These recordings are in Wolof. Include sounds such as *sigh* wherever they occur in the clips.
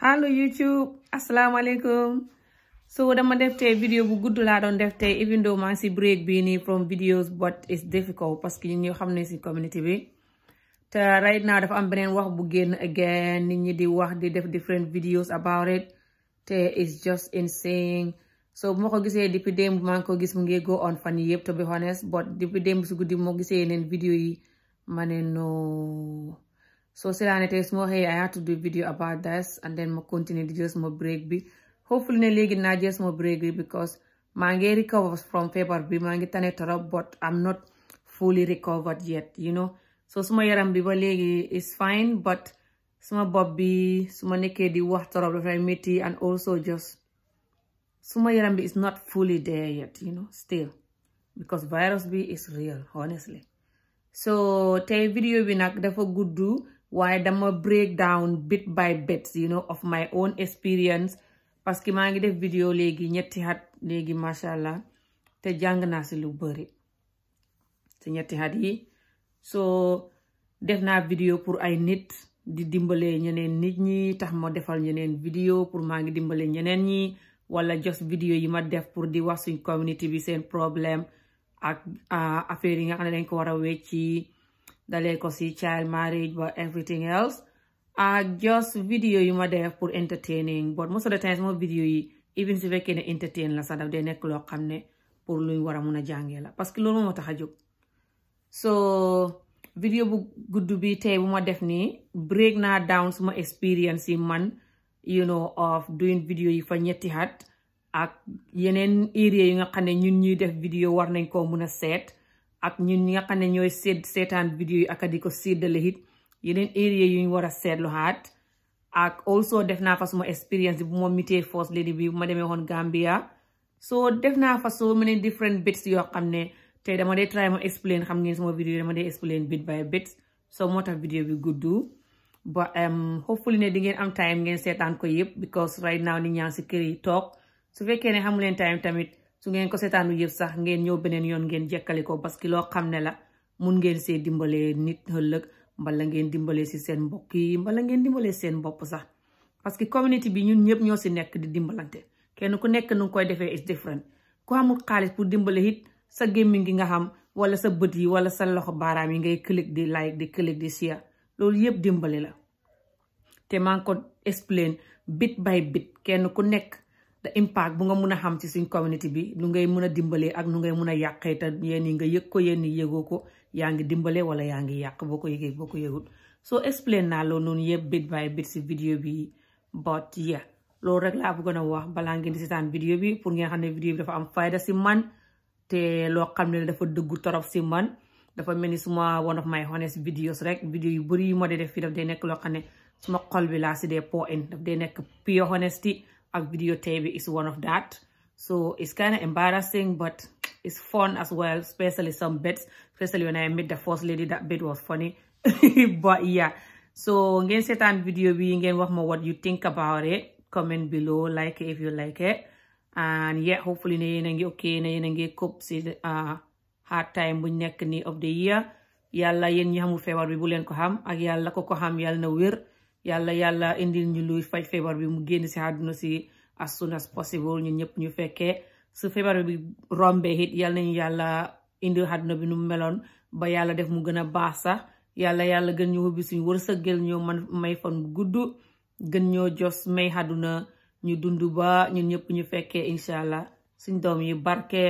Hello YouTube asalaamaaleykum soo dama def tey vidéo bu gudd laa doon def tey even though maa ngi break bii nii from videos but it's difficult parce que ñun ñoo xam ne si community bi te right naa dafa am beneen wax bu génn again ni ñi di wax di def different videos about it te it's just insane so bu ma ko gisee depuis démb maa ngi ko gis mu ngi go on fan yi to be honest but depuis démb si guddi moo gisee yeneen vidéo yi ma ne no so selanites more hey i had to do video about this and then ma continue di jël sama break bi hopefully ne léegi naa jël sama break bi because maa ngi recover from feebar bi maa ngi tane torop but I'm not fully recovered yet you know so suma yaram bi ba léegi is fine suma bopp bi suma nekkee di wax torop dafay métti and yaram bi is not fully there yet you know still because virus bi is real honestly so tey video bi nag dafa gudd waaye dama break down bit by bit you know of my own experience parce que maa ngi def vidéo léegi ñetti at léegi macha allah te jàng naa si lu bëri si ñetti at yi soo def naa vidéo pour ay nit di dimbalee ñeneen nit ñi tax ma defal ñeneen vidéo pour maa ngi dimbalee ñeneen ñi wala just vidéo yi ma def pour di wax suñ community bi seen problème ak ah, affaire yi nga xam ne dañ ko war a wecci dalee ko si child marriage ba everything else ak just video yu ma def pour entertaining but most of the time sama video yi even si fekkee ne entertain la sa daf dee nekk loo xam ne pour luñ war a mun a jàngee la parce que loolu moo ma tax a jóg so video bu gudd bi tey bu ma def nii break naa down suma experience yi man you know of doing video yi fa ñetti at ak yeneen area yi nga xam ne ñun ñuy def video war nañ koo mun a seet ak ñun ñi nga xam ne ñooy seet seetaan vidéo yi ak di ko séddale it yeneen area yu ñu war a seetlu xaat ak also def naa fa suma expérience bu moom mitee first lady bi bu ma demee woon Gambia soo def naa fa so many different bits yoo xam ne tey dama dee try ma explain xam ngeen suma vidéo dama dee explain bit by bit so moo tax vidéo bi guddu ba hopefully ne di ngeen am time ngeen seetaan ko yëpp because right now ni ñaa ngi si toog su fekkee ne xamuleen su ngeen ko seetaanu yëpp sax ngeen ñëw beneen yoon ngeen jekkali ko parce que loo xam ne la mun ngeen see dimbalee nit ëllëg mbala ngeen dimbalee si seen mbokk yi mbala ngeen dimbalee seen bopp sax parce que community bi ñun ñëpp ñoo si nekk di dimbalante kenn ku nekk nu ngi koy defee is ku amul xaalis pour dimbale it sa gémmiñ gi nga xam wala sa bët yi wala sa loxo baaraam yi ngay click di like di click di share loolu yëpp dimbali la te bit by bit kenn ku nekk da impact bu nga mun a xam ci suñ community bi nu ngay mun a dimbalee ak nu ngay mun a yàqee te yéen yi nga yëg ko yéen yi yëgoo ko yaa ngi dimbale wala yaa ngi yàq boo ko yëgee boo ko yëgul soo explain naa loolu noonu yëpp bit by bit si vidéo bi but yeah loolu rek laa bëggoon a wax balaa ngeen di seetaan vidéo bi pour ngeen xam ne vidéo bi dafa am fayda si man te loo xam ne dafa dëggu torop si man dafa mel ni suma one of my honest videos rek vidéo yu bëri yi moo dee def fii daf dee nekk loo xam ne suma xol bi laa po in a videotape is one of that. So it's kind of embarrassing, but it's fun as well, especially some bits, especially when I met the first lady, that bit was funny. *laughs* but yeah, so ngeen seetaan video bi ngeen wax ma what you think about it comment below like if you like it and yeah hopefully ne yéen a ngi ok ne yéen a ngi cope si uh, hard time bu nekk ni of the year yàlla yéen ñi feebar bi bu leen ko xam ak yàlla ko ko xam yàlla na wér yàlla yàlla indil ñu luy faj feebar bi mu génn si àdduna si as soon as possible ñun ñëpp ñu fekkee su feebar bi rombee it yàlla nañu yàlla indil àdduna bi nu mu meloon ba yàlla def mu gën a baax sax yàlla yàlla gën ñu ubbi suñu wërsëgal ñoo man may fan bu gudd gën ñoo jos may àdduna ñu dund ba ñun ñëpp ñu fekkee incha allah suñ doom yi barke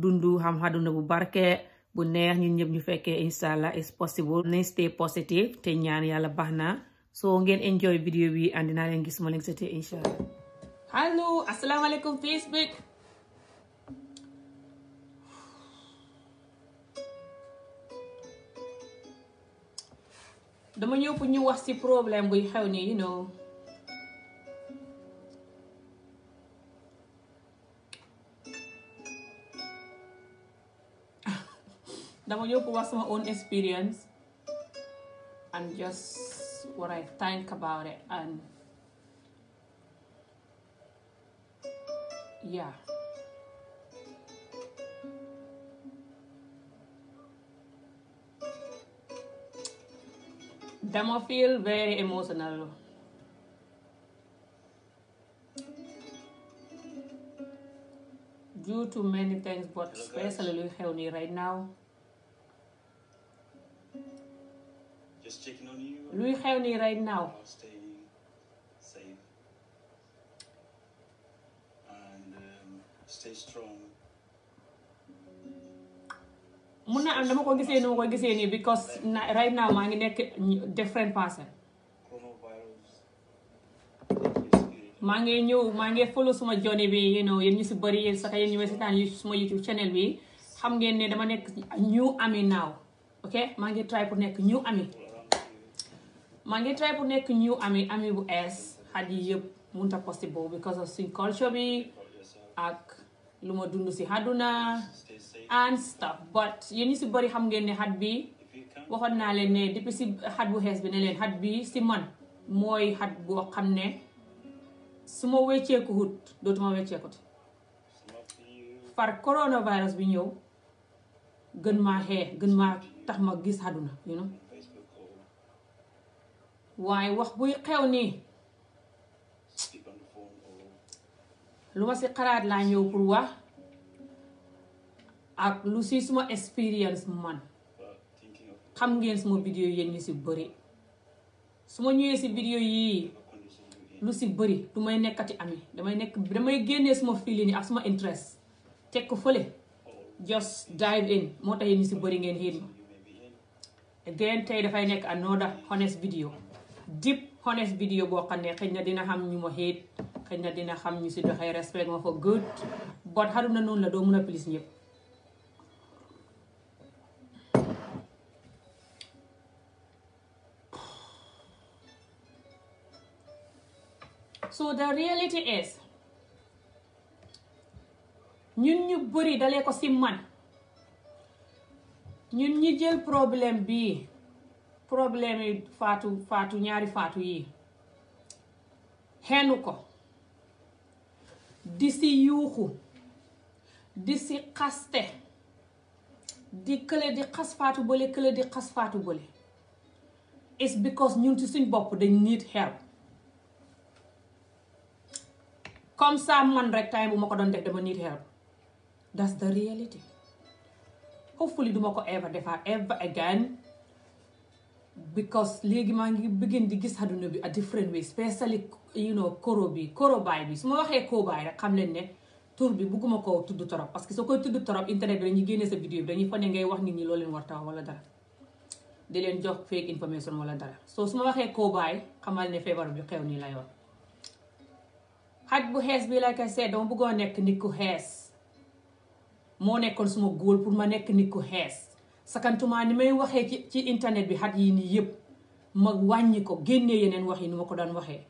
dund xam àdduna bu barke bu neex ñun ñëpp ñu fekkee incha allah is possible nañ stay positive te ñaan yàlla baax na soo ngeen enjoy vidéo bi and dinaa leen gis ma leen setee incha allah allo facebook dama ñëw pour ñu wax ci problème buy xew nii *laughs* dama ñëw pour wax sama own experience what I think about it and yeah. Them very emotional. Due to many things, but Hello, especially right now. luy xew nii right now um, mun na am dama ko gisee ni ma gisee nii because right now maa ngi nekk different person maa ngi ñëw maa ngi follow suma journey bi you know yéen ñu si bari yéen sax yéen ñu may seetaan yu suma YouTube channel bi xam ngeen ne dama nekk ñu Amie now ok maa ngi try pour nekk ñu Amie maa ngi try bu nekk new ami ami bu ees xat yi yëpp munta possible because of suñ culture bi ak lu ma dund si àdduna and but yéen si bëri xam ngeen ni xat bi waxoon naa leen ne depuis si xat bu xees bi ne leen xat bi si man mooy xat boo xam ne su ma wecceeku hut dootuma wecceekut far coronavirus bi ñëw gën maa xee gën maa tax ma gis àdduna waaye wax buy xew nii lu ma si xalaat laa ñëw pour wax ak lu si suma expérience man xam ngeen suma vidéo yéen ñu si bëri su ma ñëwee si vidéo yii lu si bëri du may nekkati yi damay nekk damay génnee suma feeling yi ak suma interest teg ko fële just dive in moo tax yéen ñu si bëri ngeen xiit ma again tey dafay nekk another honest video deep honest video boo xam ne xëy na dina xam ñu ma xéet xëy na dina xam ñu si doxee respect nga ko good but xaruna noonu la doo mun a please ñëpp so the reality is ñun ñu bëri dalee ko si man ñun ñi jël problème bii problème yi faatu faatu ñaari faatu yi xenu ko di si yuuxu di si xaste di kële di xas faatu bële kële di xas faatu bële it's because ñun ci suñ bopp dañ niit help comme ça man rek time bu ma ko doon def dama niit help that's the reality hopefully duma ko ever defaat ever again because léegi maa ngi begin di gis àdduna bi a different way especially you know koro bi koro baay bi su ma waxee koobaay rek xam leen ne tour bi bugguma ko tudd torop parce que soo koy tudd torop internet bi dañuy génne sa vidéo bi dañuy fa ne ngay wax nit ñi loo leen war taw dara di leen jox fake information wala dara soo su ma waxee koo xamal ne feebar bi xew nii lay wax xaj bu xees bi like I said dama bëggoon nekk nit ku xees moo nekkoon suma góol pour ma nekk nit ku xees sakantumaa ni may waxee ci ci internet bi xat yi nii yëpp ma wàññi ko génnee yeneen wax yi ni ma ko daan waxee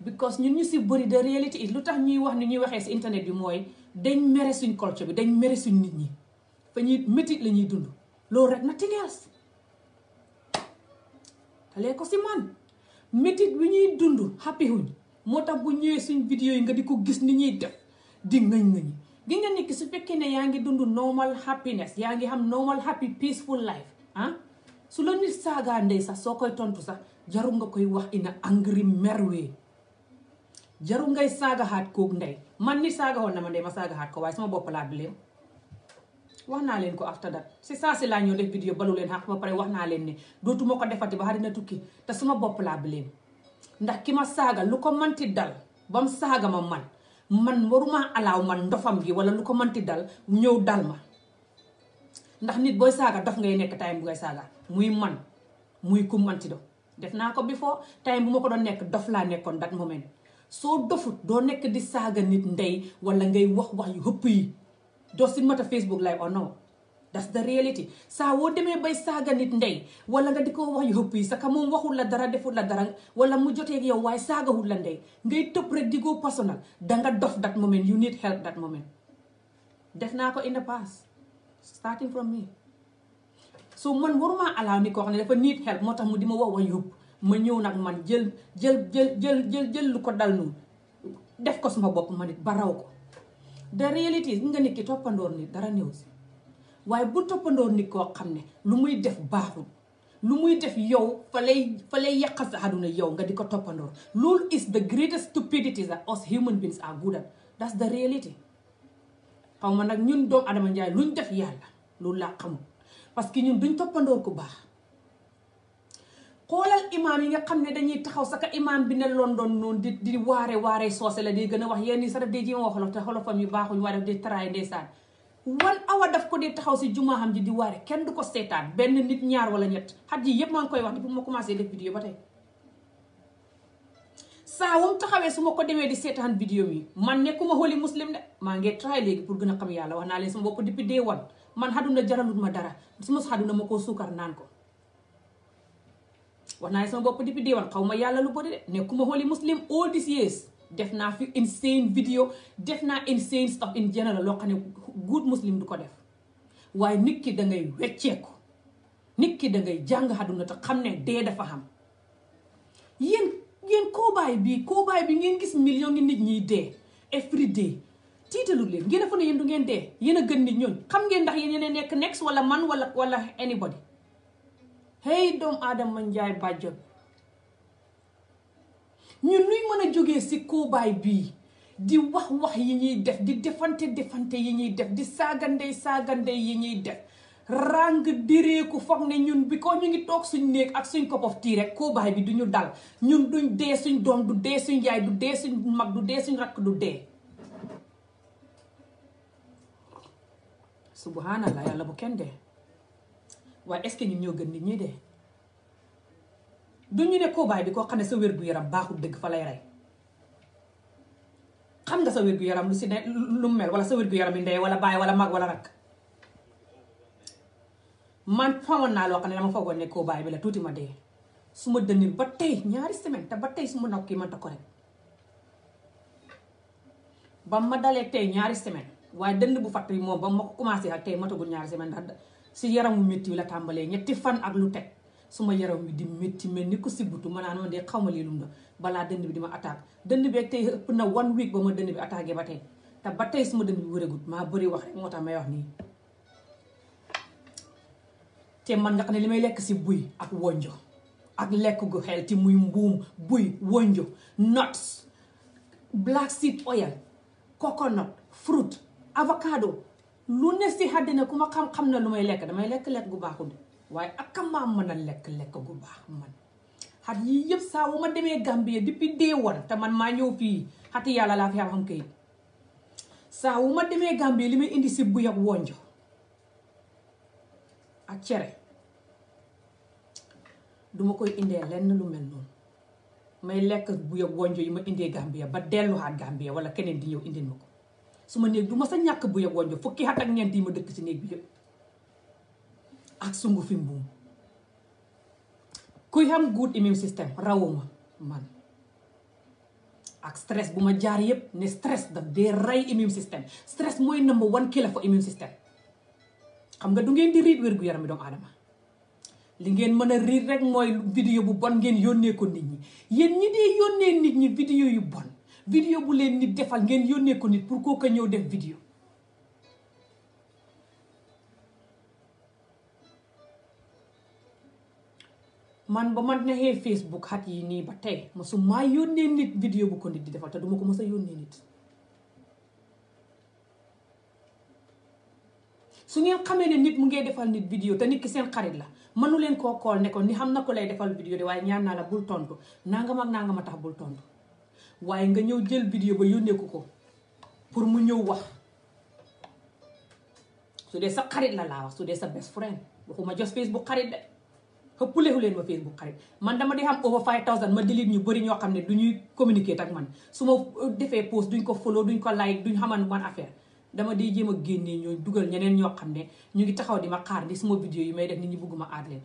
because ñun ñu si bari de réalité it lu tax ñuy wax ni ñuy waxee si internet bi mooy dañ mere suñ culture bi dañ mere suñ nit ñi fa ñuy métit la ñuy dund loolu rek na tingees talee ko si man métit bi ñuy dund xàppiwuñ moo tax bu ñëwee suñ vidéo yi nga di ko gis ni ñuy def di ngañ ngañi gi nga nit su fekkee ne yaa ngi dund normal happiness yaa ngi xam normal happy peaceful life ah su la nit saagaa ndey sax soo koy tontu sax jaru nga koy wax ina angry merwe jaru ngay saaga xaat koog ndey man nit saaga woon na ma ndey ma saaga xaat ko waaye sama bopp laa bileem wax naa leen ko after that si saa si laa ñëw def vidéo balu leen xaq ba pare wax naa leen ne dootuma ko defati ba xarina tukki te suma bopp laa bileem ndax ki ma saaga lu ko manti dal bam saaga ma man man waruma alaaw man ndofam gi wala lu ko manti dal ñëw dal ma ndax nit booy saaga dof ngay nekk time bu ngay saaga muy man muy ku mënti do def naa ko before time bu ma ko doon nekk dof laa nekkoon that moment soo dofut doo nekk di saaga nit ndey wala ngay wax wax yu hëpp yi doo si mata Facebook live or no that's the reality saa woo demee bay saaga nit ndey wala nga di ko wax yu hëpp yi saka moom waxul la dara deful la dara wala mu jotee yow waaye saagawul la ndey ngay tëb rek di go personal danga dof that moment you need help that moment def naa ko in the past starting from me so man waruma alaaw ni koo xam ne dafa need help moo tax mu di ma wax wax yu hëpp ma ñëw nag man jël jël jël jël jël jël lu ko dal noonu def ko suma bopp ma nit ba raw ko the nga nit ki toppandoor nit waaye bu toppandoo nit koo xam ne lu muy def baaxul lu muy def yow fa lay fa lay yàqal sa àdduna yow nga di ko toppandoo loolu is the greatest stupidity that us human beings are good at that's the reality xaw ma nag ñun doomu adama njaay lu ñu def yàlla loolu laa xamul parce que ñun duñ toppandoo ku baax xoolal imaam yi nga xam ne dañuy taxaw saka imaam bi ne London noonu di di waare waare soose la di gën a wax yenn yi sax def dee jéem a wax xolof te xolofam wal awa daf ko dee taxaw si jumaa xam ji di waare kenn du ko seetaan benn nit ñaar wala ñett xat yi yëpp maa ngi koy wax depuis ma commencé def vidéo ba tey saa wam taxawee su ma ko demee di seetaan vidéo mi man nekkuma xooli muslim de maa ngi try léegi pour gën a xam yàlla wax naa leen sama bopp depuis day wan man na jaralut ma dara su ma na ma koo suukar naan ko wax naa leen sama bopp depuis day wan xaw ma yàlla lu bëri de nekkuma xooli muslim all these def naa fi insane video def naa insane stuff in general loo xam ne good muslim du ko def waaye nit ki da ngay wecceeku nit ki da ngay jàng àdduna xam ne dee dafa xam yéen yéen koobaay bi koobaay bi ngeen gis million ngi nit ñi dee every day tiitalu leen ngeen defoon ne yéen du ngeen dee yéen a gën nit ñooñ xam ngeen ndax yéen yéen nekk next wala man wala wala anybody hey doomu aadama njaay bàjjot ñun luy mën a jógee si koobaay bii di wax wax yi ñuy def di defante defante yi ñuy def di saagandey saagandey yi ñuy def ràng direeku foog ne ñun bi ñu ngi toog suñ néeg ak suñ kopof tii rek koobaay bi du ñu dal ñun duñ dee suñ doom du dee suñ yaay du dee suñ mag du dee suñ rakk du dee subhanallah yàlla bu kenn dee waaye est-ce que ñun ñoo gën nit ñi dee du ñu ne cobaye bi koo xam ne sa wér-gu-yaram baaxul dëgg fa lay rey xam nga sa wér-gu-yaram lu si ne lu mel wala sa wér-gu-yaram yi ndey wala baay wala mag wala rak man famoon naa loo xam ne dama foogoon ne baay bi la tuuti ma dee su ma dënni ba tey ñaari semaine te ba tey su ma naw kii mënta ko rek ba ma dalee tey ñaari semaine waaye dënd bu fatt moom ba ma ko commencé ak tey matagul ñaari semaine ndax si yaramu métti la tàmbalee ñetti fan ak lu teg suma yaram wi di métti mel ni ko sibbutu ma naa noonu de xaw ma lii lum la balaa dënd bi di ma attaque dënd bi ak tey ëpp na one week ba ma dënd bi attaqué ba tey te ba tey suma dënd bi wéragut maa bëri wax rek moo tax may wax nii te man nga xam ne li may lekk si buy ak wonjo ak lekk gu xel ci muy mbuum buy wonjo nuts black seed oil coconut fruit avocado lu ne si àddina ku ma xam-xam na lu may lekk damay lekk lekk gu baaxul waaye ak maa mën a lekk lekk gu baax man xat yii yëpp saa wu ma demee Gambie depuis dee woon te man maa ñëw fii xat yàlla laa fi xam kayit saa wu ma demee Gambie li may indi si buy ak wonjo ak cere duma koy indee lenn lu mel noonu lekk bu ak wonjo yi ma indee Gambie ba delluwaat Gambie wala keneen di ñëw indil ma ko su ma néeg du ma sa ñàkk bu ak wonjo fukki xat ak ñeent yi ma dëkk si néeg bi yëpp ak sungu fi mbuum kuy xam good immune system rawuma man ak stress bu ma jaar yépp ne stress daf dee rey immune system stress mooy number one killer for immune system xam nga du ngeen di riit wér-gu-yaram bi doomu aadama li ngeen mën a riit rek mooy vidéo bu bon ngeen yónnee ko nit ñi yéen ñi dee yónnee nit ñi vidéo yu bon vidéo bu leen nit defal ngeen yónnee ko nit pour kooka ñëw def vidéo man ba man ma nexee Facebook xat yi nii ba tey masumaa yónnee nit vidéo bu ko nit di defal te duma ko mës a yónnee nit su ngeen xamee ne nit mu ngee defal nit vidéo te nit ki seen xarit la mënu leen koo kool ne ko ni xam na ko lay defal vidéo de waaye ñaan naa la bul tontu nangam ak nangam a tax bul tontu waaye nga ñëw jël vidéo ba yónnee ko ko pour mu ñëw wax su dee sa xarit la laa wax su dee sa best friend waxuma jos Facebook xarit de xëppule leen ma Facebook xarit man dama di xam over 5000 ma delete ñu bëri ñoo xam ne du ñuy communiquer ak man su ma euh, defee post duñ ko follow duñ ko like duñ xaman man affaire dama di jéem a génnee ñooñu dugal ñeneen ñoo xam ne ñu ngi taxaw di ma xaar di suma vidéo yi may def nit ñu bëgguma aad leen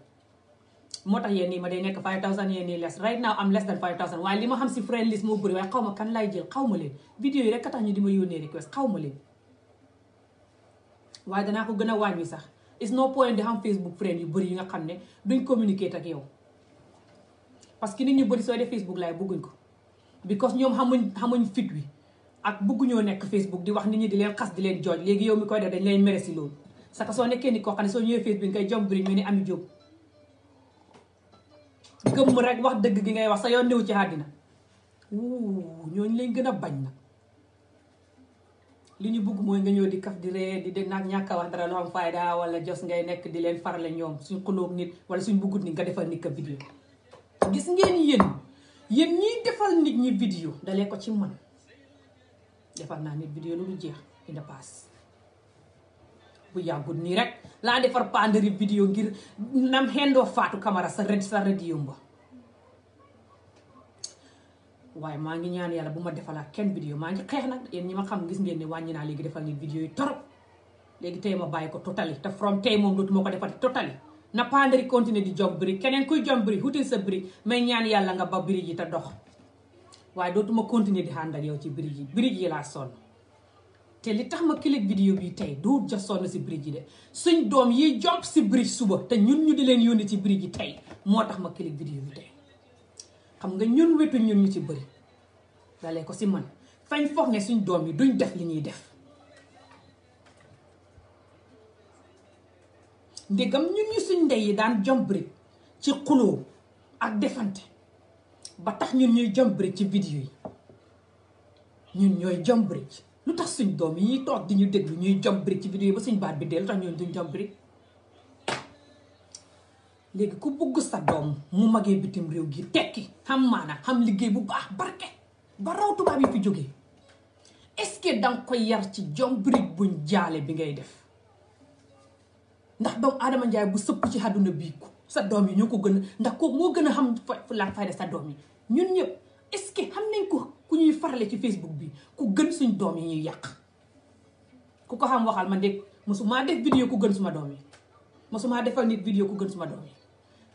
moo tax yéen nii ma day nekk 5000 yéen nii les right now am less than 5000 waaye li ma xam si friend list moo waaye xaw ma kan laay jël xaw ma leen vidéo yi rek ka tax di ma yónnee request xaw ma leen waaye danaa ko gën a wàññi sax is no point di xam facebook friend yu bëri yi nga xam ne duñ communiquer ak yow parce que nit ñu bëri sooy def facebook laay bëgguñ ko because ñoom xamuñ xamuñ fit wi ak bëgguñoo nekk facebook di wax nit ñi di leen xas di leen jooj léegi yow mi koy def dañ lay mere si loolu saka soo nekkee ni koo xam ne soo ñëwee facebook ngay jom bëri mel ni Ami Jóob gëmm rek wax dëgg gi ngay wax sa yoon néew ci àddina wuu ñooñu leen gën a bañ na li ñu bëgg mooy nga ñëw di kaf di ree di de nag ñàkk a wax dara lu am fayda wala jos ngay nekk di leen farale ñoom suñ xulóog nit wala suñ bëggut nit nga defar nit ka vidéo gis ngeen yéen yéen ñiy defal nit ñi vidéo dalee ko ci man defal naa nit vidéo lu lu jeex dina paas bu yàggul nii rek laa defar pandari vidéo ngir nam xendoo faatu Camara sa red sa yomba waaye maa ngi ñaan yàlla bu ma defalaat kenn vidéo maa ngi xeex nag yéen ñi ma xam gis ngeen ne wàññi naa léegi defal ngeen vidéo yi torop léegi tey ma bàyyi ko totali te from tey moom dootuma ko defati totali na pandari di jom biri keneen kuy jom biri hutil sa biri may yàlla nga ba biri ji te dox waaye dootuma continuer ànd ak yow ci biri ji biri ji laa sonn te li tax ma click vidéo bi tey du ja sonn si biri ji de suñ doom yi jomp si biri suba te ñun ñu di leen yoon ci biri ji tey moo tax ma click vidéo bi tey xam nga ñun wetu ñun ñu ci bëri dalee ko si man fañ foog ne suñ doom yi duñ def li ñuy def ndegam ñun ñu suñ ndey yi daan jom bëri ci xuloo ak defante ba tax ñun ñuy jom ci vidéo yi ñun ñooy jom bëri lu tax suñ doom yi ñuy toog di ñu déglu ñuy jom bëri ci vidéo yi ba suñ baat bi dee lu tax ñun duñ jom léegi ku bugg sa doom mu magee bitim réew gi tekki xam maana xam liggéey bu baax barke ba raw tubaab yi fi jógee est-ce que danga ko yar ci jom brique buñ jaale bi ngay def ndax doomu Adama Njaay bu sëpp ci àdduna bi ko sa doom yi ñoo ko gën ndax ko moo gën a xam la fayda sa doom yi ñun ñëpp est-ce que xam nañ ko ku ñuy farale ci Facebook bi ku gën suñ doom yi ñuy yàq ku ko xam waxal man de mosumaa def vidéo gën suma doom yi mosumaa defal nit vidéo ku gën suma doom yi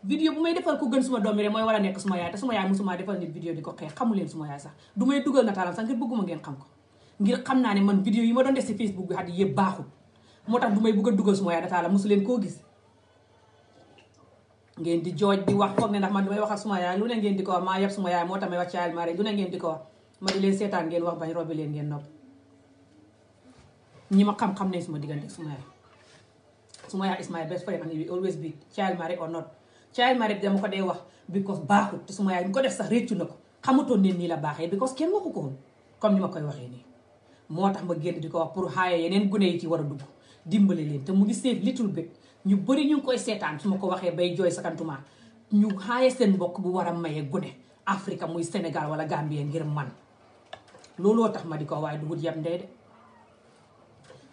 vidéo bu may defal ko gën suma doom yi rek mooy war a nekk suma yaay te suma yaay suma yaay sax du may dugal nataalam sax ngir bëgguma ngeen xam ko naa ne man vidéo yi ma doon def si facebook bi at yëpp tax du may bëgg a dugal suma yaay nataalam mosu leen koo gis di jooj di wax foog ne ndax man du wax ak suma yaay lu ne ngeen di ko wax maa yeb suma yaay moo tax may wax caayal maa wax ma di leen seetaan ñi ma xam ne suma diggante suma yaay suma yaay is my best friend and he or not caay mari dama ko dee wax because baaxul te ma yaay ñu ko def sax réccu na ko xamutoon ne nii la baaxee because kenn waxu ko woon comme ni ma koy waxee nii moo tax ma génn di ko wax pour xaaye yeneen gune yi ci war a dugg dimbale leen te mu ngi seet little bit ñu bari ñu koy seetaan su ma ko waxee bay jooy sakantumaa ñu xaaye seen mbokk bu war a maye gune Afrique muy Sénégal wala Gambie ngir man looloo tax ma di ko waaye du wut yam ndey de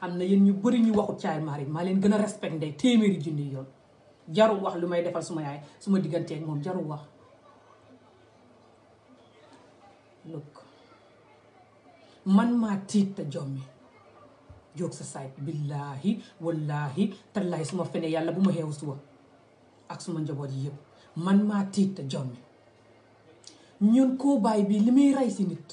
am na yéen ñu bëri ñu waxut caay mari maa leen gën a respect ndey téeméeri yoon jarul wax lu may defal suma yaay suma digganteeg moom jarul wax look man maa tiit te jommi joog sa saay billaahi wallaahi tallaahi suma fene yàlla bu ma xeew suba ak suma njaboot yi yëpp man maa tiit te jommi ñun koo baay bi li may rey si nit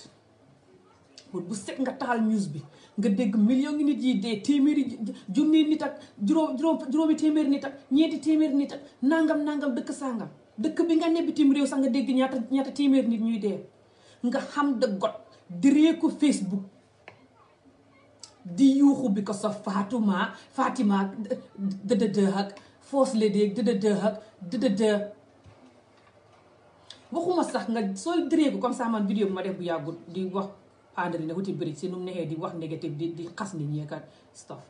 bu set nga taxal news bi nga dégg million ngi nit yi dee téeméeri junni nit ak juróom juróomi téeméeri nit ak ñeenti téeméeri nit ak nangam nangam dëkk sàngam dëkk bi nga ne bitim réew sax nga dégg ñaata ñaata téeméeri nit ñuy dee nga xam de got diree ko Facebook di yuuxu bi ko sa Fatuma Fatima dëdëdë ak foos le déeg dëdëdë ak dëdëdë waxuma sax nga soo diree comme ça man vidéo bi ma def bu yàggul na handling the whole bricks in the head, what negative, the, the casting stuff.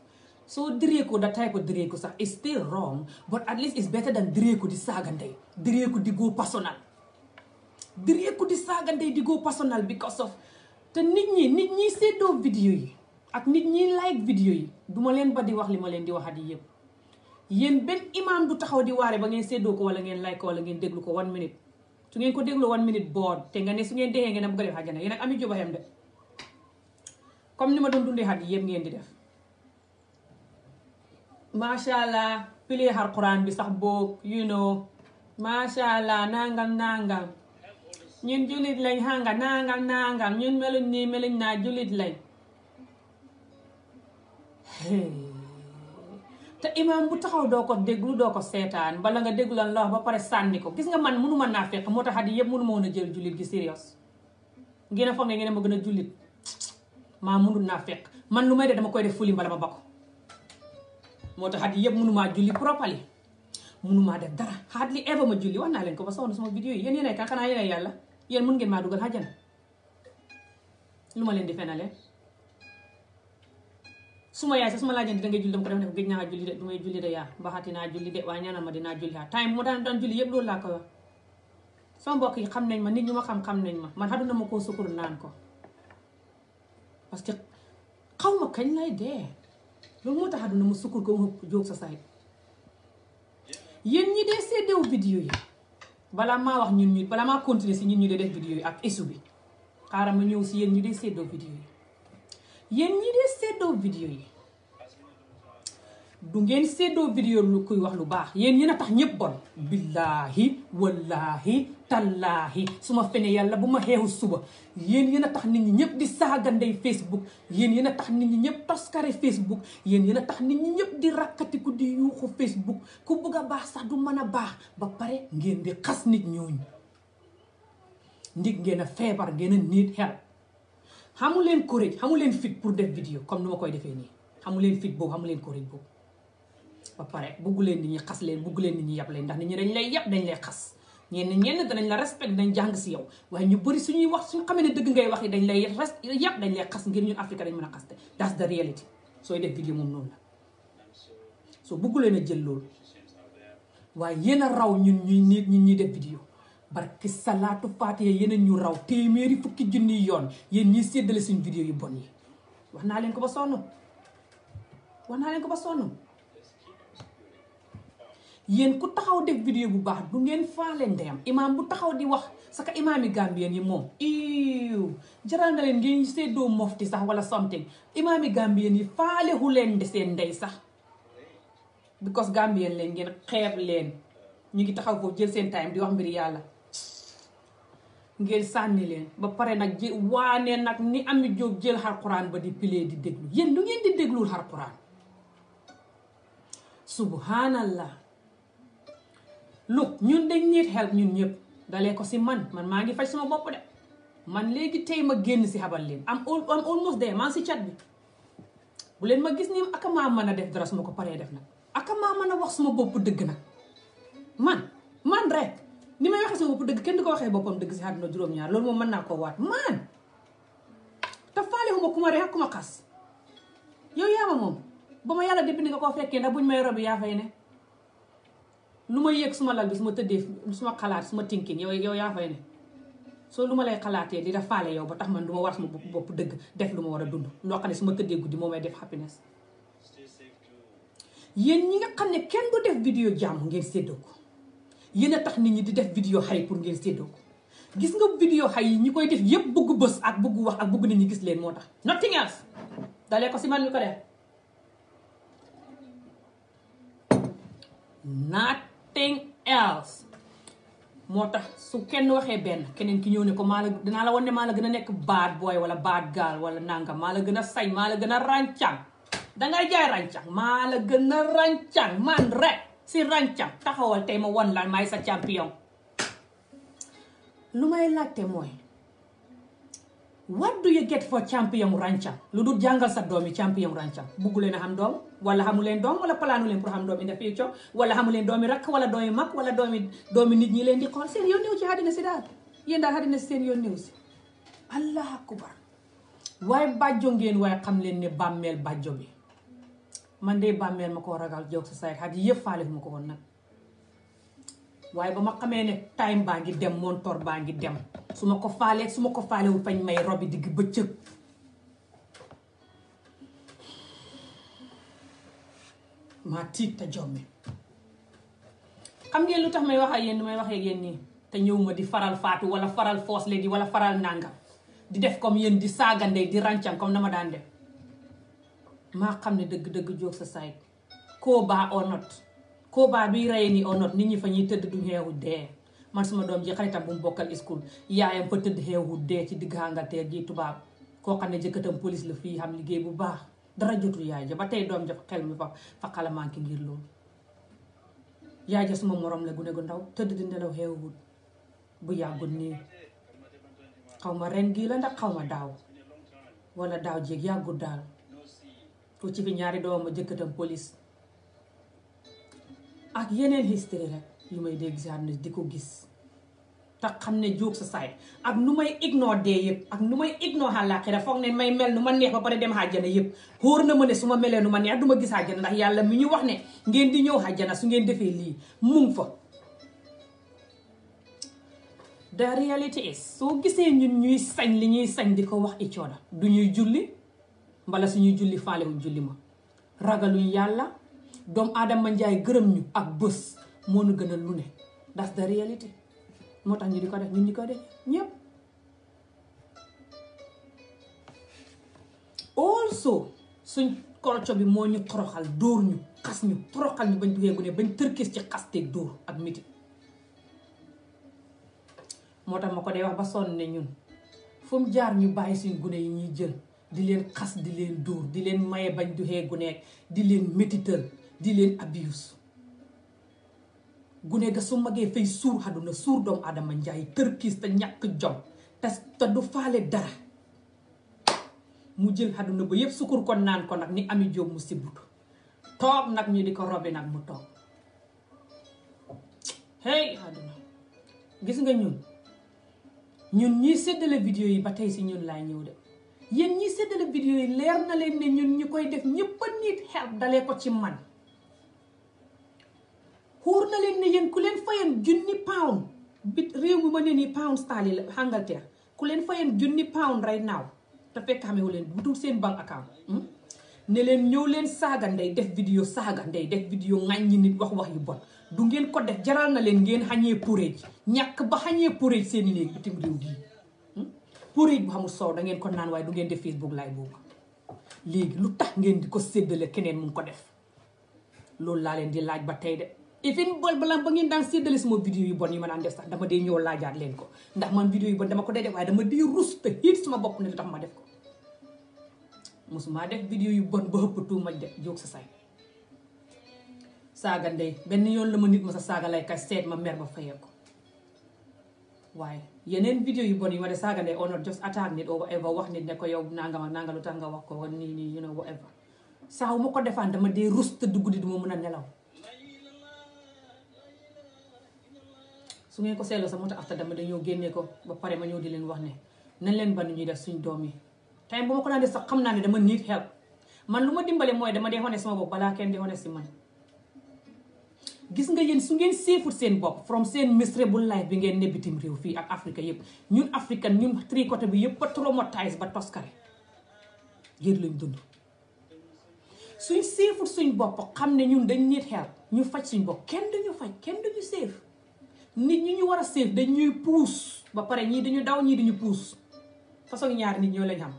So Draco, that type of sax is still wrong, but at least it's better than Draco the Sagante. Draco the go personal. Draco the Sagante the go personal because of te nit ñi nit ñi séddoo vidéo yi ak nit ñi like vidéo yi du ma leen ba di wax li ma leen di wax waxaat yëpp yéen benn imaam du taxaw di waare ba ngeen séddoo ko wala ngeen like ko wala ngeen déglu ko one minute su ngeen ko déglu one minute board te nga ne su ngeen ngeen a bëgg a def àjjana yéen ak comme ni ma doon dundee xat yi yëpp ngeen di def macha allah pilee xar quran bi sax boog you know macha allah nangam nangam ñun jullit lañ xanga nangam nangam ñun meluñ nii meluñ naa jullit lañ te imaam bu taxaw doo ko déglu doo ko seetaan bala nga déglu lan la ba pare sànni ko gis nga man mënuma naa moo tax xat yi yëpp mënuma woon a jël jullit gi serious ngeen a foog ne ngeen ma gën a jullit maa mënul naa fekk man lu may def dama koy def fuli mbala ma bako moo tax at yii yëpp mënumaa julli propali mënumaa def dara hardly ever ma julli wax naa leen ko ba soxna sama vidéo yi yéen yéenay kan xanaa yéenay yéen mën ngeen maa dugal àjjana lu ma leen di fenalee su ma yaay sax su ma laajante da ngay julli dama ko def ne ko géej naa julli de du may julli de yaa mbaxati naa julli de waaye ñaanal ma dinaa julli ha time moo daan daan julli yëpp loolu laa koy sama mbokk yi xam nañ ma nit ñu ma xam xam nañ ma man xaduna ma koo sukkur naan ko parce que xaw ma kañ lay dee loolu moo tax àdduna mu sukkur ko mu jóg sa say yéen ñi dee séddew vidéo yi balaa maa wax ñun ñu balaa maa continuer si ñun ñu dee def vidéo yi ak isu bi xaaral ma ñëw si yéen ñi dee séddoo vidéo yi yéen ñi dee séddoo vidéo yi du ngeen séddoo vidéo lu kuy wax lu baax yéen yéen a tax ñëpp bon billaahi wallaahi tallaahi su ma fene yàlla bu ma xeexu suba yéen yéen a tax nit ñi ñëpp di saaga ndey facebook yéen yéen a tax nit ñi ñëpp toskare facebook yéen yéen a tax nit ñi ñëpp di rakkatiku di yuuxu facebook ku bëgg a baax sax du mën a baax ba pare ngeen di xas nit ñooñ ndig ngeen a feebar ngeen a niit xel xamu leen courage xamu leen fit pour def vidéo comme ni ma koy defee nii xamu leen fit boobu xamu leen courage boobu ba pare bugg leen nit ñi xas leen bugg leen nit ñi yab leen ndax nit ñi dañ lay yab dañ lay xas ñenn ñenn danañ la respect dañ jàng si yow waaye ñu bëri suñuy wax suñu xamee ne dëgg ngay wax yi dañ lay res yab dañ lay xas ngir ñun Afrique dañ mën a xaste that's the reality sooy def vidéo moom noonu la soo bugg leen a jël loolu waaye yéen a raw ñun ñuy nit ñun ñuy def vidéo barki salaatu faatiha yeneen ñu raw téeméeri fukki junniy yoon yéen ñiy seddale suñ vidéo yu bon yi wax naa leen ko yéen ku taxaw deg vidéo bu baax du ngeen faale ndeyam imaam bu taxaw di wax saka imaam yi gambien yi moom iiw jaral na leen ngeen seddoo mofti sax wala something imaam yi gambien yi faalehu leen de seen ndey sax because gambien leen ngeen xeeb leen ñu ngi taxaw foofu jël seen time di wax mbir yàlla ngeen sànni leen ba pare nag ji ne nag ni Amie Jobe jël xarquraan ba di pilee di déglu yéen lu ngeen di déglul xarquraan subhanallah look ñun dañ need help ñun ñëpp dalee ko si man man maa ngi faj sama bopp de man léegi tey ma génn si xabal leen am am almost there maa si chat bi bu leen ma gis nii aka maa mën a def dara su ko paree def nag aka mën a wax suma bopp dëgg nag man man rek ni may waxee sama bopp dëgg kenn ko waxee boppam dëgg si àdduna juróom-ñaar mën naa koo waat man te faale xuma ku ma ree ak ku ma xas yow yaa ma moom ba yàlla déppi ni nga koo fekkee ndax buñ may robi yaa fay ne lu ma yëg suma lal bi su ma tëddee suma xalaat suma tinkin yow yow yaa fay ne soo lu ma lay xalaatee di daf faale yow ba tax man du ma war suma bopp dëgg def lu ma war a dund loo xam ne suma ma tëddee guddi moo may def happiness yéen ñi nga xam ne kenn du def vidéo jàmm ngeen séddoo ko yéen tax nit ñi di def vidéo xay pour ngeen séddoo gis nga vidéo xay yi ñi koy def yépp bëgg bës ak bëgg wax ak bëgg nit ñi gis leen moo tax nothing else dalee ko si man mi ko def nothing else moo tax su kenn waxee benn keneen ki ñëw ne ko maa la dinaa la wan ne maa la gën a nekk bad boy wala bad girl wala nangam maa la gën a sañ maa la gën a ràncang dangay jaay ràncang maa la gën a ràncang man rek si ràncang taxawal tey ma wan la maay sa champion lu may laajte mooy what do you get for champion rancam lu dul jàngal sa doom yi champion rancam bugg leen a xam doom wala xamu leen doom wala palaanu leen pour xam doom in the future wala xamu leen doom rakk wala doomi mag wala doomi doomi nit ñi leen di xool seen yoon néew ci si daal yéen daal àddina seen yoon néew si allah akbar ngeen waaye xam leen ne bàmmeel bàjjo bi man de bàmmeel ma koo ragal jóg sa say xat yëpp faale ma ko woon nag waaye ba ma xamee ne time baa ngi dem montor baa ngi dem su ma ko faalee su ma ko faalewul fañ may robi digg bëccëg maa tiit te jommi xam ngeen lu tax may wax ak yéen may waxee ak nii te ñëw di faral faatu wala faral foos léegi wala faral nangam di def comme yéen di saagandey di ràncam comme na ma daan def maa xam ne dëgg-dëgg jóg sa saay koo baa onot koo baa biy ni onot nit ñi fa ñuy tëdd du ñeewu dee man suma doom ji xaritam bu mu bokkal school yaayam fa tëdd xeewut dee ci digg Angleterre ji tubaab koo xam ne jëkkëtam police la fii xam liggéey bu baax dara jotul yaay ja ba tey doom ja xel mi fa fa xalamanki ngir loolu yaay ja suma morom la gune gu ndaw tëdd di nelaw xeewut bu yàggul nii xaw ma ren gii la ndax xaw ma daaw wala daaw jéeg yàggul daal ku ci fi ñaari doomam jëkkëtam police ak yeneen history rek yu may dégg si àdduna di ko gis te xam ne jóg sa saay ak nu may ignore dee yëpp ak nu may ignore àllaaxira foog ne may mel nu ma neex ba pare dem àjjana yëpp xóor na ma ne su ma melee nu ma neex duma ma gis àjjana yàlla mi ñu wax ne ngeen di ñëw àjjana su ngeen defee lii mu ngi fa. the reality soo gisee ñun ñuy sañ li ñuy sañ di ko wax i du ñuy julli mbala suñuy julli faalewuñ julli ma ragaluñ yàlla doomu aadama njaay gërëm ñu ak bës moo gën a lu ne that's the reality. moo tax ñu di ko def ñun ñu ko de ñëpp also suñ culture bi moo ñu toroxal dóor ñu xas ñu toroxal ñu bañ duggee gu ne bañ tërkis ci xasteeg dóor ak miti moo tax ma ko dee wax ba sonn ne ñun fu jaar ñu bàyyi suñ gune yi ñuy jël di leen xas di leen dóor di leen maye bañ duxee guneeg di leen métital di leen abuse gune ga su magee fay suur xaduna suur doomu adama njaay tërkiis te ñàkk jom te te du faale dara mu jël xaduna ba yëpp sukkur ko naan ko nag ni ami jóob mu sibutu toog nag ñu di ko robi nag mu toog hey xaduna gis nga ñun ñun ñuy seddale vidéo yi ba tey si ñun laay ñëw de yéen ñiy seddale vidéo yi leer na leen ne ñun ñi koy def ñëpp nit xel dalee ko ci man xóor na leen ne yéen ku leen fayen junni pound bi réew mi ma ne nii pound sterling la Angleterre ku leen fayen junni pound right now te fekk xamewu leen butul seen bank account hmm? ne leen ñëw leen saaga ndey def vidéo saaga ndey def vidéo ŋàññi nit wax wax yu bon du ngeen ko def jaral na leen ngeen xañee puréej ñàkk ba xañee puréej seeni néeg bitim réew gii hmm? puréej bu xamul soow da ngeen ko naan waaye du ngeen def Facebook live boobu léegi lu tax ngeen di ko séddale keneen mu ko def loolu laa leen di laaj ba tey de ifin bol balam ba ngeen daan séddale sama vidéo yi bon yi ma daan def sax dama dee ñëw laajaat leen ko ndax man vidéo yu bon dama ko dee def waaye dama dee rus te sama bopp lu tax ma def ko musuma def yu bon ba hëpp tuuma jóg sa say saaga ndey benn yoon la ma nit sa saaga lay seet ma mer ma fayee ko waaye yeneen yu bon yi ma de saaga ndey on just attack nit or wax nit ne ko yow nanga ma nanga lu ko nii nii you know ma ko defaan dama dee rus te dugg di du ma mën a nelaw su ngeen ko seetloo sax moo tax afta dama dañoo génnee ko ba pare ma ñëw di leen wax ne nañ leen ba nu ñuy def suñ doom yi tey bu ma ko sax xam naa ne dama need help man lu ma dimbale mooy dama dee xone sama bopp balaa kenn di xone si man gis nga yéen su ngeen seefut seen bopp from seen miserable life bi ngeen ne bitim réew fii ak Afrique yëpp ñun african ñun tricoté bi yëpp ba traumatise ba toskare yéen lañ dund suñ seefut suñ bopp xam ne ñun dañ need help ñu faj suñ bopp kenn duñu faj kenn duñu seef nit ñi ñu war a séef dañuy puus ba pare ñii dañu daw ñii dañu puus façon ñaari nit ñoo lañ xam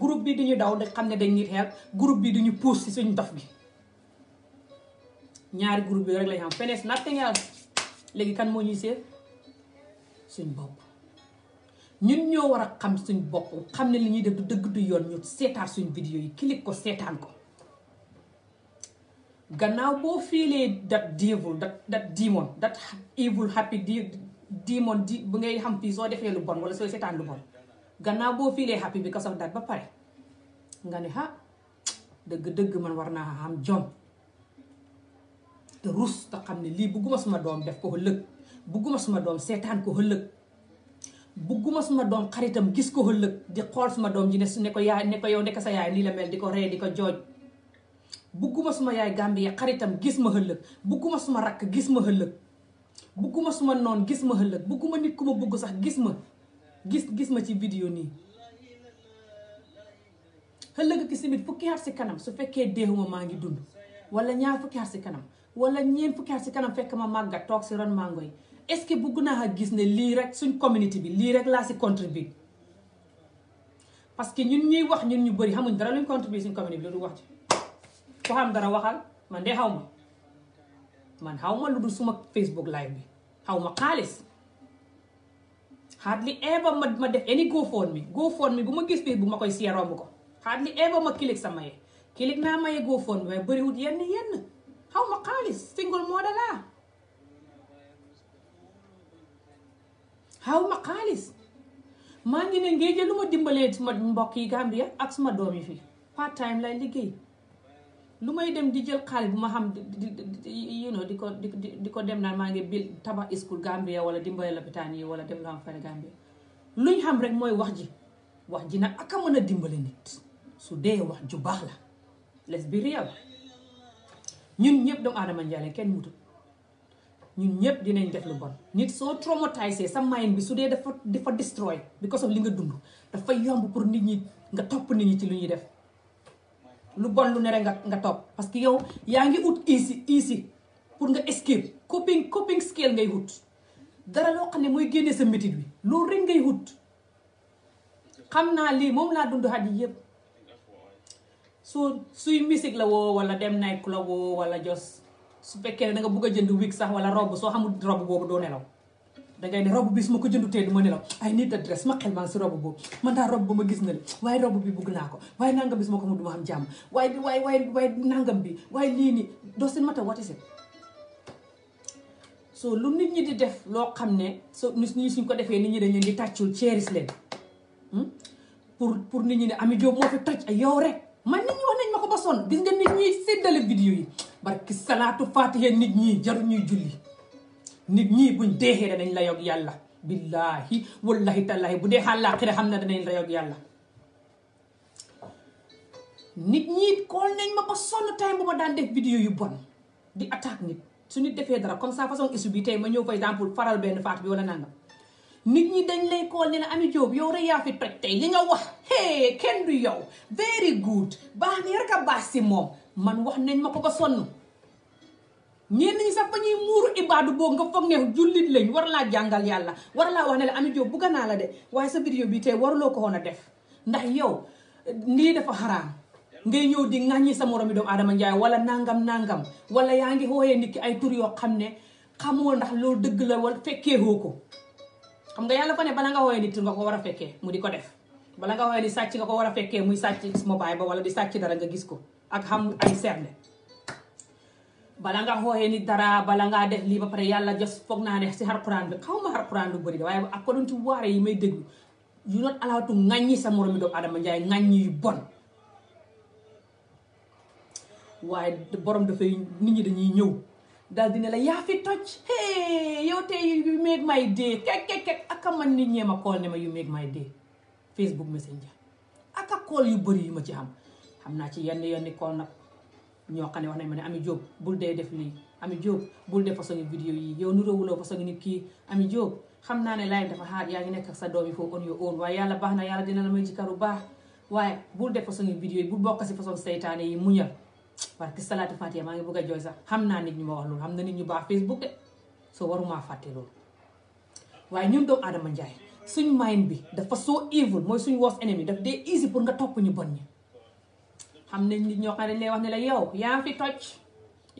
groupe bi dañu daw da xam ne dañ nit xeer groupe bi duñu puus ci suñu dof gi ñaari groupe bi rek lañ xam fenees nothing else léegi kan moo ñuy séef suñ bopp ñun ñoo war a xam suñ bopp xam ne li ñuy def du dëgg du yoon ñu seetaan suñ vidéo yi clique ko seetaan ko gannaaw boo fiilee dat devil dat dat demon dat evil happy di demon bu ngay xam fii soo defee lu bon wala sooy seetaan lu bon gannaaw boo fiilee happy bi because of that ba pare nga ne ha ah, dëgg dëgg man war naa am jom te rus te xam ne lii bugguma suma doom def ko ëllëg bugguma suma doom seetaan ko ëllëg bugguma suma doom xaritam gis ko ëllëg di xool suma doom ji ne su ne ko yaay ne ko yow nekk sa yaay nii la mel di ko ree di ko jooj bugguma suma yaay Gambie xaritam gis ma xëllëg bugguma suma rakk gis ma xëllëg bugguma suma noon gis ma xëllëg bugguma nit ku ma bugg sax gis ma gis gis ma ci vidéo nii xëllëg ki simit fukki at si kanam su fekkee deexuma maa ngi dund wala ñaar fukki at si kanam wala ñeen fukki at si kanam fekk ma màggat toog si ron mango yi est ce que bugg naa a gis ne lii rek suñ communauté bi lii rek laa si contribuer parce que ñun ñuy wax ñun ñu bëri xamuñ dara luñ contribuer suñ communauté loolu wax ci ku xam dara waxal man de xaw ma man xaw ma lu dul suma Facebook live bi xaw ma xaalis hardly ever ma ma def any GoFundMe GoFundMe bu ma gis Facebook ma koy seeromb ko hardly ever ma click sa maye click naa maye GoFundMe waaye bëriwut yenn yenn xaw ma xaalis single mother laa xaw ma xaalis maa ngi ne ngéej lu ma dimbalee mbokk yi Gambia ak suma doom yi fii part time lay liggéey lu may dem di jël xaalis bu ma xam di di ko di di ko dem naan maa ngi bil tabax school Gambia wala dimbale lopitaan yi wala dem loo fare Gambia luñ xam rek mooy wax ji wax ji nag aka mën a dimbale nit su dee wax ju baax la les bi réew ñun ñëpp doomu aadama njaale kenn mutu ñun ñëpp dinañ def lu bon nit soo traumatisé sa mind bi su dee dafa dafa destroy ko sox li nga dund dafa yomb pour nit ñi nga topp nit ñi ci lu ñuy def lu bon lu nere nga nga topp parce que yow yaa ngi ut easy easy pour nga escape coping coping skill ngay wut dara loo xam ne mooy génnee sa métit bi loolu rek ngay ut xam naa lii moom laa dund xat yi yëpp su suy musique la woo wala dem night club woo wala jos su fekkee ne da nga bugg a jënd wig sax wala robb soo xamul robb boobu doo nelaw da ngay ne robe bis ma ko jëndu tey du ma nelaw ay nit adresse ma xel maa si robe boobu man daa robe ba ma gis na le waaye robe bi bugg naa ko waaye nangam bis ma ko mu du ma am jàmm waaye di waaye waaye waaye bi waaye lii nii doesn't matter what is it so lu nit ñi di def loo xam ne so ñi suñ ko defee nit ñi dañ leen di tàccul cherish leen hmm? pour pour nit ñi ne Ami Jobe moo fi toj ay yow rek man nit ñi wax nañ ma ko ba sonn gis nga nit ñi séddale vidéo yi barki salaatu faatiha nit ñi jaru ñuy julli nit ñii buñ deexee danañ la yog yàlla billaahi wallahi tallaahi bu dee àllaaxira xam na danañ la yog yàlla nit ñi kool nañ ma ba sonn time bu ma daan def vidéo yu bon di attaque nit su nit defee dara comme ça façon isu bi tey ma ñëw par exemple faral benn faat bi wala nangam nit ñi dañ lay kool ni la Ami Jobe yow rek yaa fi toj tey li nga wax hey kenn du yow very good baax ni rek a baax si moom man wax nañ ma ko ba sonn ñenn ñi sax ba ñuy muuru ibaadu boobu nga foog ne jullit lañ war laa jàngal yàlla war laa wax ne la Amie Jobe bugga naa la de waaye sa vidéo bi tey waruloo ko woon a def ndax yow lii dafa xaraam ngay ñëw di ŋàññi sa moromi doomu aadama njaay wala nangam nangam wala yaa ngi wooyee nit ay tur yoo xam ne xamoo ndax loolu dëgg la wala fekkee ko xam nga yàlla fa ne bala nga wooyee nit nga ko war a fekkee mu di ko def bala nga wooyee ni sàcc nga ko war a fekkee muy sàcc mobile ba wala di sàcc dara nga gis ko ak xam ay serne balaa nga xooxee ni dara bala ngaa def lii ba pare yàlla jos foog naa ne si xarxuraan bi xaw ma xarxuraan lu bëri de waaye according to waare yi may déglu yu not alaatu ŋàññi sa moromi doomu adama njaay yu bon waaye borom dafay nit ñi dañuy ñëw daal dina la yaa fi toj hey yow tey you make my day kek kek kek aka man nit ñee ma call ne ma you make my day Facebook Messenger aka call yu bari yi ma ci am xam naa ci yenn yenn call nag ñoo xam ne wax nañ ma ne Ami Diop bul dee def lii Ami Diop bul def façon vidéo yi yow nuróowuloo façon nit kii Ami Diop xam naa ne live dafa xaar yaa ngi nekk sa doom yi foofu on yàlla baax na yàlla dina la may jëkkër bu baax waaye bul def façon vidéo yi bul bokk si façon seytaane parce que salaatu fatiha maa ngi bëgg a jooy sax xam naa nit ñu ma wax loolu xam na nit ñu baax Facebook de soo warumaa fàtte loolu waaye ñun doomu aadama njaay suñ mind bi dafa soo evil mooy suñ worst enemy daf dee easy pour nga topp ñu bon ñi xam nañ nit ñoo xam ne dañ wax ne la yow yaa fi toj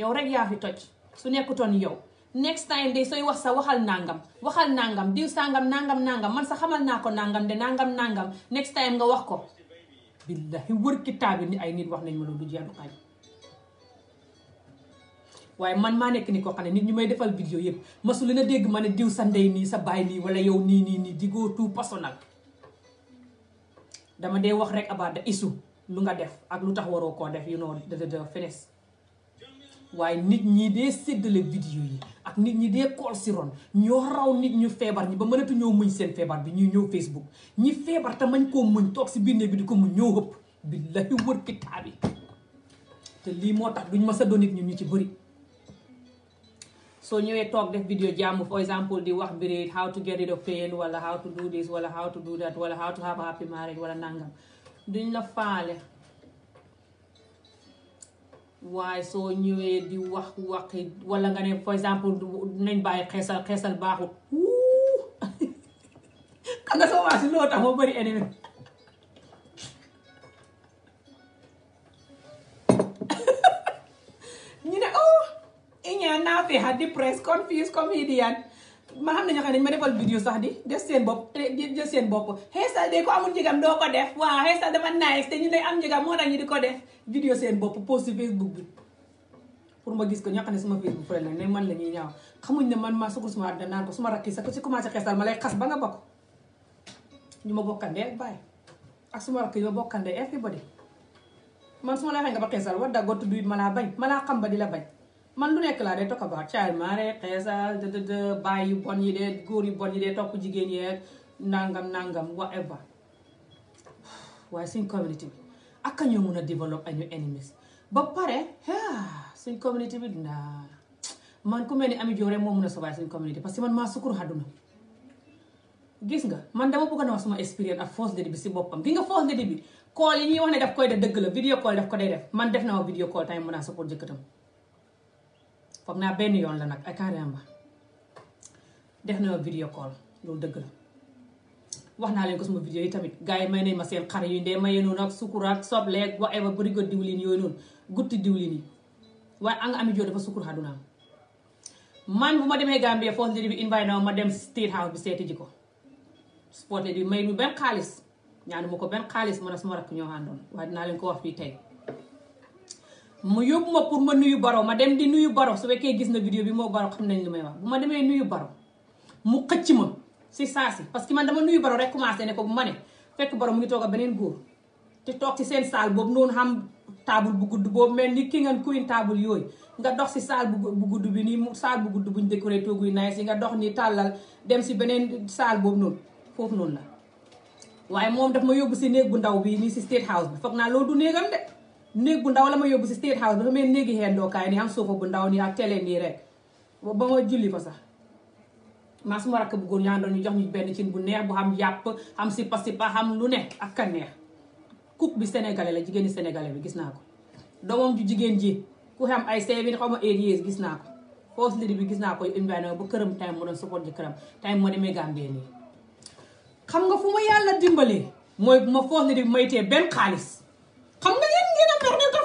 yow rek yaa fi toj su nekkutoon yow next time de sooy wax sa waxal nangam waxal nangam diw sangam nangam nangam man sa xamal naa ko nangam de nangam nangam next time nga wax ko billahi wër kitaabi ni ay nit wax nañ ma loolu du jeex du waaye man maa nekk ni ko xam ne nit ñu may defal vidéo yëpp masu leen a dégg ma ne diw sa ndey nii sa baay nii wala yow nii nii nii digoo tout personnel dama dee wax rek about the issue lu nga def ak lu tax waroo koo def you know da the finish waaye nit ñi dee séddale vidéo yi ak nit ñi dee kool si ron ñoo raw nit ñu feebar ñi ba mënatu ñoo muñ seen feebar bi ñuy ñëw Facebook ñi feebar te mañ koo muñ toog si biir bi di ko muñ ñoo hëpp billahi wër kitaabi te lii moo tax duñ ma séddoo nit ñun ñu ci bëri soo ñëwee toog def vidéo jàmm for exemple di wax mbiri how to get rid of pain wala how to do this wala how to do that wala how to have a happy duñ la faale waaye soo ñëwee di wax waxi walla nga ne par exemple nañ bàyyi xeesal xeesal baaxut *laughs* xam nga soo waa si loo tax moo bëri ennemi *laughs* ñu ne oh iñaan naa fexa depressed confused comedian man xam ne ñoo xam ne ma defal vidéo sax di def seen bopp jël seen bopp xeesal de ko amul njëgam doo ko def waaw xeesal dafa nice te ñu lay am njëgam moo tax ñu di ko def vidéo pour ma gis ko ñoo xam ne suma Facebook friend la ne man la ñuy ñaaw xamuñ ne man ma sukkur suma àddina naan ko suma rakk yi sax ku si commencé xeesal ma lay xas ba nga bokk ñu ma bokkandee ak bàyyi ak suma rakk yi ma bokkandee everybody man suma lay xañ nga ba xeesal war da gotu duit ma laa bañ ma laa xam ba di la bañ man lu nekk laa day tokk about child marriage xeesal dëdd baay yu bon yi de góor yu bon yi de topp jigéen yeeg nangam nangam whatever waaye suñ community bi ak ñoo mun a développer ñu enemies ba pare suñ community bi naa man ku mel ni Ami Jobe rek moo mun a survive suñ community parce que man maa sukkur àdduna gis nga man dama bëgg na wax sama expérience ak first lady bi si boppam gi nga first lady bi call yi ñuy wax ne daf koy la video call daf ko def man def na ma video call tamit mun naa foog naa benn yoon la nag ak Karemba def na ma video call loolu dëgg la wax naa leen ko suma vidéo yi tamit gars yi may nañ ma seen xar yu ndee mayee noonu ak sukkur ak soble ak wax yi waaye a ma demee Gambie foos lidi bi invite ma dem state bi seeti ji ko sporté bi may mu benn xaalis ñaanu ma ko benn xaalis man a suma rakk ñoo àndoon waaye dinaa leen ko wax fii tey ma yóbbu ma pour ma nuyu baro ma dem di nuyu baro su fekkee gis na vidéo bi moo baro xam nañ li may wax bu ma demee nuyu baro mu xëcc ma si saa si parce que man dama nuyu baro rek commencé ne ko bu ma ne fekk baro mu ngi toog a beneen góor te toog ci seen saal boobu noonu xam taabul bu gudd boobu mel ni ki ngeen kuy taabul yooyu nga dox si saal bu gudd bi nii saal bu gudd buñ décoré guy naay yi nga dox ni tàllal dem si beneen saal boobu noonu foofu noonu la waaye moom daf ma yóbbu si néeg bu ndaw bi nii si state house foog naa loolu du néeg bu ndaw la ma yóbbu si state house dafa mel néegi xeendookaay nii am soofa bu ndaw nii ak télé nii rek ba ma julli ko sax maa suma rakk bu góor ñaan doon ñu jox ñu benn cin bu neex bu xam yàpp xam sipa sipa xam lu nekk ak ka neex cook bi sénégalais la jigéeni sénégalais bi gis naa ko doomam ju jigéen ji ku xam ay seven xaw ma gis naa ko first bi gis naa ko invité ba këram time mu doon support ji këram xam nga fu ma yàlla dimbalee mooy bu ma first lady bi maytee benn xaalis xam nga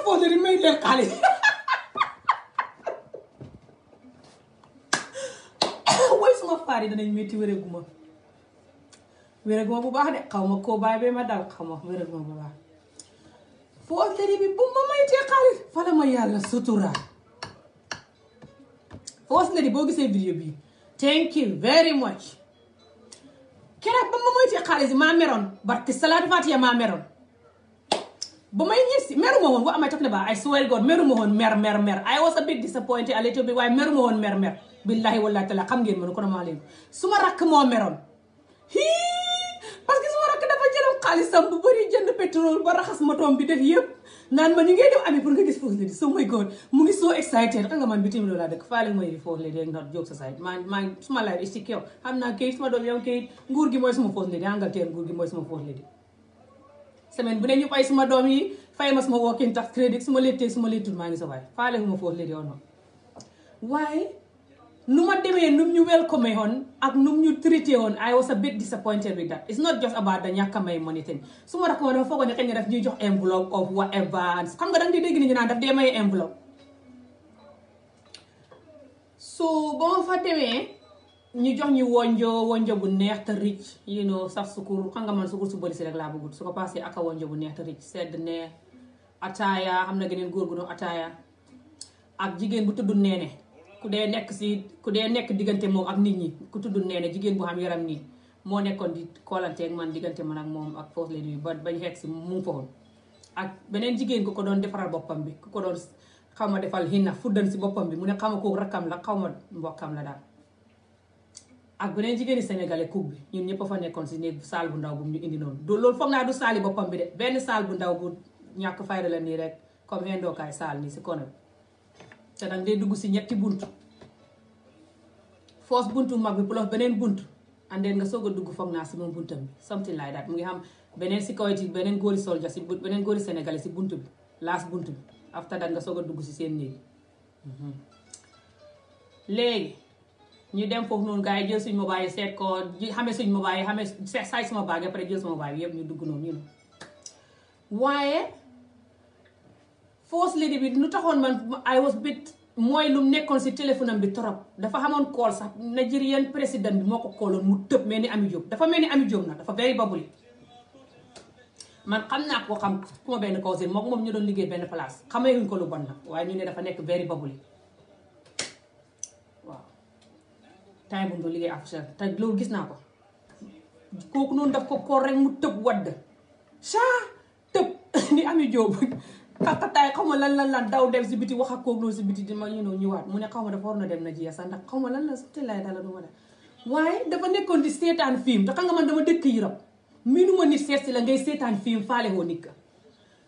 foto di may def xaalis woy suma faar yi danañ métti wéreguma wéreguma bu baax de xaw ma koo baay bee ma dal xaw ma wéreguma bu baax foto bi bu ma maytee xaalis fa la ma yàlla sutura foos na di boo gisee bi thank you very much keroog ba ma moytee xaalis yi maa meroon barki salaatu faatiya maa meroon ba may ñib si meruma woon what am I talking about I swear God meruma woon mer mer mer I was a bit disappointed a little bit waaye meruma woon mer mer billahi wallahi taala xam ngeen mënu ko dama leen su ma rakk moo meroon hii parce que ma rakk dafa jëloon xaalisam bu bëri jënd pétrole ba raxas motoom bi def yëpp naan ma ñu ngay dem ami pour nga gis foofu la di so my God mu ngi soo excited xam nga man bitim loolu laa dëkk faale mooy di foofu la di not joke society maa maa suma life is ci kew nguur gi mooy suma foofu la di Angleterre nguur gi semaine bu ne ñu fay suma doom yi fay ma suma working tax crédit suma lettee suma lettul maa ngi sa waay faale ma foofu la di woon waaye nu ma demee num ñu welcome woon ak num ñu traité woon I was a bit disappointed with that it's not just about the ñàkk a may money thing su ma rakk ma dafa foogoo ne daf ñuy jox enveloppe of whatever xam nga danga di dégg ni ñu naan daf dee may enveloppe so ba ma fa demee ñu jox ñu wonjo wonjo bu neex te ric you know sax sukur xam nga man sukur su bëri si rek laa bëggut su ko passé ak a wonjo bu neex te ric sedd neex ataaya xam na geneen góor gu doon ataaya ak jigéen bu tudd neene ku dee nekk si ku dee nekk diggante moom ak nit ñi ku tudd neene jigéen bu xam yaram nii moo nekkoon di koolante man diggante man ak moom ak foofu leen yu ba bañ xeet si mu ngi foofu ak beneen jigéen ku ko doon defaral boppam bi ku ko doon xaw ma defal hinna fuddan si boppam bi mu ne xaw ma kooku rakkam la xaw ma mbokkam la daal ak beneen jigéeni sénégalais coupe bi ñun ñëpp fa nekkoon si néeg saal bu ndaw bu ñu indi noonu du loolu foog naa du saali boppam bi de benn saal bu ndaw bu ñàkk fayda la nii rek comme indookaay saal nii si kono bi te nag day dugg si ñetti bunt foos buntu mag bi pulof beneen bunt andeen nga soog a dugg foog naa si moom buntam bi something like that mu ngi xam beneen si kawiti beneen góori solja si beneen góori sénégalais si bunt bi laas bunt bi after that nga soog a dugg si seen néeg mhm. léegi ñu dem foofu noonu gars yi jël suñ mobile yi seet ko xamee suñ mobile yi xamee saay sama baag après jël sama mobile yëpp ñu dugg noonu ñu waaye first lady bi lu taxoon man I was bit mooy lu nekkoon si téléphone bi trop dafa xamoon call sax Nigerian président bi moo ko kooloon mu tëb mel ni Ami Diop dafa mel ni Ami Diop nag dafa very babuli man xam naa ko xam ku ma benn cousin moom ñu doon liggéey benn place xamee wuñ ko lu bon ñu ne dafa nekk very babuli temps bu ñu doon liggéey affichage te loolu gis naa ko kooku noonu daf ko koor rek mu tëb wadd saa tëb *laughs* ni ami jóob xaqataay *laughs* xaw ma lan lan lan daw dem si biti wax ak kooku noonu si biti di ma ñu ñëwaat mu ne xaw ma dafa war na dem na jiya sax ndax xaw ma lan la te lay dala du ma def waaye dafa nekkoon di seetaan film te xam nga man dama dëkk Europe miinu ma nit seet la ngay seetaan film faale woo nit ka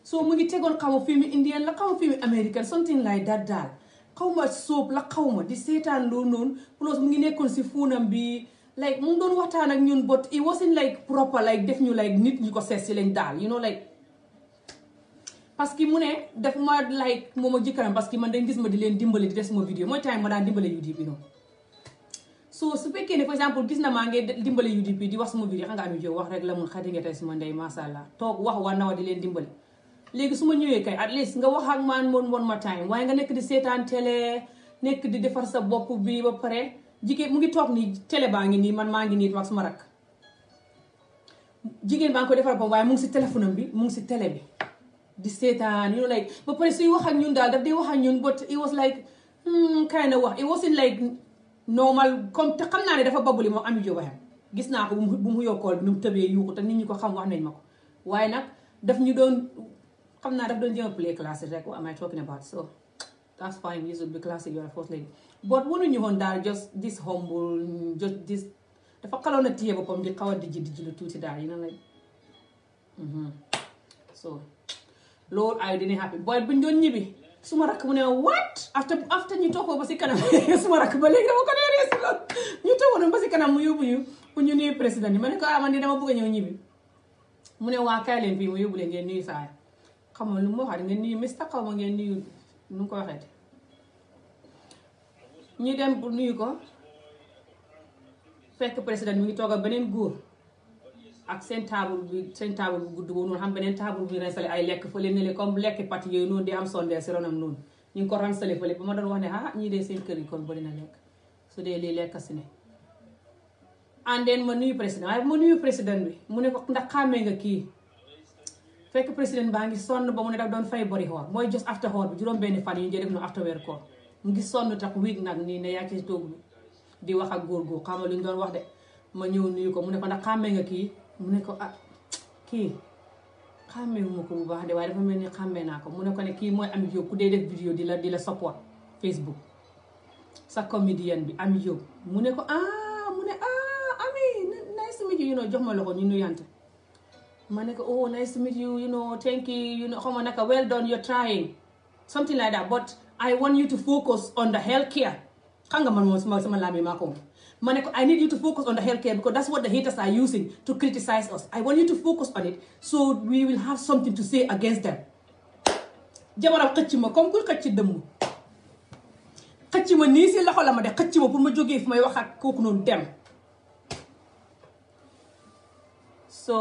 soo mu ngi tegoon xaw ma film indien la xaw ma film américaine something like that daal xawma soob la xawma di seetaan loolu noonu plus mu ngi nekkoon si fuunam bi like mu ngi doon waxtaan ak ñun but it wasn't like proper like def ñu like nit ñi ko seet si lañ daal you know like parce que mu ne daf ma like moom ak jëkkëram parce que dañ gis ma di leen dimbali di def sama vidéo mooy time ma daan dimbale UDP noonu so su fekkee ne par exemple gis na maa ngi dimbale UDP di wax sama vidéo xam nga am i wax rek la mun xati nga tey suma ndey masha Allah toog wax waa nawa di leen léegi su ma ñëwee kay at least nga wax ak man moon moon ma time waaye nga nekk di seetaan télé nekk di defar sa bopp bi ba pare jigéen mu ngi toog nii télé baa ngi nii man maa ngi nii wax suma rakk jigéen baa ngi ko defar bopp waaye mu si téléphone bi mu ngi si télé bi di seetaan you know like ba pare suy wax ak ñun daal daf di wax ak ñun but it was like hmm, kind of wax it wasn't like normal comme te xam naa ne dafa babuli moom Amie Jobe waxee gis naa ko bu mu bu mu yokkoo nu mu tëbee yuuxu nit ñi ko xam wax nañ ma ko xam naa daf doon jéem a play classic rek what am I talking about so that's fine you should be classic you are first lady but mënuñu woon daal just this humble just this dafa xaloon a téye boppam di xaw di ji di lu tuuti daal yi na la so loolu ay dina happy boy buñ doon ñibbi suma rakk mu ne what after after ñu toogoo ba si kanam *laughs* suma rakk ba léegi dama ko dee rees lool ñu toogoo ba si kanam mu yóbbu ñu pour ñu nuyu président yi ma ne ko ah man de dama bëgg a ñëw ñibbi ne waa kaay leen fii mu yóbbu leen ngeen nuyu saay xam nga lu mu waxaat ngeen nuyu mista xaw ma ngeen nuyu nu mu ko waxeeti ñu dem bu nuyu ko fekk président mi ngi toog ak góor ak seen taabul bi seen taabul bu gudd boobu noonu xam beneen taabul bi ransale ay lekk fële ne le comme lekk pat yooyu noonu di am sondeel si ronam noonu ñu ngi ko ransale fële ba ma doon wax ne ah ñii dee seen kër yi kon bëri na lekk su dee lii lekk si ne andeen ma nuyu président waaye ma nuyu président bi mu ne ko ndax xàmmee nga kii fekk président baa ngi sonn ba mu ne daf doon fay bori xoor mooy jos after xoor bi juróom-benn fan yi ñu jëlee noonu after weer koor mu ngi sonn tax wiig nag nii ne yaa ci toog di wax ak góor gu xamal lu ñu doon wax de ma ñëw nuyu ko mu ne ko ndax xàmmee kii mu ne ko ah, kii xàmmee ko bu baax de mel ni xàmmee naa ko mu ne ko mooy am yow ku dee def vidéo di la di la support Facebook sa comédienne bi am yow mu ne ko ah mu ne ah ami nice to meet you jox ma loxo ñu nuyante. ma ne ko oh nice to meet you you know thank you you know xaw ma naka well done you're trying something like that but I want you to focus on the healthcare xam nga man moom sama sama laaj bi maa ma ne ko I need you to focus on the healthcare because that's what the haters are using to criticize us I want you to focus on it so we will have something to say against them. jabaram xëcc ma comme ku xëcc dëmm xëcc ma nii si loxo la ma de xëcci ma pour ma jógee fi may wax ak kooku noonu dem. so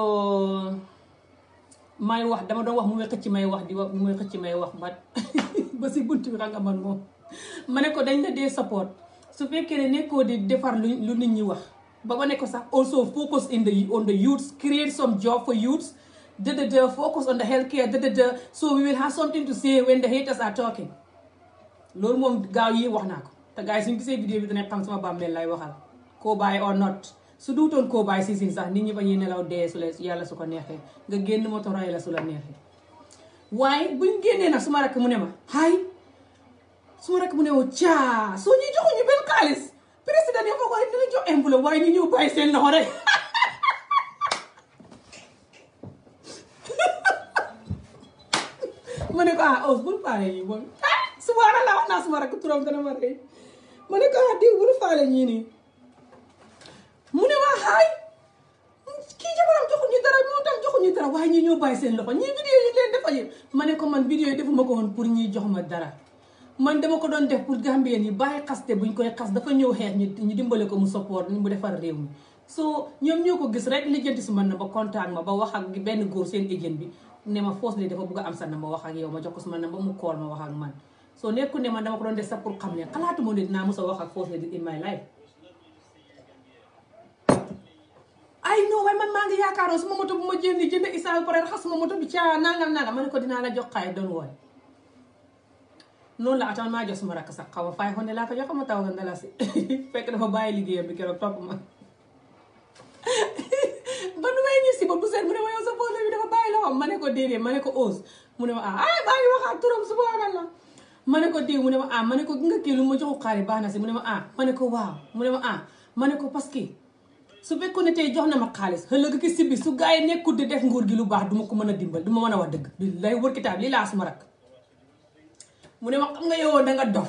may wax dama doon wax mu may ci may wax di wax mu may xëcc may wax ma *laughs* ba si bunt bi nga man moom ma ne ko dañ la dee support su fekkee ne nekkoo di defar lu lu nit ñi wax ba ma ne ko sax also focus in the on the youths create some job for youths da da da focus on the healthcare da da da so we will have something to say when the talking loolu moom gaaw yi wax naa ko te gars yi suñu gisee vidéo bi danañ xam sama bàmmeel lay waxal koo bàyyi or not su duutoon koo bàyyi si sin sax nit ñi bañuy nelaw dee su la yàlla su ko neexee nga génn moto ray la su la neexee waaye buñ génnee nag su ma rakk mu ne ma hay su ma rakk mu ne ma caa soo ñuy joxuñu benn xaalis président ñu ñëw bàyyi seen loxo rek *laughs* ma ah, *laughs* turam dana ma ma ne ko ah diw faale ñii mu ne waa xaay kii jabaram joxuñu dara moo tax joxuñu dara waaye ñi ñoo bàyyi seen loxo ñii vidéo yi leen defa ma ne ko man vidéo yi defuma ko woon pour ñi jox ma dara man dama ko doon def pour gambien yi bàyyi xaste buñ koy xas dafa ñëw xeex ñu dimbale ko mu support mu defar réew so ñoom ñoo ko gis rek lijjanti si na ba contact ma ba wax ak benn góor seen agent bi ne ma force de a sa namba wax ak yow ma jox ko sama namba mu call ma wax ak man doon def sax xam ne xalaatuma ne dinaa mos a wax ak force de in my life ay non waaye man maa ngi yaakaaroon sama moto bu ma jëndi jënd isa ba pare raxas sama moto bi caa nangam nangam ma ne ko dinaa la jox xaay doon woon noonu la atan maa jox sama rakk sax xaw ma fay xonne laa ko jox ma taw nga ndala si *laughs* fekk dafa bàyyi liggéeyam bi keroog topp ma *laughs* ba nu may ñëw si ba bu seet mu ne ma yow sa boole bi dafa bàyyi la wax ma ne ko déedéet ma ne ko oos mu ne ma ah ay ah, bàyyi waxaat turam ma ne ko déw mu ne ma ah ma ne ko nga kii lu ma joxu xaari baax na si mu ne ma ah ma ne ko waaw mu ma ah ma ko parce su fekkoon ne tey jox na ma xaalis xëllëg ki si bi su gars yi nekkul di def nguur gi lu baax duma ko mën a dimbal duma mën a wax dëgg lay wër kitaab lii laa suma rak mu ne ma xam nga yow da nga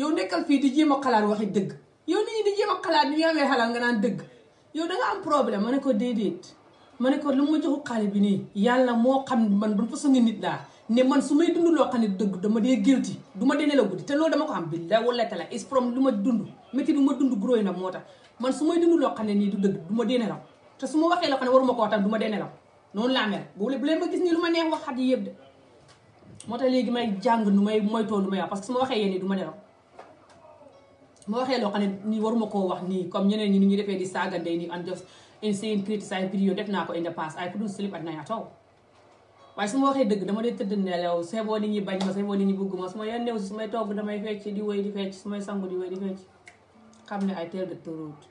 yow nekkal fii di jéem a xalaat waxi dëgg yow nit di a xalaat ni ñu amee nga naan dëgg yow da am problème ma ne ko déedéet ma ne ko lu ma joxu xaalis bi nii yàlla moo xam man ban façon nit laa ne man su may dund loo xam ne dëgg dama dee guilty du ma dee nelaw guddi te loolu dama ko am billahi wala tala is from lu ma dund métti du ma dund gróoy na moo tax man su may dund loo xam ne nii du dëgg du ma dee nelaw te su ma waxee loo xam ne waruma ko wax tam du ma dee nelaw noonu laa mel bu bu leen ma gis nii lu ma neex waxat yi parce que su ma waxee ma nelaw loo xam ne nii waruma koo wax nii comme ñeneen ñi ni ñu defee di saaga ndey nii and def naa ko I couldn't sleep at night at all waaye su ma waxee dëgg dama dee tëdd nelaw ñi bañ ma seeboo nit ñi bëgg ma su ma yenn si su may togg damay fecc di woy di fecc su may sangu di woy di fecc xam ne I tell the truth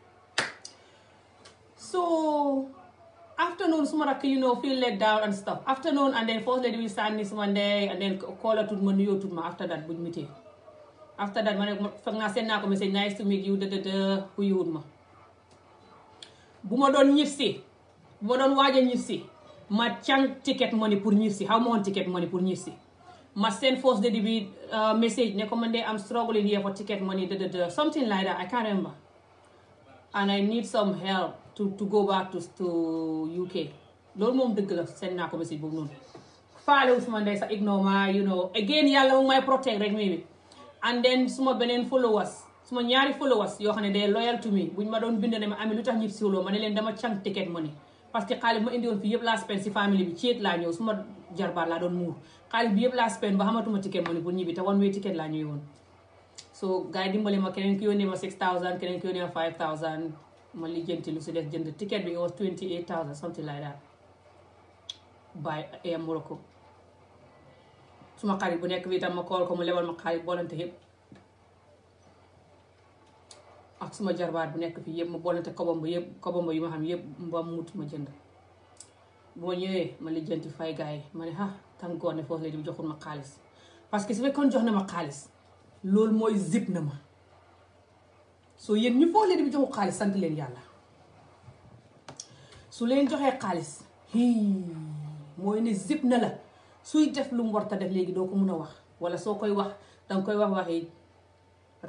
so afternoon suma rakk you know feel let down and stuff afternoon and then first lady bi sànni suma ndey and then koolatut ma nuyootut ma after that buñ mitee after that ma ne foog naa seen naa ko message nice to meet you da da da kuyuwut ma bu ma doon ñib si bu ma doon waaj a ñib si ma càng ticket money pour ñib si xaw ma woon ticket money pour ñib si ma send force daddy bi euh, message ne ko man de am struggling here for ticket money da da da something like that I can't remember and I need some help to to go back to to UK loolu moom dëgg la seen naa ko message boobu noonu faale wu suma ndey sa ignore ma you know again yàlla mu may protect rek mi bi and then suma beneen followers suma ñaari followers yoo xam ne day loyal to me buñ ma doon bind ne ma ami lu tax ñib siwloo ma ne leen dama cang ticket money parce que xaalis ma indi woon fii yëpp laa spend si famille bi ceet laa ñëw su ma jarbaat laa doon muur xaalis bi yëpp laa spend ba xamatuma ticket ma ne pour ñibbi te one way ticket laa ñëwee woon so gars yi dimbali ma keneen ki yónnee ma 6000 keneen ki yónnee ma 5000 ma lijjanti lu si def jënd ticket bi it was 28000 something like that by Air Morocco suma xarit bu nekk bi tam ma kool ko mu lebal ma xaalis boolante yëpp ak suma jarbaat bu nekk fii yëpp ma boolante kobomba yëpp kobomba yi ma xam yëpp ba mut ma jënd bu ñëwee ma lijjanti fay gaay yi ma ne ah tam goor ne foofu la di joxul ma xaalis parce que su fekkoon jox na ma xaalis loolu mooy zip na ma soo yéen ñu foofu la di joxul xaalis sant leen yàlla su leen joxee xaalis hii mooy ne zip na la suy def lu mu def léegi doo ko mun a wax wala soo koy wax danga koy wax waxi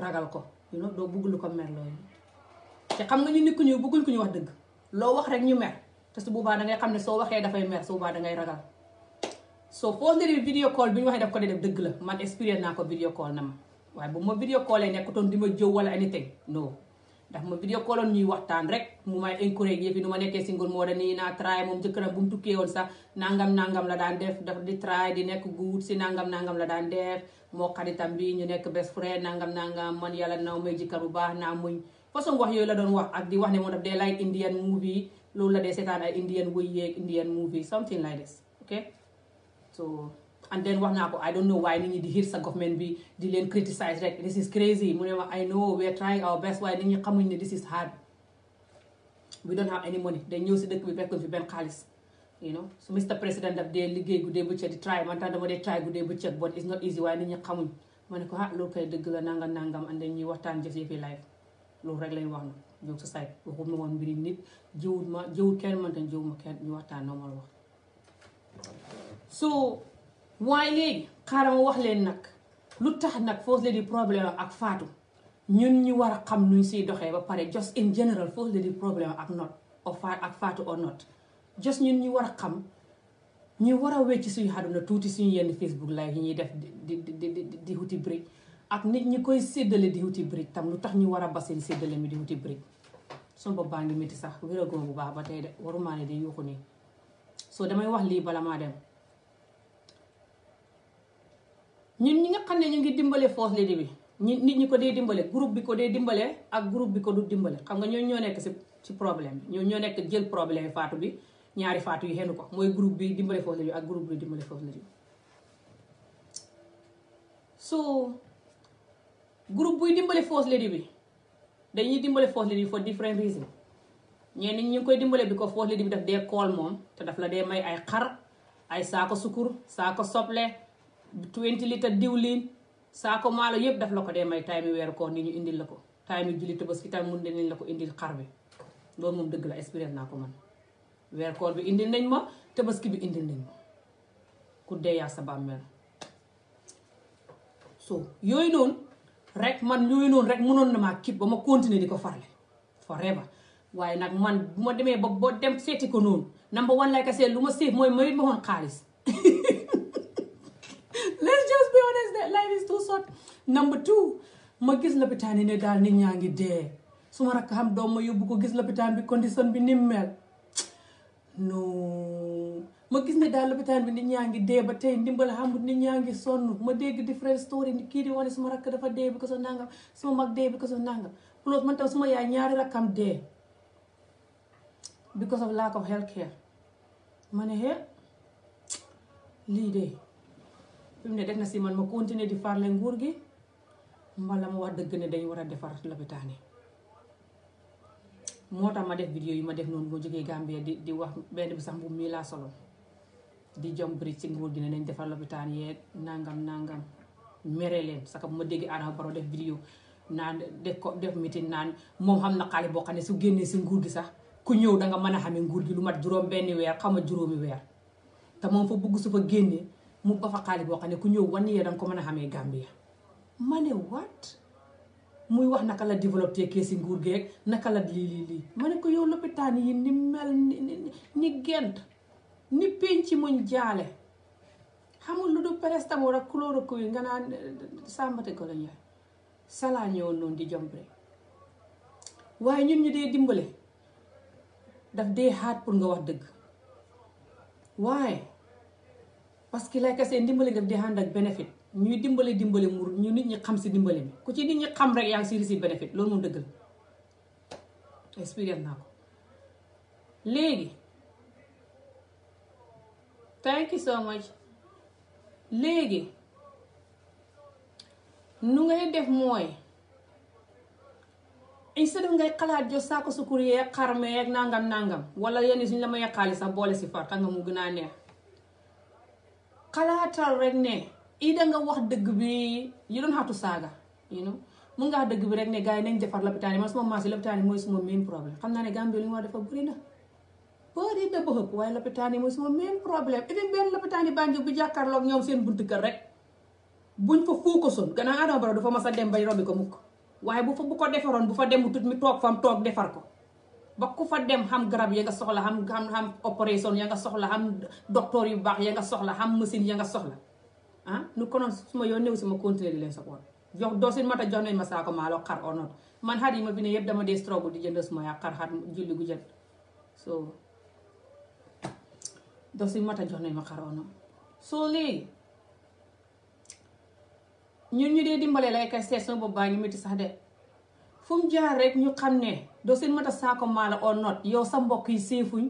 ragal ko you know doo bëgg lu ko mer loolu te xam nga ñu nit ku ñu bëggul ku ñu wax dëgg loo wax rek ñu mer te su boobaa da ngay xam ne soo waxee dafay mer su boobaa dangay ragal soo foo ne video call bi ñu waxee daf ko dee def dëgg la man expérience naa ko video call na ma waaye bu ma video callee nekkutoon di ma jëw wala anything non daf ma vidéo call ñuy waxtaan rek mu may encourage yëf yi nu ma nekkee single moo da naa try moom jëkkëram bu mu tukkee woon sax nangam nangam la daan def daf di try di nekk guut si nangam nangam la daan def moo xaritam bi ñu nekk best friend nangam nangam man yàlla naw may jëkkër bu baax naa muñ façon wax yooyu la doon wax ak di wax ne moom daf dee like indian movie loolu la dee seetaan ay indian wëy yeeg indian movie something like this ok so and then wax naa ko I don't know why nit ñi di hit sa government bi di leen criticize rek this is crazy mu ne ma I know we are trying our best waaye nit ñi xamuñ ne this is hard we don't ñëw si dëkk bi fekkuñ fi benn xaalis you know so Mr President daf dee liggéey guddee bëccëg di try man tam dama dee try guddee bëccëg but it's not easy waaye nit ñi xamuñ ma ne ko ah loolu kay dëgg la nangam nangam and then ñuy waxtaan jëf yëfi live loolu rek lañ wax na jóg sa say waxuma woon mbiri nit jiwut ma jiwut kenn man tam ma kenn ñu waxtaan normal wax so waaye léegi xaaral ma wax leen nag lu tax nag First Lady problème ak faatu ñun ñu war a xam luñ siy doxee ba pare just in general First Lady not of ak Fatou or not ñun ñu war a xam ñu war a wecc suñu àdduna tuuti suñu yenn Facebook live yi ñuy def di di di di wuti ak nit ñi koy séddale di wuti brique tam lu tax ñu war a basin séddale mi di wuti brique suma bopp baa ngi métti sax wéragoo bu baax ba tey de warumaa ne di yuuxu nii soo damay wax lii bala maa dem ñun ñi nga xam ne ñu ngi dimbale force leader bi ñi nit ñi ko dee dimbale groupe bi ko dee dimbale ak groupe bi ko du dimbale xam nga ñooñu ñoo nekk si ci ñoo ñoo nekk jël problème faatu bi ñaari faatu yu xenu ko mooy group bi dimbale force leader bi ak groupe bi dimbale force so groupe buy dimbale force leader bi dañuy dimbale force leader bi for different reason ñenn ñi ñu ngi koy dimbale bi ko force leader bi daf dee kool moom te daf la dee may ay xar ay saako sukur saako soble 20 litre diwlin saako maalo yëpp daf la ko dee may taay mi weer koor ni ñu indi la ko taay mi julli tabaski tam mun nañ la ko indil xar bi loolu moom dëgg la expérience naa ko man weer koor bi indi nañ ma tabaski bi indi nañ ma ku dee sa bàmmeel so yooyu noonu rek man yooyu noonu rek mënoon na maa kii ba ma continuer di ko farale forever waaye nag man bu ma demee ba boo dem seeti ko noonu number one lay kasee lu ma séef mooy mayit ma xoon xaalis *laughs* life is too number two ma gis lopitaan yi ne daal nit ñaa ngi dee suma ma rakk xam doom ma yóbbu ko gis lopitaan bi condition bi ni mu mel non ma gis ne daal lopitaan bi ni ñaa ngi dee ba tey ndimbal xamut nit ñaa ngi sonn ma dégg different story kii di wane suma rakk dafa dee bi ko so nangam suma mag dee bi ko so man tam suma yaay ñaari rakkam dee because of lack of health care ma ne lii de fi mu ne def na si man ma continuer di farle nguur gi mbala mu wax dëgg ne dañ war a defar lopitaan yi moo tax ma def vidéo yi ma def noonu boo jógee Gambia di di wax benn sax mbubb mii laa solo di jom ci nguur gi ne nañ defar lopitaan yee nangam nangam mere leen saka bu ma déggee Adama Barrow def vidéo naan def ko def meeting naan moom xam na xaalis boo xam ne su génnee si nguur gi sax ku ñëw danga mën a xamee nguur gi lu mat juróom benn weer xam ma juróomi weer te moom fa bugg su génnee mu ba fa xaalis boo xam ne ku ñëw wan yee danga ko mën a xamee Gambia ma ne what muy wax naka la développé kee si nguur geeg naka la lii lii lii ma ne ko yow lopitaan yi ni mel ni ni gent ni penc muñ jaale xamul lu du paracetamol ak chloroquine nga naan sàmbate ko la ñëw salaa ñëwoon noonu di jombre waaye ñun ñu dee dimbale daf dee xaat pour nga wax dëgg waaye parce que like I dimbali nga daf di ànd ak bénéfice ñuy dimbali dimbali mu ñu nit ñi xam si dimbali mi ku ci nit ñi xam rek yaa ngi si risi bénéfice loolu moom dëgg la expérience naa ko léegi thank you so léegi nu ngay def mooy instead of ngay xalaat jo saako sukkur xar xarme yeeg nangam nangam wala yenn suñ la ma xaalis sax boole si far xam nga mu gën a neex xalaatal rek ne i da nga wax dëgg bi you don't atu saaga you know mun nga dëgg bi rek ne gars yi nañ defar lopitaan yi man suma maas yi mooy suma main problème xam naa ne Gambie li ñu war dafa bëri na bëri na ba xëpp waaye lopitaan yi mooy suma main problème even benn lopitaan yi Banjul bu jàkkaarloog ñoom seen buntu kër rek buñ fa fookasoon gannaaw Adama Barrow dafa mas a dem bay robi ko mukk waaye bu fa bu ko defaroon bu fa dem tut mi toog fam toog defar ko ba ku fa dem xam garab ya nga soxla xam xam xam opération ya nga soxla xam docteur yu baax ya nga soxla xam machine ya nga soxla ah nu konoon su ma yoon néew si ma continuer di leen support jox doo sin mata jox ma saako maalo xar o man xar yi ma bi yëpp dama dee di jënd suma yaa xar xar julli gu jël so doo sin ma xar o soo léegi ñun ñu dee dimbalee lay kay seet sama bopp baa ngi métti sax de fu mu jaar rek ñu xam ne doo seen mata saako maala or not yow sa mbokk yi seefuñ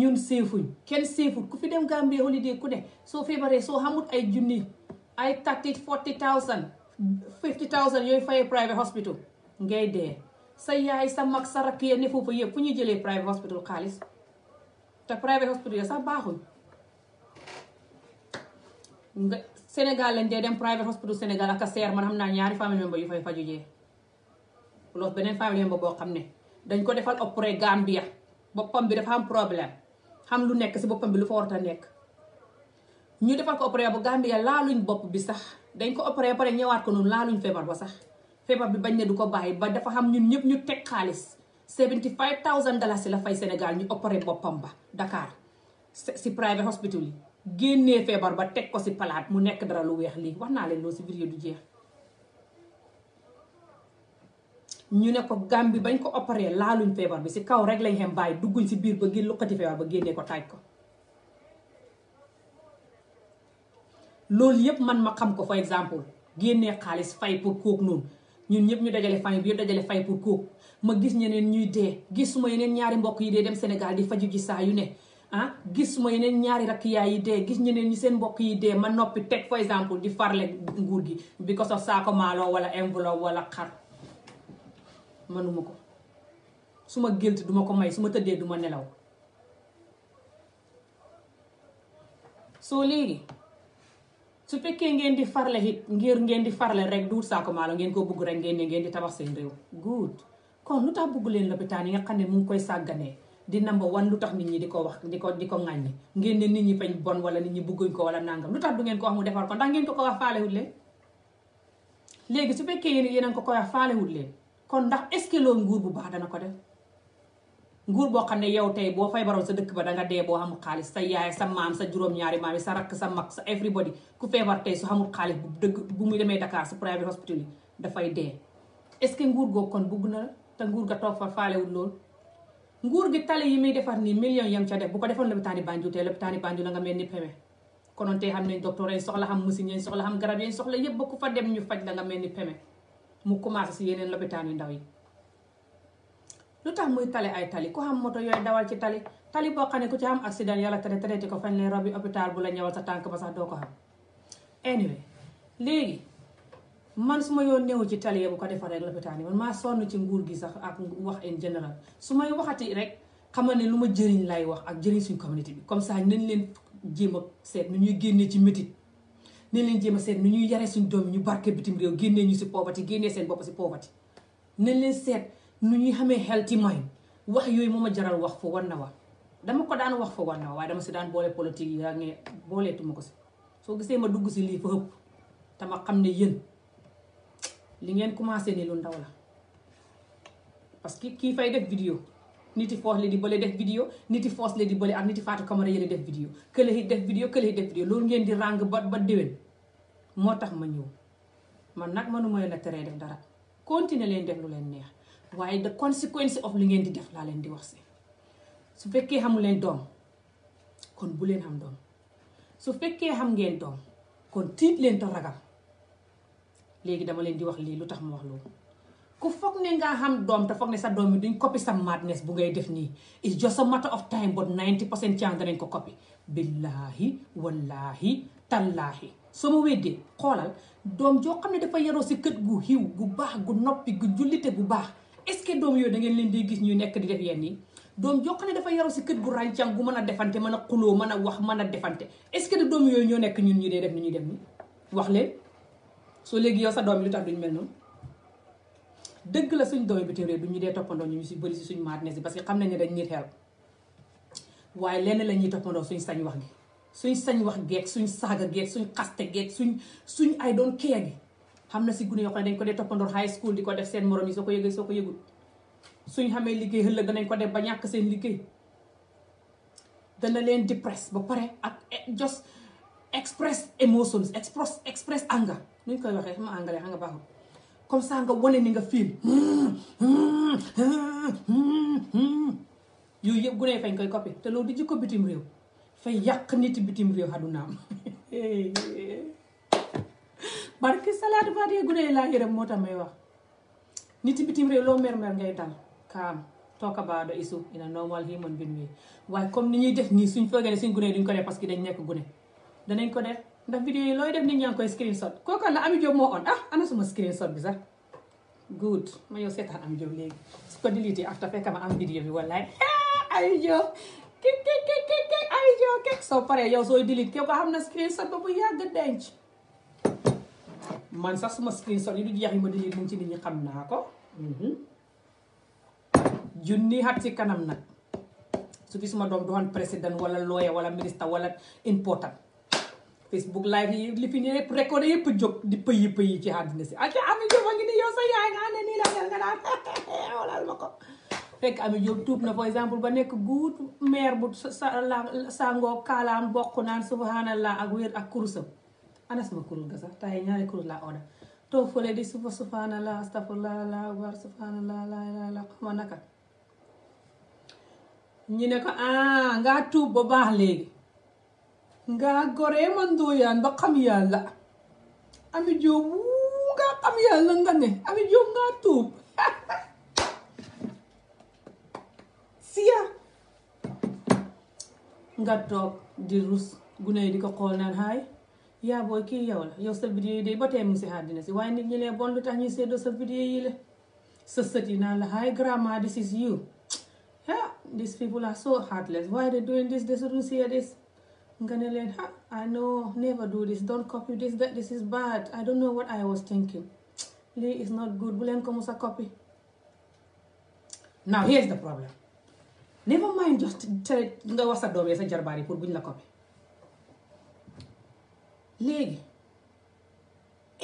ñun seefuñ kenn seefut ku fi dem Gambie holiday ku ne soo feebaree soo xamut ay junni ay thirty forty thousand fifty thousand yooyu fayee private hospital ngay dee sa yaay sa mag sa rakk ya ne foofu yëpp fu ñuy jëlee private hospital xaalis te private hospital ya sax baaxuñ nga Sénégal lañ dee dem private hospital Sénégal ak a seer man xam naa ñaari famille member yu fay jee loolu beneen famille ba boo xam ne dañ ko defal opéré Gambia boppam bi dafa am problème xam lu nekk si boppam bi lu fa warta nekk ñu defal ko opéré bu Gambia laaluñ bopp bi sax dañ ko opéré pare ñëwaat ko noonu laaluñ feebar ba sax feebar bi bañ ne du ko bàyyi ba dafa xam ñun ñëpp ñu teg xaalis 75000 dollars si la fay Sénégal ñu opéré boppam ba Dakar si private hospital yi génnee feebar ba teg ko si palaat mu nekk dara lu weex lii wax naa leen loolu si du jeex ñu ne ko bi bañ ko opéré laaluñ feebar bi si kaw rek lañ xem bàyyi dugguñ si biir ba génn luqati feebar ba génnee ko taaj ko loolu yëpp man ma xam ko for exemple génnee xaalis fay pour kook noonu ñun ñëpp ñu dajale famille bi yëpp fay pour kooku ma gis ñeneen ñuy dee gis suma yeneen ñaari mbokk yi dee dem Sénégal di faju ji saa yu ne ah gis suma yeneen ñaari rakk yaay yi dee gis ñeneen ñu seen mbokk yi dee ma noppi teg for exemple di farle nguur gi bi ko sax saako maalo wala enveloppe walla xar mënuma ko su ma gént duma ko may su ma tëddee ma nelaw soo léegi su fekkee ngeen di farle it ngir ngeen di farle rek duut saako maalo ngeen ko bugg rek ngeen ne ngeen di tabax seen réew good kon lu tax bugg leen lopitaan yi nga xam ne mu ngi koy sàgganee di namba wan lu tax nit ñi di ko wax di ko di ko ngeen ne nit ñi fañ bon wala nit ñi bugguñ ko wala nangam lu tax du ngeen ko wax mu defar ko ndax ngeen ko ko wax faalewut leen léegi su fekkee yéen yéen a ko koy leen kon ndax est-ce que loolu nguur bu baax dana ko def nguur boo xam ne yow tey boo fay sa dëkk ba danga dee boo amul xaalis sa yaay sa maam sa juróom-ñaari maam yi sa rakk sa mag sa everybody ku feebar tey su xamul xaalis bu dëgg bu muy demee Dakar su private hospital yi dafay dee est-ce que nguur googu kon bugg na te nguur ga toog fa faalewul loolu nguur gi tali yi muy defar nii millions yam ca def bu ko defoon lopitaani Banjul tey lopitaani Banjul la nga ni peme konoon tey xam nañ docteur yi soxla xam garab soxla yëpp ba ku dem faj la nga mel ni peme mu commencé si yeneen loppitaan yu ndaw yi lu tax muy tali ay tali ku xam moto yooyu dawal ci tali tali boo xam ne ku ci am accident yàlla tere traité ko fañ ne robi hôpital bu la ñëwal sa tànk ba sax doo ko xam anyway léegi man su ma yoon newu ci tali bu ko defar rek lopitaan yi man maa sonn ci nguur gi sax ak wax en général su may waxati rek xam ne lu ma jëriñ lay wax ak jëriñ suñ communauté bi comme ça nañ leen jéem a seet nu ñuy génnee ci métit neen leen jéem a seet nu ñuy yaree suñu doom yi ñu barke bitim réew génnee ñu si poverty génnee seen bopp si poverty ne leen seet nu ñuy xamee healthy mind wax yooyu moom a jaral wax fa war na wa dama ko daan wax fa war na wa waaye dama si daan boole politique yi yaa ngi booleetuma ko si soo gisee ma dugg si lii fa ëpp te ma xam ne yéen li ngeen commencé ni lu ndaw la parce que kii fay def vidéo niti foos la di bële def vidéo niti foos la di bële ak niti faatu kamara yële def vidéo kële yi def vidéo kële yi def vidéo loolu ngeen di ràng ba ba moo tax ma ñëw man nag mënu ma leen teree def dara continuer leen def lu leen neex waaye the consequence of li ngeen di def laa leen di wax si su fekkee xamu leen doom kon bu leen xam doom su fekkee xam ngeen doom kon tiit leen te ragal léegi dama leen di wax lii lu tax ma wax loolu ku foog ne nga xam doom te foog ne sa doom yi duñ copy sa madness bu ngay def nii it's just a matter of time but 90 percent chance danañ ko copy billaahi wallaahi tallaahi soo ma weddee xoolal doom joo xam ne dafa yaroo si kët gu xiw gu baax gu noppi gu jullite gu baax est ce que doom yooyu da ngeen leen di gis ñuy nekk di def yenn yi doom joo xam ne dafa yaroo si kër gu ràncang gu mën a defante mën a xuloo mën a wax mën a defante est ce que doom yooyu ñoo nekk ñun ñu dee def ni ñuy def ni wax leen soo léegi yoo sa doom yi lu tax mel noonu dëgg la suñ doy bitim réew du ñu dee toppandoo ñu si bëri si suñ maat ne si parce que xam nañ ne dañ ñuy xel waaye lenn la ñuy toppandoo suñ sañ wax gi suñ sañ wax geeg suñ saaga geeg suñ xaste geeg suñ suñ ay doon kee gi xam na si gune yoo xam dañ ko dee toppandoor high school def seen morom yi soo ko yëgee soo ko yëgul suñ xamee liggéey ëllëg danañ ko def ba ñàkk seen liggéey dana leen depress ba pare ak just express emotions express express anger nuñ koy waxee xam nga anglais xam nga baaxul comme ça nga wane ni nga fiil yooyu yëpp gunee fañ koy coppi te loolu di jikko bitim réew fay yàq nit bitim réew xadunaam *laughs* barki salaatu faatee gunee laa yërëm moo tax may wax nit bitim réew loo mer mer ngay dal kaam talk about the issue in a normal human being way waaye comme ni ñuy def nii suñ foogee ne suñ gunee duñ ko def parce que dañ nekk gune danañ ko def ndax vidéo yi looy def nit ñaa ngi koy screenshot kooku la Ami Diop moo on ah ana suma screenshot bi sax good ma yow seetaan Ami Diop léegi su ko delete after fekk ma am vidéo bi wallaay *laughs* Ami Diop ki ki ki ki ki Ami soo paree yow sooy delete ke ko xam na screenshot ba bu yàgg denc man sax suma screenshot yi du jeex yi ma delete mu ci nit ñi xam naa ko mhm. junni xat ci kanam nag su fi suma doom doon président wala lawyer wala ministre wala important Facebook live yi li fi ne yëpp record jóg di pëyi pëyi ci àddina si ak Ami Jóob a ngi nga nii la mel nga daan *laughs* xoolal ma ko fekk Ami Jóob tuub na for exemple ba nekk guut maire bu sangoo kaalaam bokk naan subhanallah ak wér ak kurusam anas ma kurus ga sax tay ñaari kurus laa oda toog ñu ne ko ah ngaa tuub ba baax léegi ngaa goree mandoyaan ba xam yàlla Ami Jóob wuu ngaa xam yàlla nga ne Ami Jóob ngaa tuub *laughs* siya nga toog di rus gune yi di ko xool naan haay yaa booy kii yow la yow sa vidéo yi ba tey mu si àddina si waaye nit ñi lee bon lu tax ñuy seddoo sa vidéo yi la sa sët naan la haay grandma this is you ah these people are so heartless why they doing this they shouldn't see this nga ne leen ah I know never do this don't copy this that this is bad I don't know what I was thinking *tsk* lii is not good bu leen ko mu sa copy now here is the problem never mind just tere nga wax sa doom yi sa jarbaar yi pour buñ la copy léegi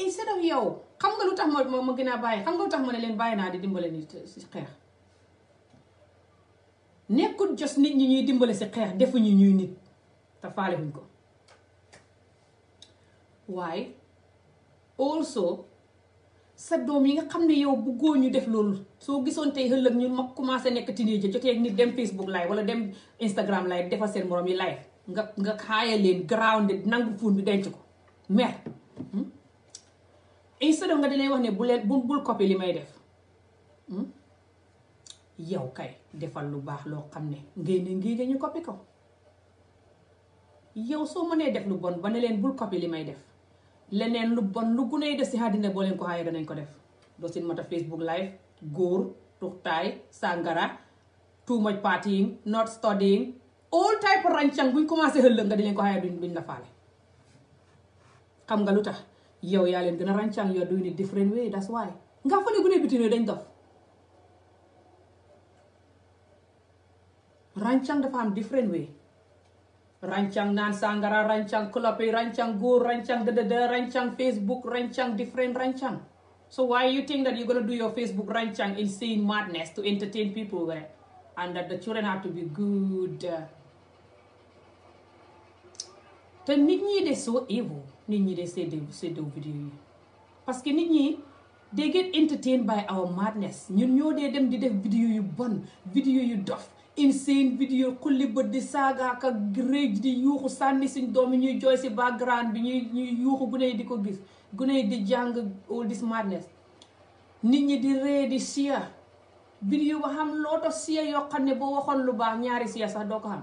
instead of yow xam nga lu tax ma ma gën a bàyyi xam nga lu tax ma ne leen bàyyi naa di dimbale nit si xeex nekkul just nit ñi ñuy dimbale si xeex defuñu ñuy nit te faale wuñ ko waaye also sa doom yi nga xam ne yow bëggoo ñu def loolu soo gisoon tey ëllëg ñu ma commencé nekk teenager jotee nit dem Facebook live wala dem Instagram live defal seen moroom yi live nga nga xaaya leen grounded nangu fuun bi denc ko mer hmm? instead of nga di wax ne bu leen bu bul copy li may def hmm? yow kay defal lu baax loo xam ne ngay ne ñu copy ko yow soo mënee def lu bon ba ne leen bul copie li may def leneen lu bon lu guney def si àddina boo leen ko xaayee danañ ko def doo seen mata facebook live góor tuxtaay sàngara too much partying not studying all type rancang buñ commencé xëllëg nga di leen ko xaayee duñ duñ la faale xam nga lu tax yow yaa leen gën a rancang yow doing it different way that's why nga fa ne gune bitin dañ dof rancang dafa am different way rancang naan sangara rancang clope rancang góor rancang dëdëdë rancang facebook rancang different rancang so why you think that you're gonna do your facebook rancang insane madness to entertain people right? Eh? and that the children have to be good te nit ñi de so evil nit ñi de seddoo seddoo vidéo yi parce que nit ñi they get entertained by our madness ñun ñoo de dem di def vidéo yu bon vidéo yu dof insane vidéo xulli bët di saagaaka rëj di yuuxu sànni suñ doom yi ñuy jooy si background bi ñuy ñuy yuuxu gune yi di ko gis gune yi di jàng all this madness nit ñi di ree di siya vidéo ba xam loo tax siya yoo xam ne boo waxoon lu baax ñaari siya sax doo ko xam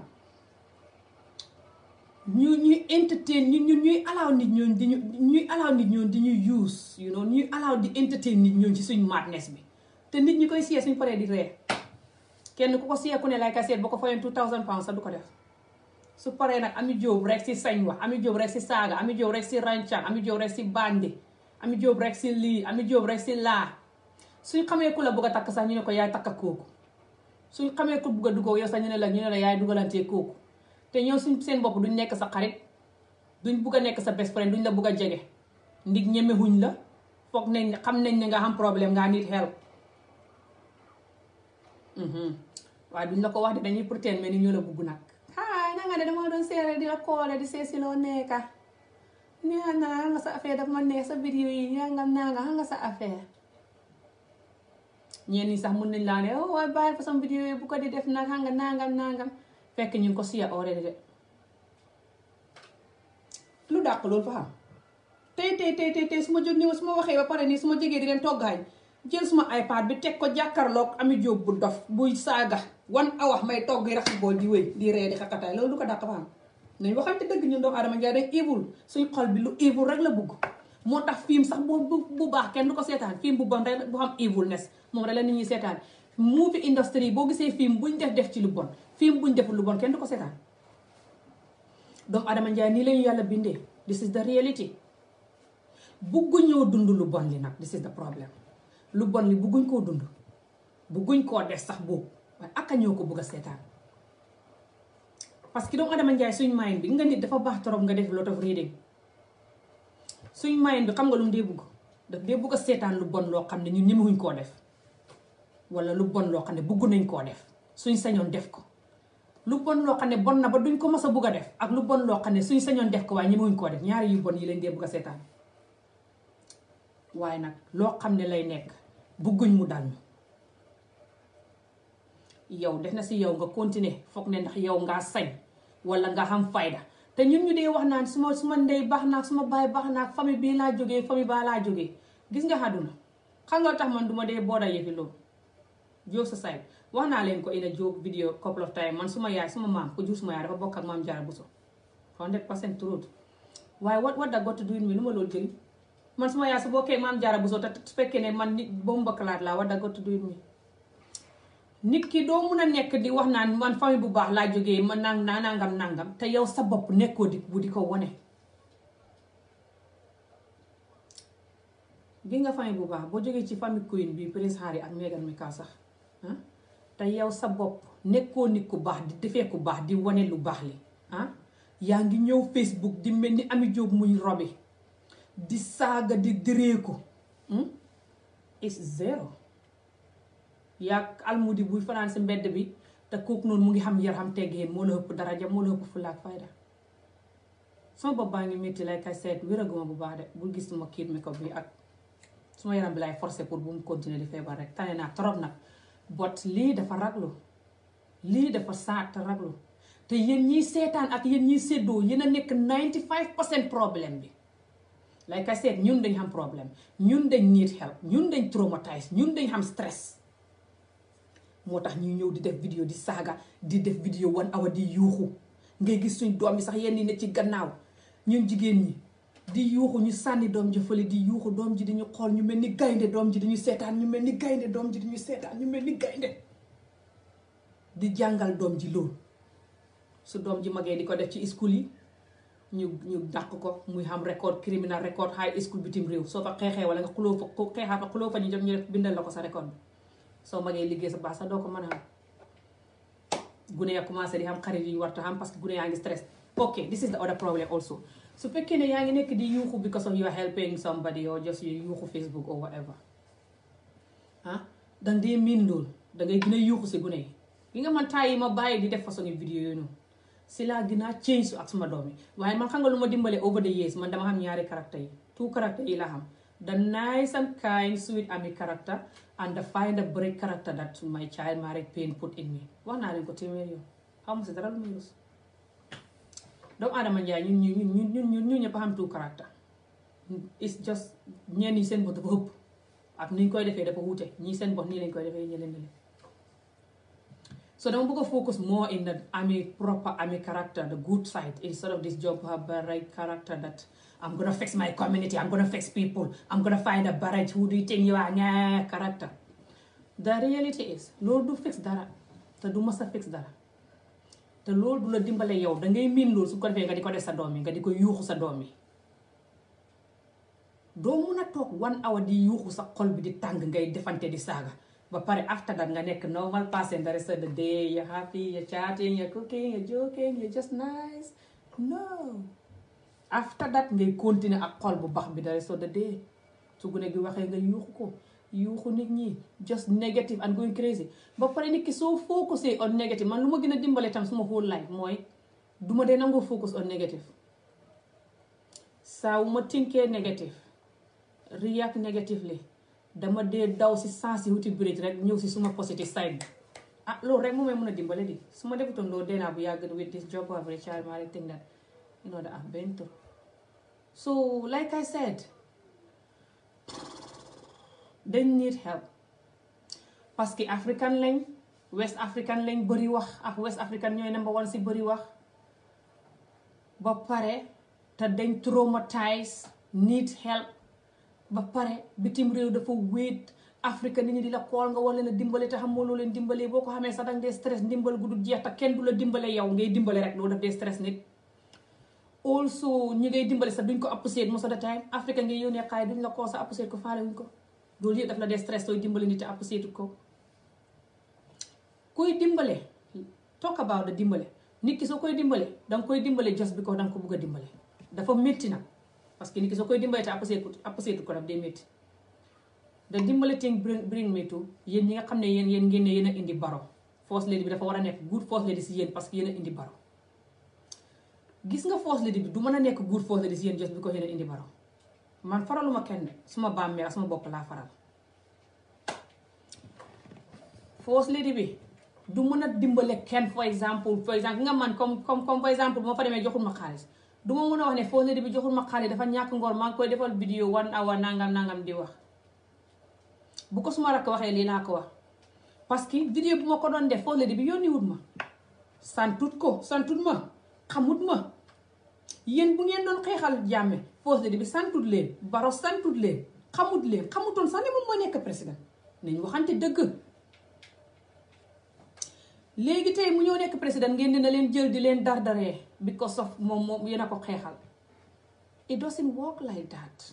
ñu ñuy entertain ñu ñuy allow nit ñoon di ñuy allow nit ñoon di use you know ñuy allow di entertain nit ñoom ci suñ madness bi te nit ñi koy siya suñ paree di ree kenn ku ko seeku ne lay kaseet ba ko fayoon two thousand pounds sax du ko def su paree nag Ami Jóob rek si sañ wa Ami Jóob rek si saaga Ami Jóob rek si ràncaan Ami Jóob rek si bandi Ami Jóob rek si lii Ami Jóob rek si laa suñ xamee ku la bëgg a takk sax ñu ne ko yaay takk kooku suñ xamee ku bëgg a duggoo yow sax ñu ne la ñu ne la yaay dugalantee kooku te ñëw suñ seen bopp duñ nekk sa xarit duñ bugg a nekk sa best friend duñ la bugg a jege ndig ñemewuñ la foog nañ xam nañ ne nga am problème nga nit help mhm. waaye duñ la ko wax de dañuy pretend mel ni ñoo la bugg nag ah na nga ne dama doon seere di la koole di seesi loo nekka nee naa nga sa affaire daf ma neex sa vidéo yi ñaa nga nga xam nga sa affaire. ñeen ñi sax mun nañ laa ne oh, waaye bàyyi fa sama vidéo yi bu ko di def nag xam nga nangam fekk ñu ko siya oore de lu dàq loolu fa xam tey tey tey su ma jóg nii su ma waxee ba pare nii su ma jógee di leen toggaañ jël suma iPad bi teg ko jàkkaarloog ami jóob bu dof buy saaga wan awax may togg raxas bool di wéy di ree di xakataay loolu du ko dàq faam nañ waxante dëgg ñun doomu aadama njaay day évul suñ xol bi lu évul rek la bugg moo tax film sax bu bu baax kenn ko seetaan film bu bon rek bu xam évul nes moom rek la nit ñi seetaan movie industry boo gisee film buñ def def ci lu bon film buñ deful lu bon kenn du ko seetaan doomu aadama njaay nii lañu yàlla bindee this is the reality bugg ñoo dund lu bon li nag this is the problème lu bon li bugguñ koo dund bugguñ koo def sax boobu waaye ko bugg a seetaan parce que doomu adama njaay suñ mayin bi nga nit dafa baax trop nga def lot of reading suñ mayin bi xam lu mu dee bugg daf seetaan lu bon loo xam ne ñun ñemewuñ koo def wala lu bon loo xam ne bugg nañ koo def suñ sañoon def ko lu bon loo xam ne bon na ba duñ ko mës a bugg a def ak lu bon loo xam ne suñ sañoon def ko waaye ñemewuñ koo def ñaari yu bon yi lañ dee bugg a seetaan waaye nag loo xam ne lay nekk bëgguñ mu dal yow def na si yow nga continuer foog ne ndax yow ngaa sañ wala nga xam fayda te ñun ñu dee wax naan su ma su ma ndey baax naag su ma baay baax naa famille bii laa jógee famille baa laa jógee gis nga àdduna xam nga tax man duma ma dee booda yëfi loolu jóg sa say wax naa leen ko ina jóg vidéo couple of time man suma yaay suma maam ko jur suma yaay dafa bokk ak maam Jaara Buso 100 pour cent waaye what what da got to lu ma loolu jëli man suma yaay su bokkee maam jaara bu soo te su fekkee ne man nit boo mbokkalaat laa war dagga tudd ki doo mun a nekk di wax naan man famille bu baax laa jógee man nang nangam nangam te yow sa bopp nekkoo di bu di ko wone bi nga famille bu baax boo jógee ci famille Queen bi Prince Harry ak Meghan Markle sax ah, te yow sa bopp nekkoo nit ku baax di defee ku baax di wane lu baax li ah, yaa ngi ñëw Facebook di mel ni Ami Jóob muy robi di saaga di ko hmm? is zero yaa almudi buy fanaan si mbedd bi te kooku noonu mu ngi xam yar xam teggeen moo la ëpp daraja moo la ëpp fulla ak fayda bopp baa ngi métti lay kay seet wéraguma bu baax de bu gis suma kiit mi ko bi ak suma yaram bi lay forcé pour bu mu continuer di feebar rek tane naa trop nag bot lii dafa raglu lii dafa saat raglu te yéen ñiy seetaan ak yéen ñiy seddoo yéen nekk 95 pour cent problème bi like I said ñun dañ am problème ñun dañ need help ñun dañ traumatise ñun dañ am stress moo tax ñuy ñëw di def vidéo di saaga di def vidéo one hour di yuuxu ngay gis suñ doom yi sax yenn yi ci gannaaw ñun jigéen ñi di yuuxu ñu sànni doom ji di yuuxu doom ji di ñu xool ñu mel ni gaynde doom ji di ñu seetaan ñu mel ni gaynde doom ji di ñu seetaan ñu mel ni gaynde di jàngal doom ji loolu su doom ji magee di ko def ci school yi ñu ñu dàq ko muy xam record criminal record high school bitim réew soo fa xeexee wala nga xuloo fa xeexaa fa xuloo fa ñu jot ñu def bindal la ko sa record bi soo magee liggéey sa baax sax doo ko man a xam gune ya commencé di xam yu ñu warta xam parce que gune yaa ngi stress ok this is the other problem also su fekkee ne yaa ngi nekk di yuuxu because of you are helping somebody or just you yuuxu Facebook or whatever ah danga dee miin loolu dangay gën a yuuxu si gune yi nga man taay yi ma bàyyi di def façon vidéo yooyu noonu si laa gën a change su ak suma doom yi waaye man xam nga lu ma dimbale over the years man dama xam ñaari caractère yi tout caractère yi la xam da nice and kind sweet ami character and the find a break character that my child married pain put in me wax naa leen ko téeméer yoon si dara ma yus doomu aadama njaay ñu ñu ñëpp xam tout caractère it's just ñeen ñi seen bët dafa ëpp ak ni ñu koy defee dafa wuute ñii seen bot nii lañ koy defee ñeneen ñeneen so dama bëgg a focus more in that I'm a proper I'm a character the good side instead of this job uh, barrage character that I'm gonna fix my community I'm gonna fix people I'm gonna find a barrage who do you think you are nga character the reality is loolu du fix dara te du mës a fix dara te loolu du la dimbale yow dangay miin loolu su ko defee nga di ko def sa doom yi nga di ko yuuxu sa doom yi doo mun a toog one hour di yuuxu sa xol bi di tàng ngay defante di saaga ba pare after that nga nekk normal person the rest of the day you're happy you're cooking you're joking you're just nice no after that ngay continuer ak xol bu baax bi the rest of su gune gi waxee nga yuuxu ko yuuxu nit ñi just negative and going crazy ba pare nit ki soo focusé on negative man lu ma gën a dimbale tam suma whole life mooy du ma dee nangoo focus on negative saa wu ma tinkee negative react negatively dama dee daw si sens yi wuti bridge rek ñëw si suma positive side bi ah loolu rek moo may mën a dimbale di su ma defutoon loolu deenaa bu yàgg with this job of recharge ma rek that you know da am benn tur so like I said they need help parce african lañ west african lañ bëri wax ak ah, west african ñooy number one si bari wax ba pare te dañ traumatise need help ba pare bitim réew dafa wéet Afrique nit ñi di la kool nga war leen a dimbale te xam moo loo leen dimbale boo ko xamee sax danga dee stress ndimbal gu du jeex te kenn du la dimbale yow ngay dimbale rek loolu daf dee stress nit also ñi ngay dimbale sax duñ ko apprécier most of the time Afrique ngay yónnee xaay duñ la koo sax apprécier ko faale wuñ ko loolu yëpp daf la dee stress sooy dimbale nit te apprécier ko koy dimbale talk baax da dimbale nit ki soo koy dimbale danga koy dimbale just because danga ko bugg a dafa métti nag parce que nit ki soo koy dimbale te apprécier apprécier ko daf day métti da dimbale teeng Bril Me Too yéen ñi nga xam ne yéen yéen ngeen ne yéen a indi baro First Lady bi dafa war a nekk good First Lady si yéen parce que yéen a indi baro gis nga First Lady bi du mën a nekk good First Lady si yéen just bi ko yéen a indi baro man faraluma kenn suma bàmmeel ak suma bopp laa faral First Lady bi du mën a dimbale kenn for exemple for exemple nga man comme comme comme exemple bu ma fa ma xaalis du ma mën a wax ne Fonéré bi joxul ma xaalis dafa ñàkk ngor maa ngi koy defal vidéo wan awa nangam nangam di wax bu ko suma rakk waxee lii naa ko wax parce que vidéo bu ma ko doon def Fonéré bi yónniwut ma santut ko santut ma xamut ma yéen bu ngeen doon xeexal jàmme Fonéré bi santut leen Baro santut leen xamut leen xamutoon sax ne moom moo nekk président nañ waxante dëgg léegi tey mu ñoo nekk président ngeen dina leen jël di leen dardaree bi ko sof moom moom yéen a ko xeexal it doesn't work like that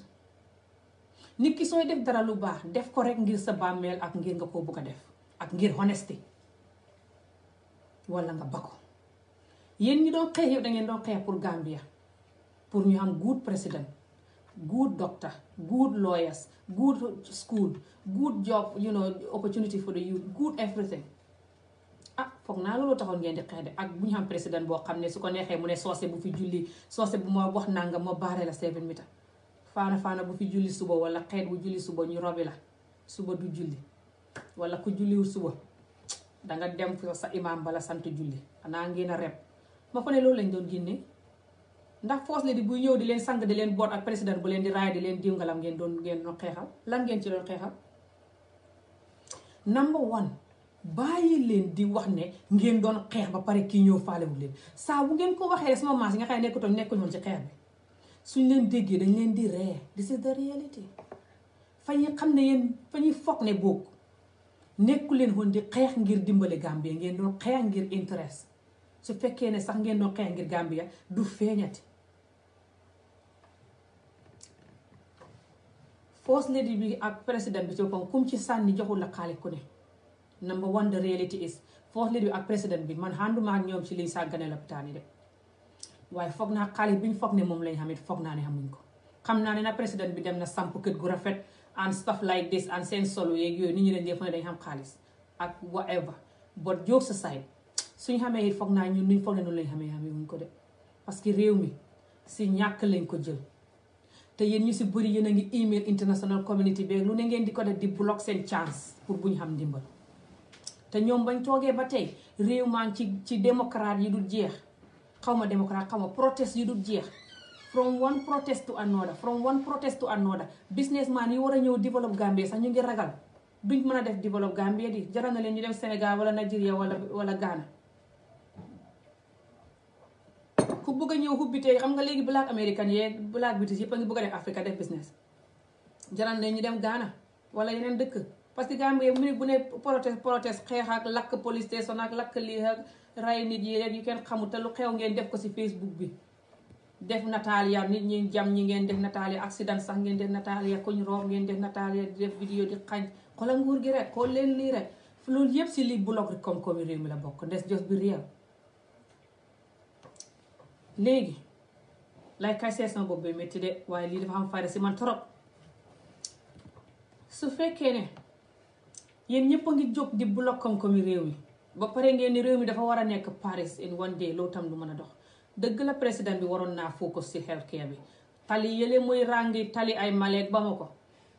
nit ki sooy def dara lu baax def ko rek ngir sa bàmmeel ak ngir nga ko bëgg a def ak ngir honesty walla nga ba ko yéen ñi doon xeex yow da ngeen doon xeex pour Gambia pour ñu am good president good doctor good lawyers good school good job you know opportunity for the youth good everything ah foog naa loolu taxoon ngeen di xeex de ak bu ñu xam président boo xam ne su ko neexee mu ne soose bu fi julli soose bu ma wax nangam ma baare la seven mita faana faana bu fi julli suba wala xeet bu julli suba ñu robi la suba du julli wala ku julliwul suba danga dem sa imaam bala sant julli xanaa ngeen a reb ma fa ne loolu lañ doon génne ndax force la di buy ñëw di leen sang di leen boot ak président bu leen di raay di leen diw ngalam ngeen doon ngeen doon xeexal lan ngeen ci doon xeexal number bàyyi leen di wax ne ngeen doon xeex ba pare kii ñëw faalewu leen saa bu ngeen ko waxee sama maas yi nga xam ne nekkutoon nekkul woon ci xeex bi suñ leen déggee dañ leen di ree di is the reality fa ñuy xam ne yéen fa ñuy foog ne boog nekku leen woon di xeex ngir dimbale Gambia ngeen doon xeex ngir interest su fekkee ne sax ngeen doon xeex ngir Gambia du feeñati first lady bi ak président bi ci boppam comme ci sànni joxul la xaale ku ne number one the reality is foofle bi ak président bi man ànduma ak ñoom ci liy sàggane lopitaan yi de waaye foog naa xaalis bi ñu foog ne moom lañ xamit foog naa ne xamuñ ko xam naa ne na président bi dem na samp kër gu rafet and stuff like this and seen solo yeeg yooyu nit ñi dañ def ne dañ xaalis ak whatever but joke aside suñ xamee it foog naa ñun nuñ foog ne noonu lañ xamee xamee wuñ ko de parce que réew mi si ñàkk lañ ko jël te yéen ñu si bëri yéen a ngi email international community bee lu ne ngeen di ko def di block seen chance pour buñ xam ndimbal te ñoom bañ toogee ba tey réew maa ci ci démocrate yi du jeex xaw ma démocrate xaw ma protest yi dul jeex from one protest to another from one protest to another businessman yi war a ñëw develop Gambie sax ñu ngi ragal duñ mën a def develop Gambie di jaral na leen ñu dem Sénégal wala Nigeria wala wala Ghana ku bëgg a ñëw hubbitee xam nga léegi black américaine yeeg black british yëpp a ngi bëgg a def Africa def business jaral na leen ñu dem Ghana wala yeneen dëkk parce que Gambie mu ne bu ne protest protest xeex ak lakk police station ak lakk lii ak ray nit yi rek yu kenn xamul te lu xew ngeen def ko si Facebook bi def nataal ya nit ñi jam ñi ngeen def nataal ya accident sax ngeen def nataal ya kuñ roof ngeen def nataal ya def vidéo di xañ xoolal nguur gi rek xool leen lii rek loolu yëpp si li bloc koom-koomi réew mi la bokk ndes jos bi réew léegi lay kay seet sama bopp bi métti de waaye lii dafa am fayda man trop su yéen ñëpp a ngi jóg di bloquer ko mi réew mi ba pare ngeen ni réew mi dafa war a nekk Paris in one day loolu tam du mën a dox dëgg la président bi waroon naa focus si healthcare bi tali yële muy ràngi tali ay ba mu ko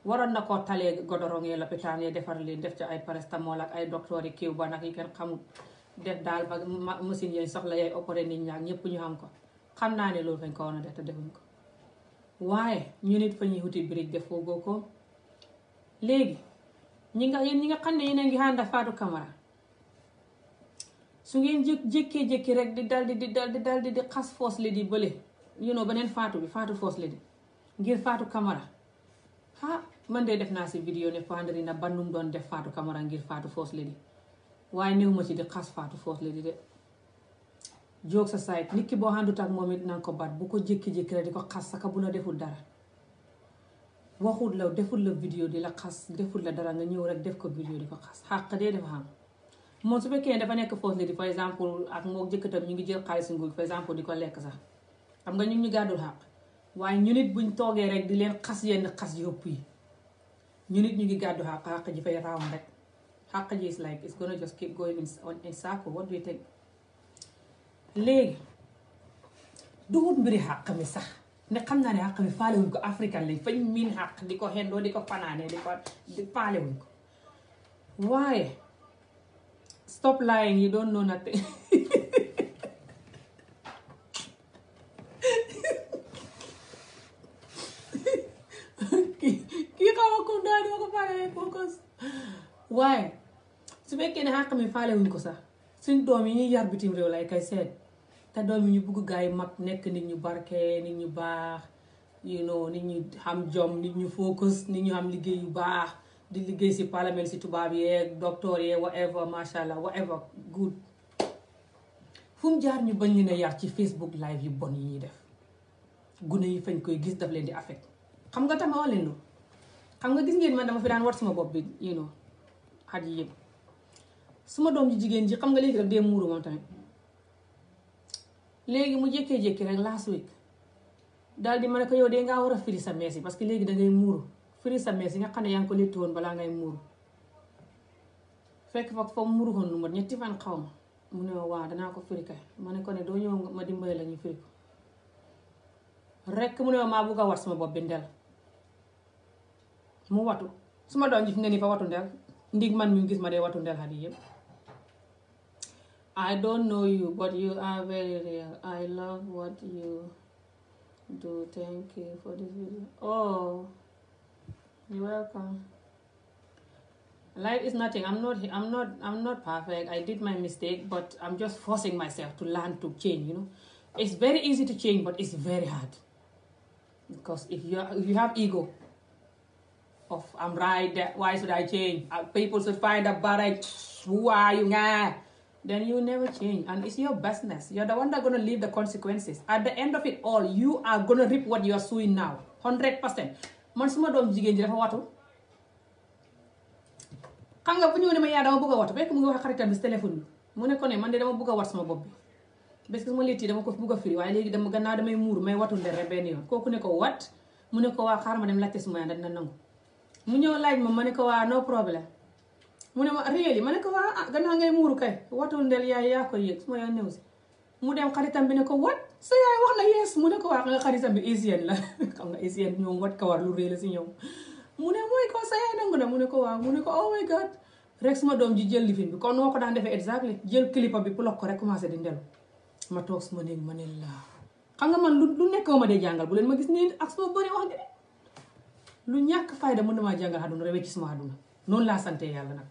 waroon na ko talee godorong yi lopitaan yi defar leen def ci ay paracétamol ak ay docteur yi kiw ba nag yi kenn xamul def daal ba ma machine yooyu soxla yaay opéré nii ñaak ñëpp ñu xam ko xam naa ne loolu dañ ko a def te ko waaye ñu nit fa ñuy wuti ko léegi ñi nga yéen ñi nga xam ne yéen a ngi ànd ak Fatou Camara su ngeen jék jékkee-jékki rek di dal di di dal di dal di di xas foos le di bële you know beneen Fatou bi Fatou foos le di ngir Fatou Camara ah man de def naa si vidéo ne fandri na ban nu mu doon def Fatou Camara ngir Fatou foos le di waaye néew ma ci di xas Fatou foos le di de jóog sa sayit nit ki boo àndut ak moom it nan ko bat bu ko jékki-jékki rek di ko xas saka bu la deful dara waxul la deful la vidéo di la xas deful la dara nga ñëw rek def ko vidéo di ko xas xàq dee dafa xam moom su fekkee dafa nekk fausse di par exemple ak moo jëkkatam ñu ngi jël xaalis nguur par exemple di ko lekk sax xam nga ñu ñu gàddul xàq waaye ñu nit buñ toogee rek di leen xas yenn xas yëpp yi ñu nit ñu ngi gàddu xàq xàq ji fay raam rek xàq ji is like it's gonna just keep going in circle what do you think léegi dugut mbiri xàq mi sax ne xam naa ne xàq bi faale wuñ ko african lañ fañ miin xàq di ko xendoo di ko fanaanee di ko faale wuñ ko waaye stop lying yi doon noonu te kii xaw a kum daal doo ko faale focus waaye su fekkee ne xàq mi faale wuñ ko sa suñ doom yi ñuy yar bitim réew lay kay seet te doom yi ñu bugg gaa yi mag nekk nit ñu barke nit ñu baax you know nit ñu xam jom nit ñu focus nit ñu am liggéey yu baax di liggéey si parlement si tubaab yeeg docteur yeeg whatever macha allah whatever good fu jaar ñu bañ leen a yar ci Facebook live yu bon yi ñuy def gune yi fañ koy gis daf leen di affect xam nga tamit wax xam nga gis ngeen man dama fi daan war sama bopp bi you know at yi suma doom ji jigéen ji xam nga léegi daf dee muuru moom tamit léegi mu jékkee-jékki rek last week daal di ma ne ko yow de ngaa war a firi sa mees yi parce que léegi dangay muur firi sa mees yi nga xam ne yaa ngi ko léttu woon balaa ngay muuru fekk fa foofu muuru woon lu ñetti fan xaw ma mu ne waaw danaa ko firi kay ma ko ne doo ñëw ma dimbale la ñu firi ko rek mu ne maa bugg a wat sama bopp bi ndel mu watu su ma doon ji fi nga nii fa watu ndel ndig man mi gis ma dee watu ndel xat yi yëpp I don't know you, but you are very real. I love what you do. Thank you for this video. Oh, you're welcome. Life is nothing. I'm not. perfect. I did my mistake, but I'm just forcing myself to learn to change. You know, it's very easy to change, but it's very hard. Because if you have ego, of I'm right. Why should I change? Uh, people should find a better. Who are you? Nah then you never change and it's your business you're the one that gonna live the consequences at the end of it all you are gonna reap what you are sowing now hundred percent man suma doom jigéen ji dafa watu xam nga bu ñëw ne ma yaa dama bëgg watu fekk mu ngi wax xaritam bi si téléphone ko ne man de dama bëgg bopp bi parce que suma létt yi dama ko bëgg a firi waaye léegi dama gannaaw damay muuru may watul de rek benn kooku ne ko wat mu ne ko waa xaaral ma dem laajte suma yaa dina nangu mu ñëw laaj ma ma ne ko waa no problème mu ne ma réel yi ma ne ko waa ah gannaaw ngay muuru kay watul ndel yaay yaa koy yëg su ma yaa néew si mu dem xaritam bi ne ko wat sa yaay wax na yees mu ne ko waa nga bi asienne la *laughs* xam nga asienne ñoom wat kawar lu réel si ñoom mu ne mooy ko sa yaay nangu na mu ne ko waaw mu ne ko oh my god rek suma ji jël lifin bi kon noo ko daan defee exactly jël clipa bi block ko rek commencé di ndelu ma toog suma néeg ma ne laa xam nga man lu lu nekk ma dee jàngal bu leen ma gis nii ak suma bëri wax gi lu ñàkk fayda mën na maa jàngal àdduna rewee ci suma àdduna noonu laa sante yàlla nag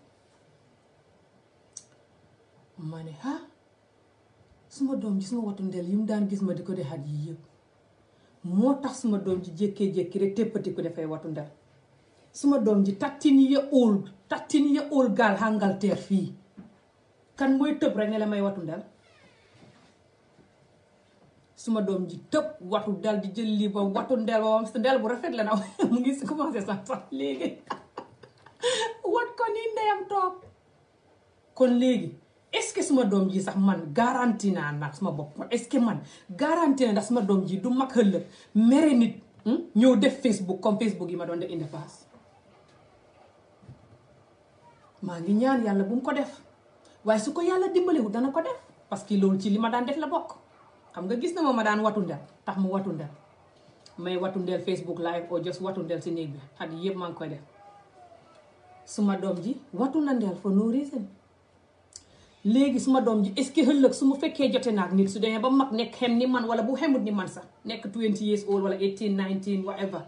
ma ne ah suma doom ji suma watu ndel yi mu daan gis ma di ko def at yii yëpp moo tax suma doom ji jékkee-jékki rek téppati ku dafay watu ndel suma doom ji tattin ya óol tattin ya óol fii kan mooy tëb rek ne la may watu ndel suma doom ji tëb watu dal di jël lii ba watu ndel ba ndel bu rafet la *laughs* mu ngi si commencé sax léegi wat ko ni ndeyam toog kon léegi est-ce que suma doom ji sax man garanti naa nag suma bopp est-ce que man garanti naa ndax suma doom jii du mag ëllëg mere nit hmm? ñëw def Facebook comme Facebook yi ma doon def in the maa ngi ñaan yàlla bu mu ko def waaye su ko yàlla dimbaliwul dana ko def parce que loolu ci li ma daan def la bokk xam nga gis na moom ma daan watundel tax mu watundel may watundel Facebook live oo just watundel si néeg bi at yëpp maa ngi koy def suma doom ji watu na ndeel for no reason léegi suma doom ji est-ce que ëllëg su ma fekkee jote naag nit su demee ba mag nekk xem ni man wala bu xemut ni man sax nekk 20 years old wala 18 19 whatever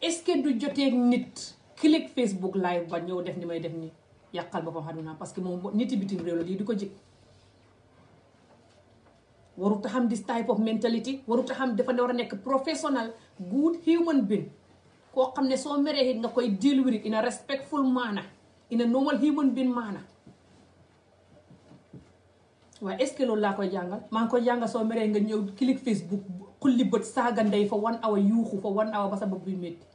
est-ce que du joteeg nit click Facebook live ba ñëw def ni may def ni yàqal boppam xaduna parce que moom niti bitim réew la lii di ko jik warut a xam this type of mentality warut a xam dafa ne war a nekk professional good human being koo xam ne soo meree it nga koy deal with it in a respectful manner in a normal human being manner waaye est loolu laa koy jàngal maa ngi koy jàngal soo meree nga ñëw click Facebook xulli bët saaga ndey fa one hour yuuxu fa one hour ba sa bopp bi métti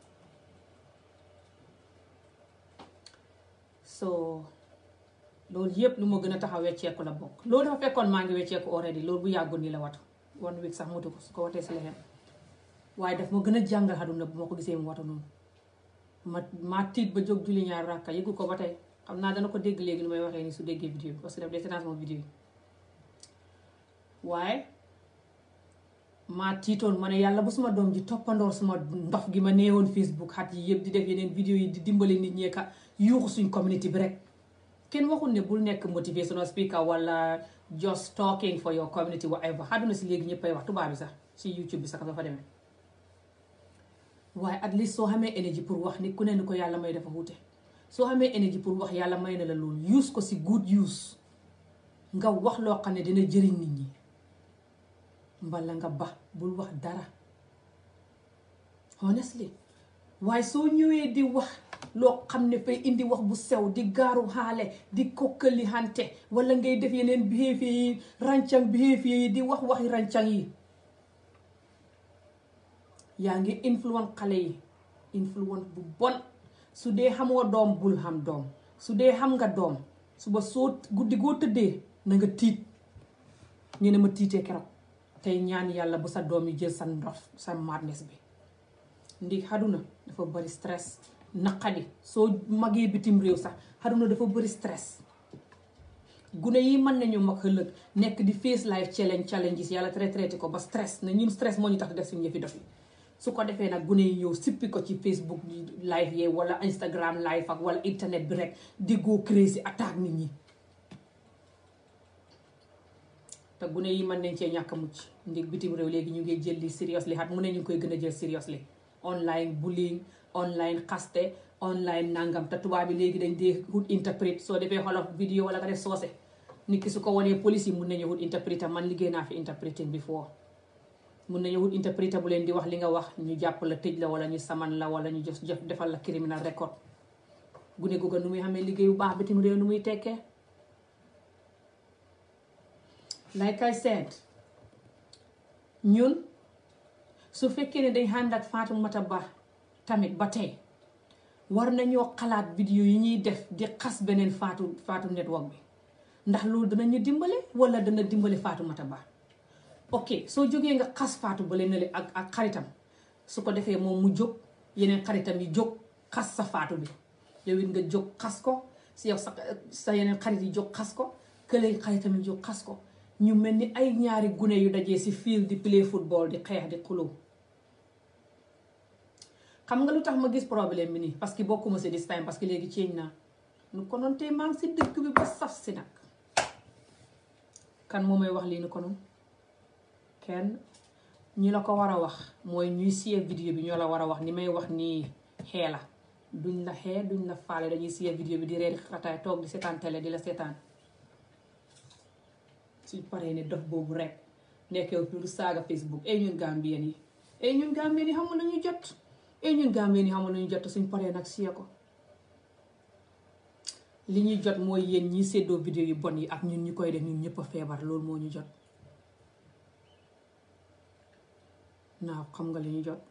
so loolu yëpp lu ma gën a taxaw wecceeku la bokk loolu dafa fekkoon maa ngi wecceeku already loolu bu yàggoon ni la wato one week sax motu ko su ko watee si la waaye daf ma gën a jàngal na bu ma ko gisee mu wata noonu ma ma tiit ba jóg julli ñaar rakka yëgu ko ba tey xam naa dana ko dégg léegi lu may waxee ni su déggee vidéo bi parce que daf dee seetaan sama vidéo yi waaye maa tiitoon ma ne yàlla ba suma doom ji toppandoor suma ndox gi ma neewoon Facebook xat yi yëpp di def yeneen vidéo yi di dimbali nit ñi ka yuuxu suñ community bi rek kenn waxul ne bul nekk motivational speaker wala just talking for your community whatever xadduna si léegi ñëppay wax tubaab bi sax si bi sax dafa demee waaye at least soo xamee énergie pour wax nit ku ne ni ko yàlla may dafa wuute soo xamee énergie pour wax yàlla may na la loolu use ko si good use nga wax loo xam ne dina jëriñ nit ñi mbala nga ba bul wax dara honestly waaye soo ñëwee di wax loo xam ne fay indi wax bu sew di gaaru xaale di kokkali xante wala ngay def yeneen behavior yi ràncang behavior yi di wax waxi ràncang yi yaa ngi influence xale yi influence bu bon su dee xam xamoo doom bul xam doom su dee xam nga doom suba soo guddi goo tëddee na nga tiit ñu ne ma tiitee keroog tey ñaan yàlla bu sa doom yi jël sa ndox sa madness bi ndi xaduna dafa bëri stress naqadi soo magee bitim réew sax xaduna dafa bëri stress gune yi mën nañu mag xëllëg nekk di face life challenge challenges yàlla traité ko ba stress na ñun stress moo ñu tax def suñu yëfi dof su ko defee nag gune yi ñëw sippi ko ci facebook live yee wala instagram live ak wala internet bi rek di go crazy attaque nit ñi te gune yi man nañ cee ñàkk mucc ndig bitim réew léegi ñu ngi jël li seriously xat mu ne ñu koy gën a jël seriously online bullying online xaste online nangam te tubaab bi léegi dañ dee hut interprète soo defee xolof vidéo wala nga def soose nit ki su ko wanee police yi mun nañu hut interprète man liggéey naa fi interpreting before mun nañu wut interpréter bu leen di wax li nga wax ñu jàpp la tëj la wala ñu saman la walla ñu jëf defal la criminal record gune googa nu muy xamee liggéey bu baax bitim réew nu muy tekkee like I said ñun su fekkee ne dañ ànd ak Fatoumata Ba tamit ba tey war nañoo xalaat vidéo yi ñuy def di xas beneen Fatou Fatou network bi ndax loolu dana ñu dimbale wala dana dimbale Fatoumata Ba ok soo jógee nga xas faatu ba leen ne ak ak xaritam su ko defee moom mu jóg yeneen xaritam yi jóg xas sa faatu bi yow nga jóg xas ko si yow sa sa yeneen xarit yi jóg xas ko kële xaritam yi jóg xas ko ñu mel ni ay ñaari gune yu dajee si fiil di play football di xeex di xuloo xam nga lu tax ma gis problème bi nii parce que bokkuma si this time parce que léegi ceeñ naa nu konoon tey maa si dëkk bi ba saf si nag kan moom may wax lii nu konoon kenn ñi la ko war a wax mooy ñuy siye vidéo bi ñoo la war a wax ni may wax nii xee la duñ la xee duñ la faale dañuy siye vidéo bi di reer xataay toog di seetaan télé di la seetaan suñ paree ni dof boobu rek nekkew pour saaga Facebook ay eh, ñun gambien yi ay eh, ñun gambien yi xamul nañu jot ay eh, ñun gambien yi xamul nañu jot suñ paree nag siye ko li ñuy jot mooy yéen ñi seddoo vidéo yi bon yi ak ñun ñu koy def ñun ñëpp a feebar loolu moo ñu jot naaw xam nga lu ñuy jot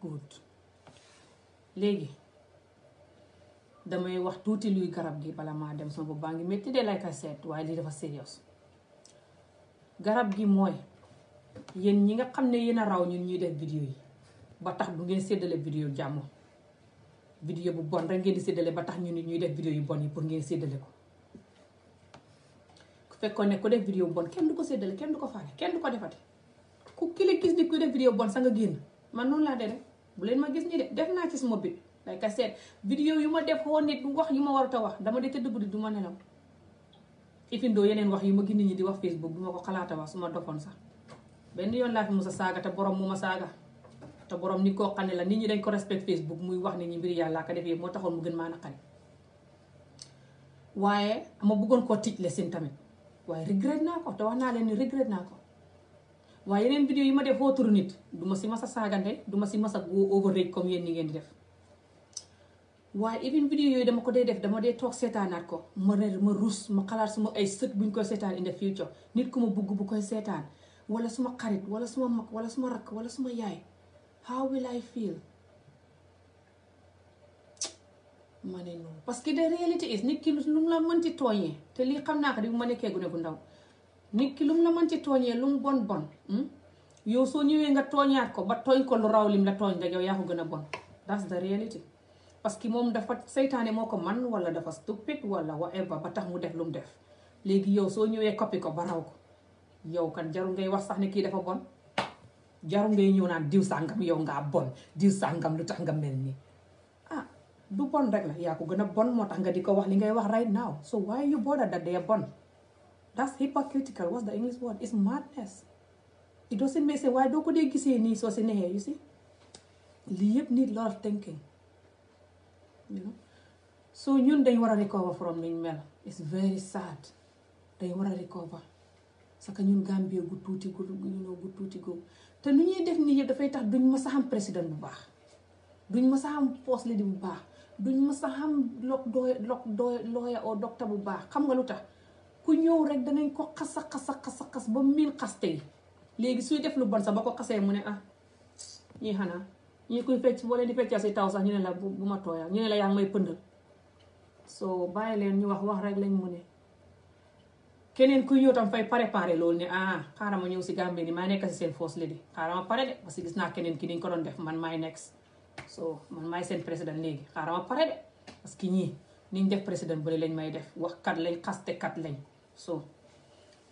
good léegi damay wax tuuti luy garab gi bala maa dem sama bopp baa ngi métti de like I said waaye lii dafa serious garab gi mooy yéen ñi nga xam ne yéen a raw ñun ñuy def vidéo yi ba tax du ngeen séddale vidéo jàmm vidéo bu bon rek ngeen di séddale ba tax ñun ñuy def vidéo yi bon yi pour ngeen séddale ko ku fekkoon ne ko def vidéo bu bon kenn du ko seddale kenn du ko faale kenn du ko defati ku ki la gis ni kuy def vidéo bon sa nga génn man noonu laa de rek bu leen ma gis ñi de def naa ci sama bit lay ka seet vidéo yu ma def xoo nit wax yu ma warut a wax dama de tëdd guddi du ma nelaw yeneen wax yu ma gis nit ñi di wax Facebook du ma ko xalaata wax suma ma dofoon sax benn yoon laa fi musa saaga te borom mu ma saaga te borom ni koo xam ne la nit ñi dañ ko respect Facebook muy wax nit ñi mbir yàllaa ko def yëpp moo taxoon mu gën maa naqari waaye ma buggoon koo tiij la seen tamit waaye regret naa ko te wax naa leen ni regret naa ko waaye yeneen vidéo yi ma def wooturu nit du ma si masa saagante du ma si masa go overrate comme yéen ni ngeen di def waaye even vidéo yooyu dama ko dee def dama dee toog seetaanaat ko ma ne ma rus ma xalaat suma ay sët buñ koy seetaan in the future nit ku ma bugg bu koy seetaan wala suma xarit wala suma mag wala suma rakk wala suma yaay how will I feel ma ne noonu parce que the reality is nit ki lu mu la mënti tooñee te lii xam naa ko di bu ma nekkee gune gu ndaw nit ki lu mu la mën ci tooñee lu mu bon bon hmm? yow soo ñëwee nga tooñaat ko ba tooñ ko lu raw lim la tooñ rek yow yaa ko gën a bon that's the reality parce que moom dafa seytaane moo ko man wala dafa stupide wala whatever ba tax mu def lu mu def léegi yow soo ñëwee copy ko ba raw ko yow kan jarul ngay wax sax ne kii dafa bon jarul ngay ñëw naan diw sàngam yow ngaa bon diw sàngam lu tax nga mel nii ah du bon rek la yaa ko gën a bon moo tax nga di ko wax li ngay wax right now so why yu bother da they bon that's hypocritical what's the English word it's madness it doesn't make sense waaye doo ko dee gisee nii soo si neexee you see lii yëpp need lot of thinking you know so ñun dañ war a recover from niñ mel it's very sad dañ war a recover parce que ñun Gambie gu tuuti gu tuuti googu te nu ñuy def nii yëpp dafay tax duñ mës a xam président bu baax duñ mës a xam poste bu baax duñ mës a xam lok dooy lok dooy looya oo docteur bu baax xam nga lu tax ku ñëw rek danañ ko xasa xasa xasa ba ba miin xaste yi léegi suy def lu ban sax ba ko xasee mu ne ah ñii xanaa ñii kuy fecc boo leen di feccee si taw sax ñu ne la bu ma tooyaa ñu ne la yaa ngi may pëndal soo bàyyi leen ñu wax wax rek lañ mu ne keneen kuy ñëw tam fay pare loolu ne ah xaaral ma ñëw si Gambie ni maa nekk si seen force la di xaaral ma pare de parce gis naa keneen ki niñ ko doon def man maay nekk so man maay seen président léegi xaaral ma pare de parce que ñii niñ def président bële lañ may def wax kat lañ xaste kat lañ so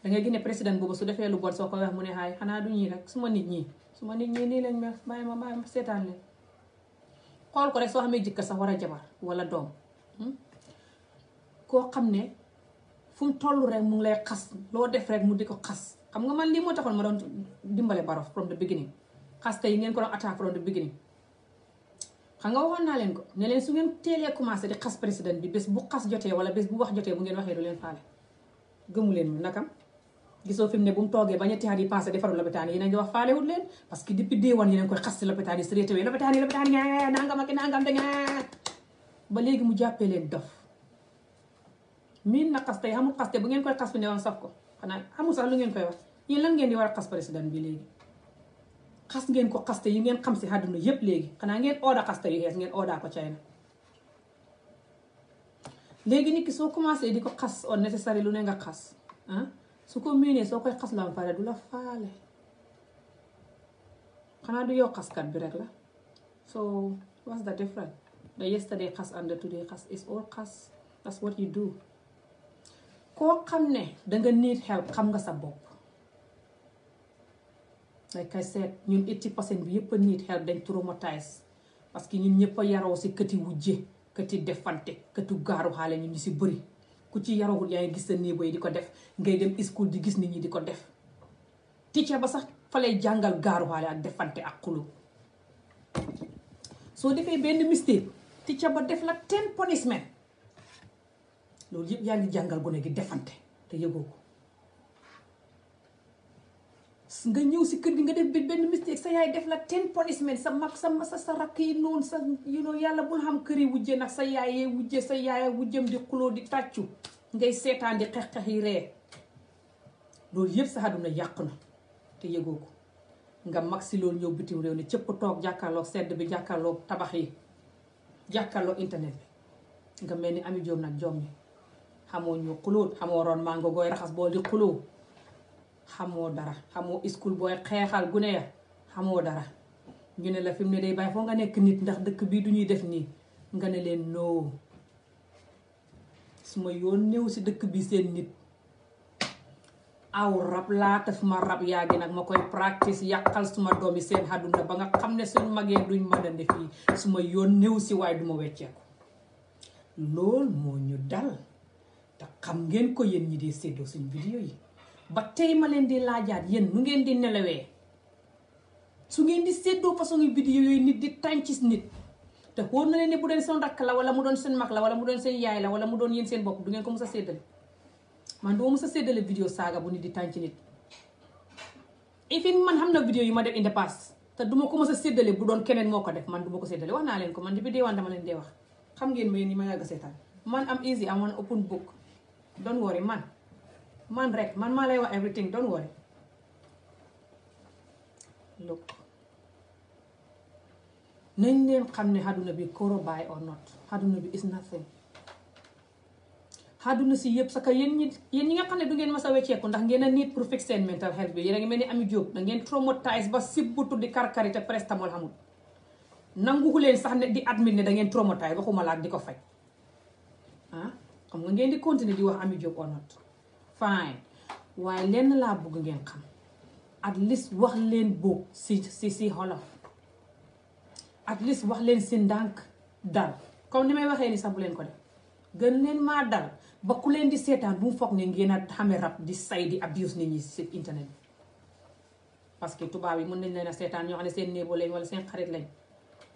da ngay gis ne président boobu su defee lu bon soo ko wax mu ne xaay xanaa du ñii rek su ma nit ñi su ma nit ñi nii lañ mel bàyyi ma bàyyi ma seetaan leen xool ko rek soo xamee jëkkër sax war a jabar wala doom hmm? koo xam ne fu mu toll rek mu ngi lay xas loo def rek mu di ko xas xam nga man lii moo taxoon ma doon dimbale Barrow from the beginning xas yi neen ko doon attaque from the beginning xam nga waxoon naa leen ko ne leen su ngeen teelee commencé di xas président bi bés bu xas jotee wala bu wax jotee bu ngeen waxee du leen faale gëmu leen nakam gisoo fi mu ne bu mu toogee ba ñetti at yi passé defarul lopitaan yi yéen a ngi wax leen parce que depuis dee woon yéen a ngi koy xas si lopitaan yi sré tawee lopitaan yi lopitaan yi nangam ak ba léegi mu jàppee leen dof miin na xas tey amul bu ngeen koy xas woon saf ko xanaa amul sax lu ngeen koy wax yéen lan ngeen di war a xas président bi léegi xas ngeen ko xaste yi ngeen xam si àdduna yépp léegi xanaa ngeen ooda xaste yu xees ngeen ooda ko China léegi nit ki soo commencé di ko xas au nécessaire lu ne nga xas ah su ko miinee soo koy xas la pare du la faale xanaa du yow xaskat bi rek la so what's the difference the yesterday xas and the today xas is all xas that's what you do koo xam ne danga need help xam nga sa bopp like I said ñun 80% bi yëpp a need help dañ traumatise parce que ñun ñëpp a yaroo si këti wujje ka ci defante ka gaaru xaale ñu ñu si bëri ku ci yarawul yaa ngi gis sa néebo yi di ko def ngay dem school di gis nit ñi di ko def ticca ba sax fa lay jàngal gaaru xaale ak defante ak xuloo soo defee benn mistake ticca ba def la ten punishment loolu yëpp yaa ngi jàngal gone gi defante te yëgoo ko nga ñëw si kër gi nga def benn mistake sa yaay def la ten policemen sa mag sa sa sa rakk yi noonu sa you know yàlla bul xam kër yi wujje nag sa yaayee wujje sa yaayee wujjam di xuloo di tàccu ngay seetaan di xex-xex yi ree loolu yëpp sa àdduna yàqu na te yëgoo ko nga mag si loolu ñëw bitim réew ne cëpp toog jàkkaarloog sedd bi jàkkaarloog tabax yi jàkkaarloog internet bi nga mel ni ami joom nag joom ni xamoo ñu xulóot xamoo roon mango gooy raxas bool di xuloo xamoo dara xamoo iskul booy xeexal gune ya xamoo dara ñu ne la fi mu ne day bàyyi foo nga nekk nit ndax dëkk bii duñuy def nii nga ne leen noo su ma yoon néew si dëkk bi seen nit aw rab laa taf ma rab nag ma koy practice yàqal suma doom yi seen àdduna ba nga xam ne suñ magee duñ mën a ne yoon néew si waaye du ma wecceeku lool moo ñu dal te xam ngeen ko yéen ñi dee séddoo suñ vidéo yi ba tey ma leen di laajaat yéen nu ngeen di nelawee su ngeen di seddoo façon yi vidéo yooyu nit di tàncis nit te wóor na leen ne bu doon seen rakk la wala mu doon seen mag la wala mu doon seen yaay la wala mu doon yéen seen bopp du ngeen ko mës a séddale man duma mës a séddale vidéo saaga bu nit di tànc nit even man xam na vidéo yi ma def in the past te ko mës a séddale bu doon keneen moo ko def man duma ko séddale wax naa leen ko man depuis dee waan dama leen dee wax xam ngeen ma yéen ñi ma yàgg seetaan man am easy am open book don't worry man man rek man maa lay wax everything don't worry look nañ leen xam ne xaduna bi koro baay or not xaduna bi is nothing xaduna si yëpp saka yéen ñi yéen ñi nga xam ne du ngeen ma a wecceeku ndax ngeen a nit pour mental health bi yéen a mel ni ami jóob da ngeen traumatise ba sibbutu di karkari te prestamol xamul nanguwu leen sax ne di admit ne da ngeen traumatise waxuma laak di ko faj ah xam nga ngeen di continuer di wax ami jóob or not fine waaye lenn laa bëgg ngeen xam at least wax leen boog si si si xolof at least wax leen si ndànk dal kon ni may waxee ni sax bu leen ko def gën leen maa dal ba ku leen di seetaan bu mu foog ne ngeen a xame rab di say di abuse ñi si internet bi que tubaab yi mën nañ leen a seetaan ñoo xam ne seen néebo lañ wala seen xarit lañ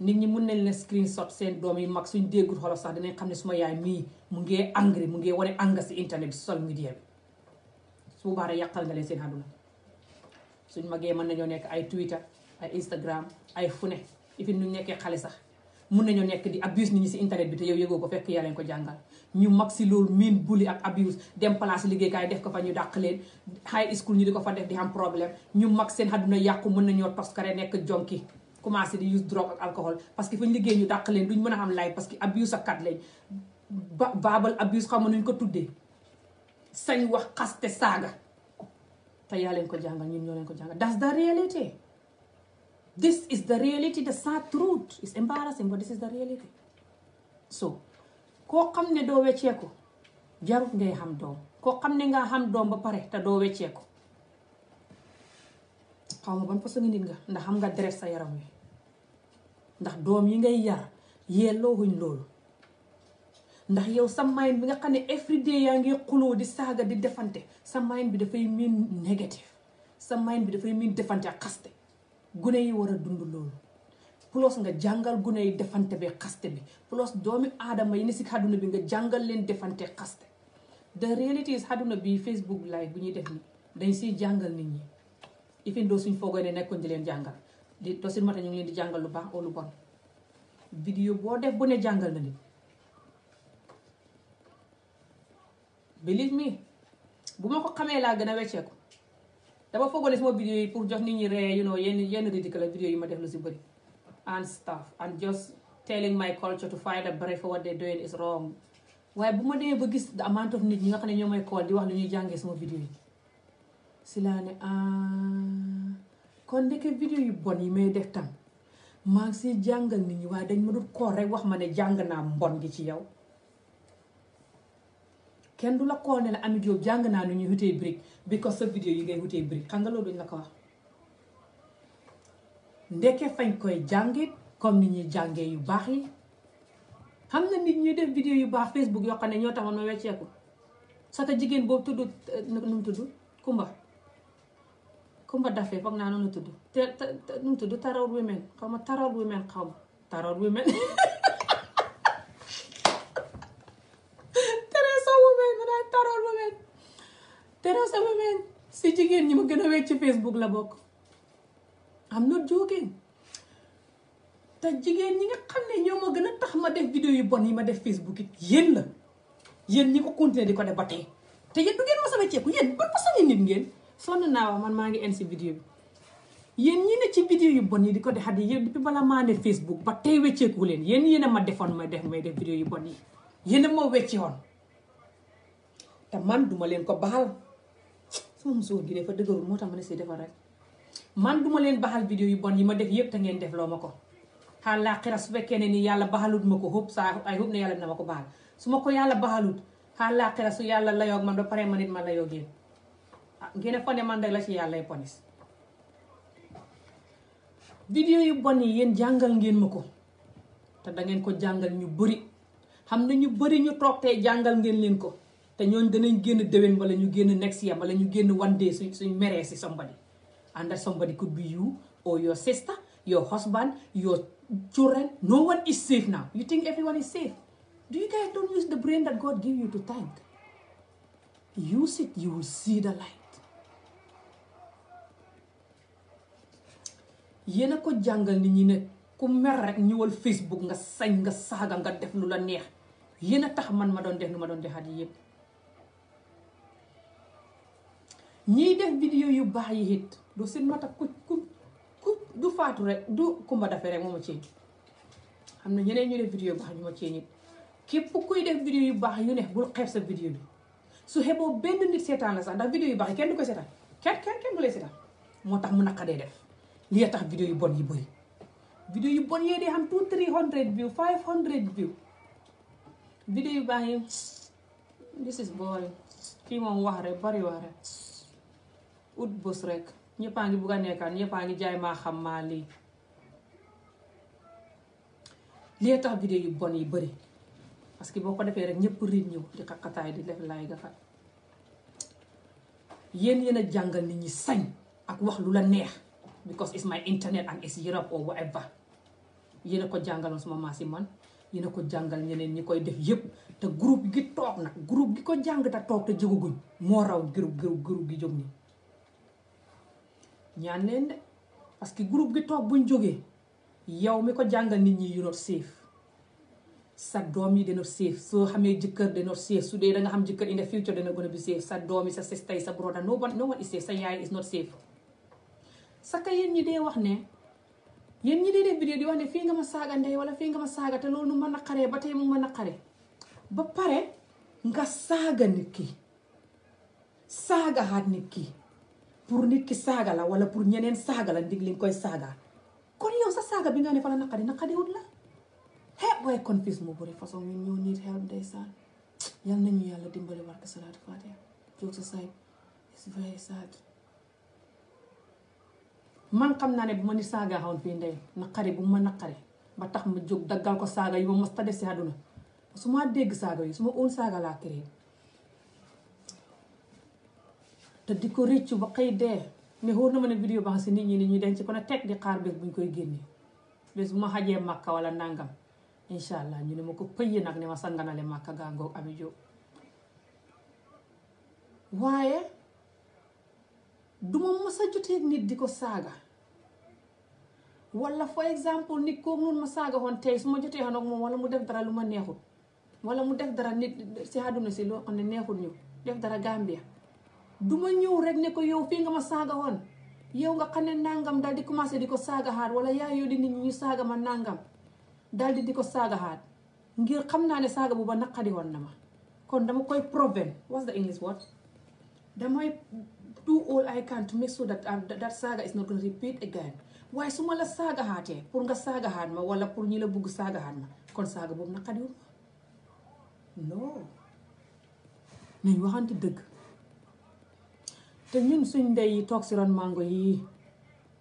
nit ñi mën nañ leen sot seen doom yi mag suñ déggul xolof sax danañ xam ne suma yaay mii mu ngee angry mu ngee wane anga si internet sol social media bi tuubaare yàqal nga leen seen àdduna suñ magee mën nañoo nekk ay Twitter ay Instagram ay fune ifin ñu nekkee xale sax mun nañoo nekk di abuse nit ñi si internet bi te yow yëgoo ko fekk yaa leen ko jàngal ñu mag si loolu miin bulli ak abuse dem place liggéeykaay def ko fa ñu dàq leen high school ñu di ko fa def di am problème ñu mag seen àdduna yàqu mën nañoo toskare nekk jonki commencé di use drogue ak alcool parce que fañ liggéey ñu dàq leen duñ mën a am life parce que abuse ak kat lañ ba baabal abuse xam nuñ ko tuddee sañ wax xaste saaga te yaa leen ko jàngal ñun ñoo leen ko jàngal that's the reality this is the reality the sad truth is embarrassing but this is the reality so koo xam ne doo wecceeku jarut ngay xam doom koo xam ne nga xam doom ba pare te doo wecceeku xaw ma ban façon nit nga ndax xam nga deret sa yaram wi ndax doom yi ngay yar yelloo wuñ loolu ndax yow sa mind bi nga xam ne everyday yaa ngi xuloo di saaga di defante sa mind bi dafay miin négatif sa mind bi dafay miin defante ak xaste gune yi war a dund loolu nga jàngal gune yi defante bi xaste bi plus doomi aadama yi ne si àdduna bi nga jàngal leen defante xaste the reality is àdduna bi Facebook live bu ñuy def ni dañ siy jàngal nit ñi ifin doo suñ foogoo ne nekkoon di leen jàngal di doo suñ mata ñu ngi leen di jàngal lu baax oo lu bon vidéo boo def bu ne jàngal na nit believe me bu ma ko xamee laa gën a wecceeku dama foogoon sama vidéo yi pour jox nit ñi ree you know yenn yenn la vidéo yi ma def lu si bëri and stuff and just telling my culture to find a break for what they're doing is waaye bu ma demee ba gis the amount of nit ñi nga xam ne ñoo may call di wax lu ñuy jàngee sama vidéo yi si laa ne ah kon ndeke vidéo yu bon yi may def tam maa ngi si jàngal nit ñi waaye dañ ma dul koor rek wax ma ne jàng naa mbon gi ci yow kenn du la koo ne la Ami Diop jàng naa nu ñuy wutee brique because sa vidéo yi ngay wutee brique xam nga loolu duñ la ko wax ndekkee fañ koy jàngit comme nit ñuy jàngee yu baax yi xam na nit ñuy def vidéo yu baax Facebook yoo xam ne ñoo taxoon ma wecceeku saka jigéen boobu tudd eh, nu mu tudd Kumba Kumba dafee foog naa noonu tudd te te nu mu tudd Tarawal Women xaw ma Tarawal Women xaw ma Tarawal Women *laughs* nelaw sama ween si jigéen ñi ma gën a wecc ci Facebook la bokk am not joking te jigéen ñi nga xam ne ñoo ma gën a tax ma def vidéo yu bon yi ma def Facebook it yéen la yéen ñi ko continuer di ko def ba tey te yéen du ngeen ma ngeen sonn naa waaw man maa ngi en si ñi ne ci vidéo yu bon yi di ko def xaddi yéen depuis bala maa ne Facebook ba tey wecceeku leen yéen yéen ma defoon may def may def vidéo yu bon yi yéen a ma wecceewoon te man duma leen ko baal sama musóor gi dafa dëgërul moo tax ma ne si defal rek man duma leen baxal vidéo yu bon yi ma def yëpp te ngeen def ma ko xaalaaxira su fekkee ne ni yàlla baxalut ma ko xóob saa ay xóob ne yàlla ko baxal su ko yàlla baxalut xaalaaxira su yàlla layoog man ba pare ma nit ma layoog yéen ah ngeen fone man rek la ci yàllay ponis vidéo yu bon yi yéen jàngal ngeen ma ko te dangeen ko jàngal ñu bari xam na ñu bari ñu toog tey jàngal ngeen leen ko te ñooñu danañ génn déwén wala ñu génn next year wala ñu génn one day suñ suñ meree si somebody and that somebody could be you or your sister your husband your children no one is safe now you think everyone is safe do you guys don't use the brain that God give you to think use it you will see the light yéen a ko jàngal nit ñi ne ku mer rek ñëwal Facebook nga sañ nga saaga nga def lu la neex yéen a tax man ma doon def lu ma doon defaat yépp ñiy def vidéo yu baax yi it du sin mata ku ku ku du faatu rek du kumba dafe rek moo ma ceeñ xam na ñeneen ñu def vidéo yu baax ñu ma ceeñ it képp kuy def vidéo yu baax yu ne bul xeeb sa vidéo bi su xeboo benn nit seetaan la sax ndax vidéo yu baax yi kenn du koy seetaan kenn kenn kenn du lay seetaan moo tax mu naqadee def li tax vidéo yu bon yi bëri vidéo yu bon yee dee xam tout three hundred view five hundred view vidéo yu baax yi this is boring kii wax rek bari ut bés rek ñëppaa ngi bugg a nekkaan ñëppaa ngi jaay maa xam maa lii lii tax vidéo yu bon yi bëri parce que boo ko defee rek ñëpp riit ñëw di xaqataay di def laay gafal yéen yéen a jàngal ni ñi sañ ak wax lu la neex because it's my internet am it's Europe or whatever yéen ko jàngaloo suma maas yi man yéen a ko jàngal ñeneen ñi koy def yépp te group gi toog nag groupe gi ko jàng te toog te jógaguñ moo raw groupe groupe groupe gi jóg nii ñaan leen de parce que groupe gi toog buñ jógee yow mi ko jàngal nit ñi you not safe sa doom yi dina safe soo xamee jëkkër dina safe su dee danga xam jëkkër in the future dina gën a bi safe sa doom yi sa sista yi sa broda no one no one sa yaay is not safe yéen ñi dee wax ne yéen ñi dee def vidéo di wax ne fii nga ma saaga ndey wala fii nga ma saaga te loolu ma naqaree ba tey mu ma naqaree ba pare nga saaga nit ki xaat nit ki pour nit ki saaga la wala pour ñeneen saaga la ndig nga koy saaga kon yow sa saaga bi nga ne fa la naqari naqariwut la he booy confuse façon ñun ñoo nit help ndeysaan nañu yàlla dimbali barke salaatu faatiha jóg sa say is very man xam naa ne bu ma ni saaga xawoon fii ndey naqari bu ma naqari ba tax ma jóg daggal ko saaga yi ma mas ta def si àdduna su ma dégg saaga yi su ma oon saaga laa créé te di ko rëccu ba xëy dee ne wóor na ma ne vidéo ba nga si nit ñi ni ñuy denc ko ne teg di xaar bés bu ñu koy génnee bu ma xajee màkka wala nangam incha allah ñu ne ma ko pëyee nag ni ma sanganale màkka gàngoog ami jóg waaye duma mës a jotee nit di ko saaga wala for exemple nit kooku noonu ma saaga woon tey su ma jotee woon moom wala mu def dara lu ma neexul wala mu def dara nit si àdduna si loo xam ne neexul ñu def dara Gambia du ñëw rek ne ko yow fii nga ma saaga woon yow nga xam ne nangam daal di commencé di ko saaga xaat wala yaa yoo di nit ñi ñu saaga ma nangam daal di di ko saaga xaat ngir xam naa ne saaga bu ba naqadi woon na ma kon dama koy prevent what's the English word damay do all I can to make sure um, saaga is not going waaye su ma la saaga xaatee pour nga saaga xaat ma wala pour ñi la bugg saaga xaat ma kon saaga boobu naqadiwul ma non nañ waxante dëgg te ñun suñ ndey yi toog si ron mango yi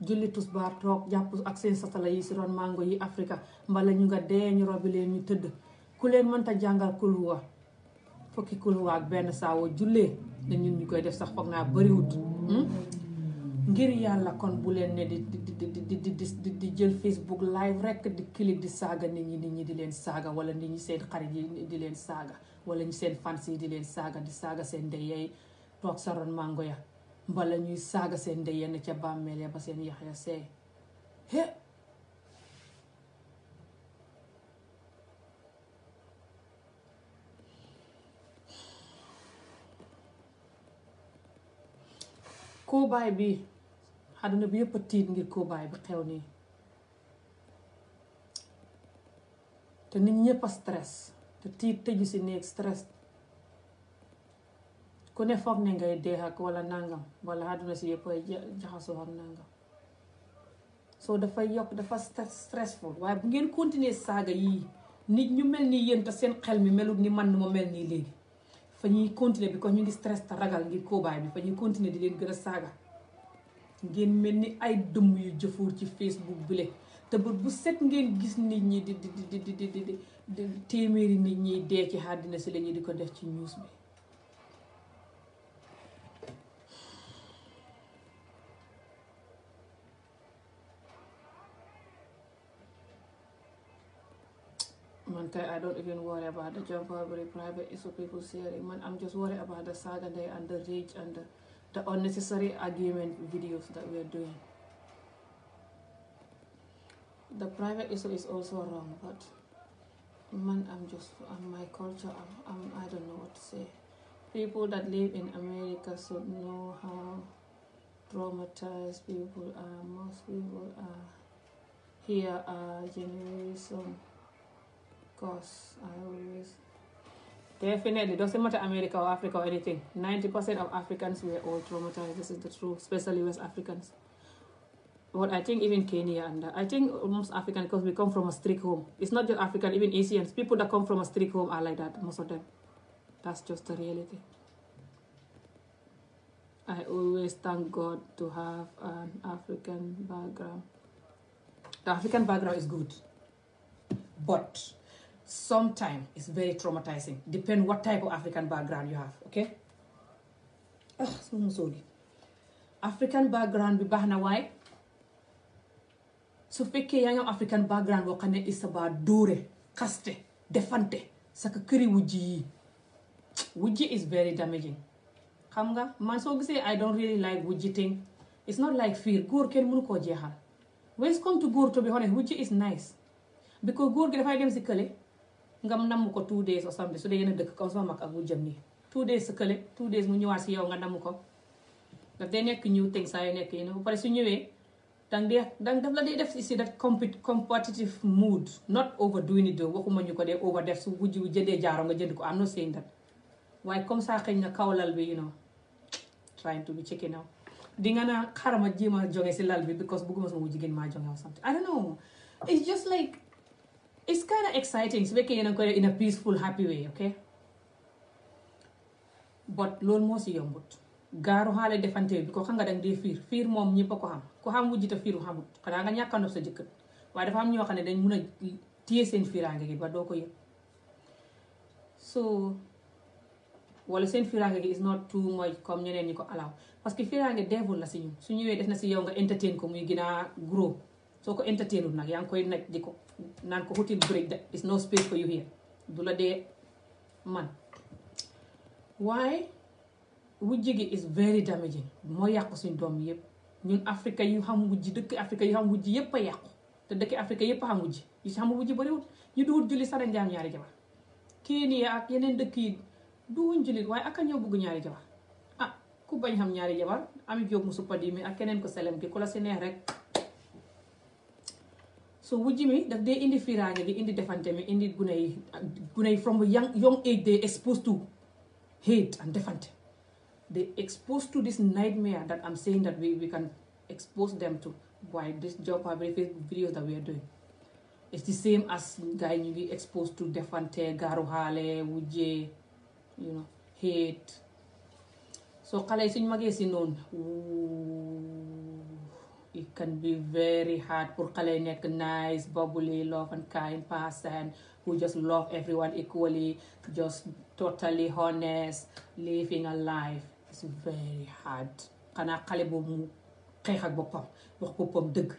julli tusbaar toog jàpp ak seen satala yi si ron mango yi africa mbala ñu nga dee ñu robi leen ñu tëdd ku leen mënta jàngal kulhuwa fokki kulhuwa ak benn saawoo jullee te ñun ñu koy def sax foog naa bariwut hmm? ngir yàlla kon bu leen ne di di di di di jël Facebook live rek di click di saaga nit ñi nit ñi di leen saaga wala nit ñi seen xarit yi di leen saaga wala ñu seen fans yi di leen saaga di saaga seen ndey yay toog sa ron mango ya bala ñuy saaga seen ndey yenn ca bàmmeel ya ba seen yax ya seey hé koobaay bi àdduna bi yëpp tiit ngir koobaay bi xew nii te nit ñëpp stress te tiit tëju si néeg stress ku ne foog ne ngay dee ak wala nangam wala àdduna si yëpp jaxasoo ak nangam soo dafa yokk dafa stressful waaye bu ngeen continuer saaga yii nit ñu mel ni yéen te seen xel mi melut ni man nu ma mel nii léegi fa ñuy continuer bi ko ñu ngi stress te ragal ngir koobaay bi fa ñuy continuer di leen gën a saaga ngeen mel ni ay dëmm yu jëfóor ci Facebook bile te bët bu set ngeen gis nit ñi di di di di téeméeri nit ñiy dee ci àddina si la ñu di ko def ci news bi time I don't even worry about the job robbery, private issue, people sharing. Man, I'm just worried about the saga and the rage and the, unnecessary argument videos that we are doing. The private issue is also wrong, but man, I'm just, my culture, am i do know what to say. People that live in America should know how traumatized people are. Most people are here are generation course, I always. Definitely, doesn't matter America or Africa or anything. 90% of Africans were all traumatized. This is the truth, especially West Africans. But I think even Kenya and uh, I think most African because we come from a strict home. It's not just African, That's just the reality. I always thank God to have an African background. The African background is good, sometimes it's very traumatizing depend what type of African background you have okay ah suma musóor gi African background bi baax na waaye su fekkee yaa ngi am African background boo xam ne it's about dóore xaste defante saka këri wujj yi wujj is very damaging xam nga man soo gisee I don't really like wujj thing it's not like fear góor kenn mënu koo jeexal when it comes to góor to be honest wujj is nice because góor gi dafay dem si kële nga namm ko two days osam bi su dee yéen dëkk comme sama mag ak bu nii two days sa kële two days mu ñëwaat si yow nga namm ko daf day nekk new thing saa yu nekk yi ne ba pare su ñëwee dang dee dang daf la dee def si that competitive mood not overdoing it waxuma ñu ko dee over def su wujj wu jëndee jaaro nga jënd ko am no saying that waaye comme ça xëy na kaw lal bi you know trying to be chicken now di nga naa xarama jéem a jonge si lal bi because bëgguma sama wujj gën maa jonge something I don't know it's just like it's kind of exciting su fekkee yéen a ko def in a peaceful happy way ok but loolu moo si yombut gaaru xaale defantee bi ko xam nga danga dee fiir fiir moom ñëpp ko xam ku xam wujjita fiiru xamut xanaa nga ñàkk a nopp sa jëkkër waaye dafa am ñoo xam ne dañ mun a téye seen fiiraange gi ba doo ko yëg so wala seen fiiraange gi is not too much comme ñeneen ñi ko alaaw parce que fiiraange devil la si ñun su ñëwee def na si yow nga entertain ko muy gën nag yaa ngi koy naj ko naan ko hutil break that is no space for you here du la dee man waaye wujj gi is very damaging moo yàqu suñ doom yëpp ñun Afrique yu xam wujj dëkk Afrique yu xam wujj yëpp a yàqu te dëkk Afrique yëpp a xam wujj yu si xam wujj bariwul ñu duwut julli sax dañ daan ñaari jabar Kenya ak yeneen dëkk yi duwuñ jullit waaye ak ñëw ñoo ñaari jabar ah ku bañ xam ñaari jabar am jóg mu suppa di mi ak keneen ko selem ki ku la si neex rek so wujj mi daf dee indi fiiraange gi indi defante mi indi gune yi gune yi from young young age they exposed to hate and defante they exposed to this nightmare that I'm saying that we, can expose them to by this job videos that we are doing it's the same as gars yi to defante gaaru xaale wujjee you know hate so xale yi magee si noonu it can be very hard pour xale yi nekk nice bubbly love and kind person who just love everyone equally just totally honest living a life is very hard xanaa xale boobu mu xeex ak boppam wax boppam dëgg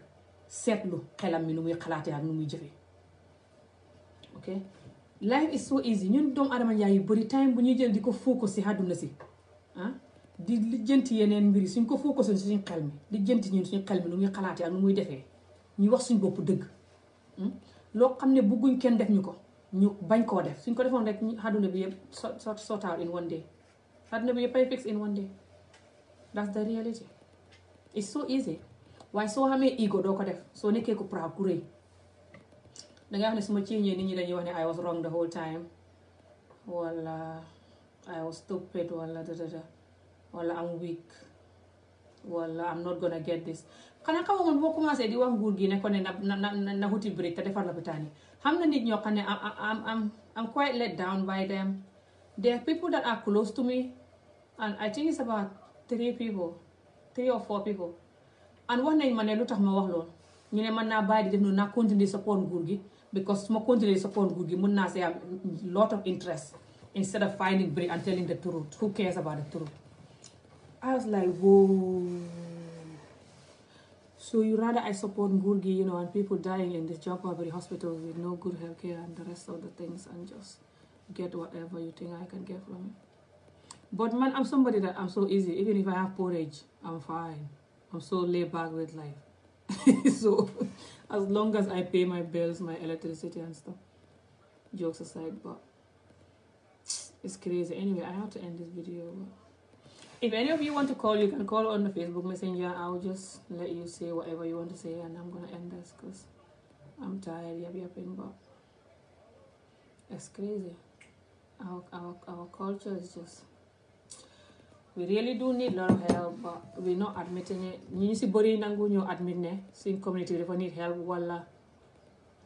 seetlu xelam mi nu muy xalaatee ak nu muy jëfee ok life is so easy ñun doomu adama njaay yu bëri time bu ñuy jël di ko focus si àdduna si ah? di li lijjanti yeneen mbir yi suñ ko focusé si suñ xel mi lijjanti ñun suñ xel mi nu muy xalaatee ak nu muy defee ñuy wax suñ bopp dëgg hmm? loo xam ne bëgguñ kenn def ñu ko ñu bañ koo def suñ ko defoon rek àdduna bi yëpp so sort out in one day àdduna bi yëpp ay fix in one day that's the easy waaye soo xamee ego doo ko def soo nekkee ko pra ku rëy danga xam ne su ma ceeñee nit ñi dañuy wax ne I was wrong the whole time wala I was stupid wala da da da wala am week wala am not gonna get this xanaa xamoo woon boo commencé di wax nguur gi ne ko ne na na na na wuti break te defar la lopitaan yi xam na nit ñoo xam ne am am am am quite let down by them there are people that are close I think it's about three people three or four people and wax nañ ma ne lu tax ma wax lool ñu ne mën naa bàyyi di def noonu naa continuer support nguur gi because su ma continuer support nguur gi mën naa see am lot of interest instead of finding break and telling the truth who cares about the truth I was like whoa so you rather I support Ngurgi you know and people dying in the Jombabari hospital with no good health care and the rest of the things and just get whatever you think I can get from it but man I'm somebody that I'm so easy even if I have porridge I'm fine I'm so laid back with life *laughs* so as long as I pay my bills my electricity and stuff jokes aside but it's crazy anyway I have to end this video but if any of you want to call you can call on the Facebook Messenger I'll just let you say whatever you want to say and I'm gonna end is just we a lot of help si bëri nangu ñëw admit ne suñ community bi dafa need help wala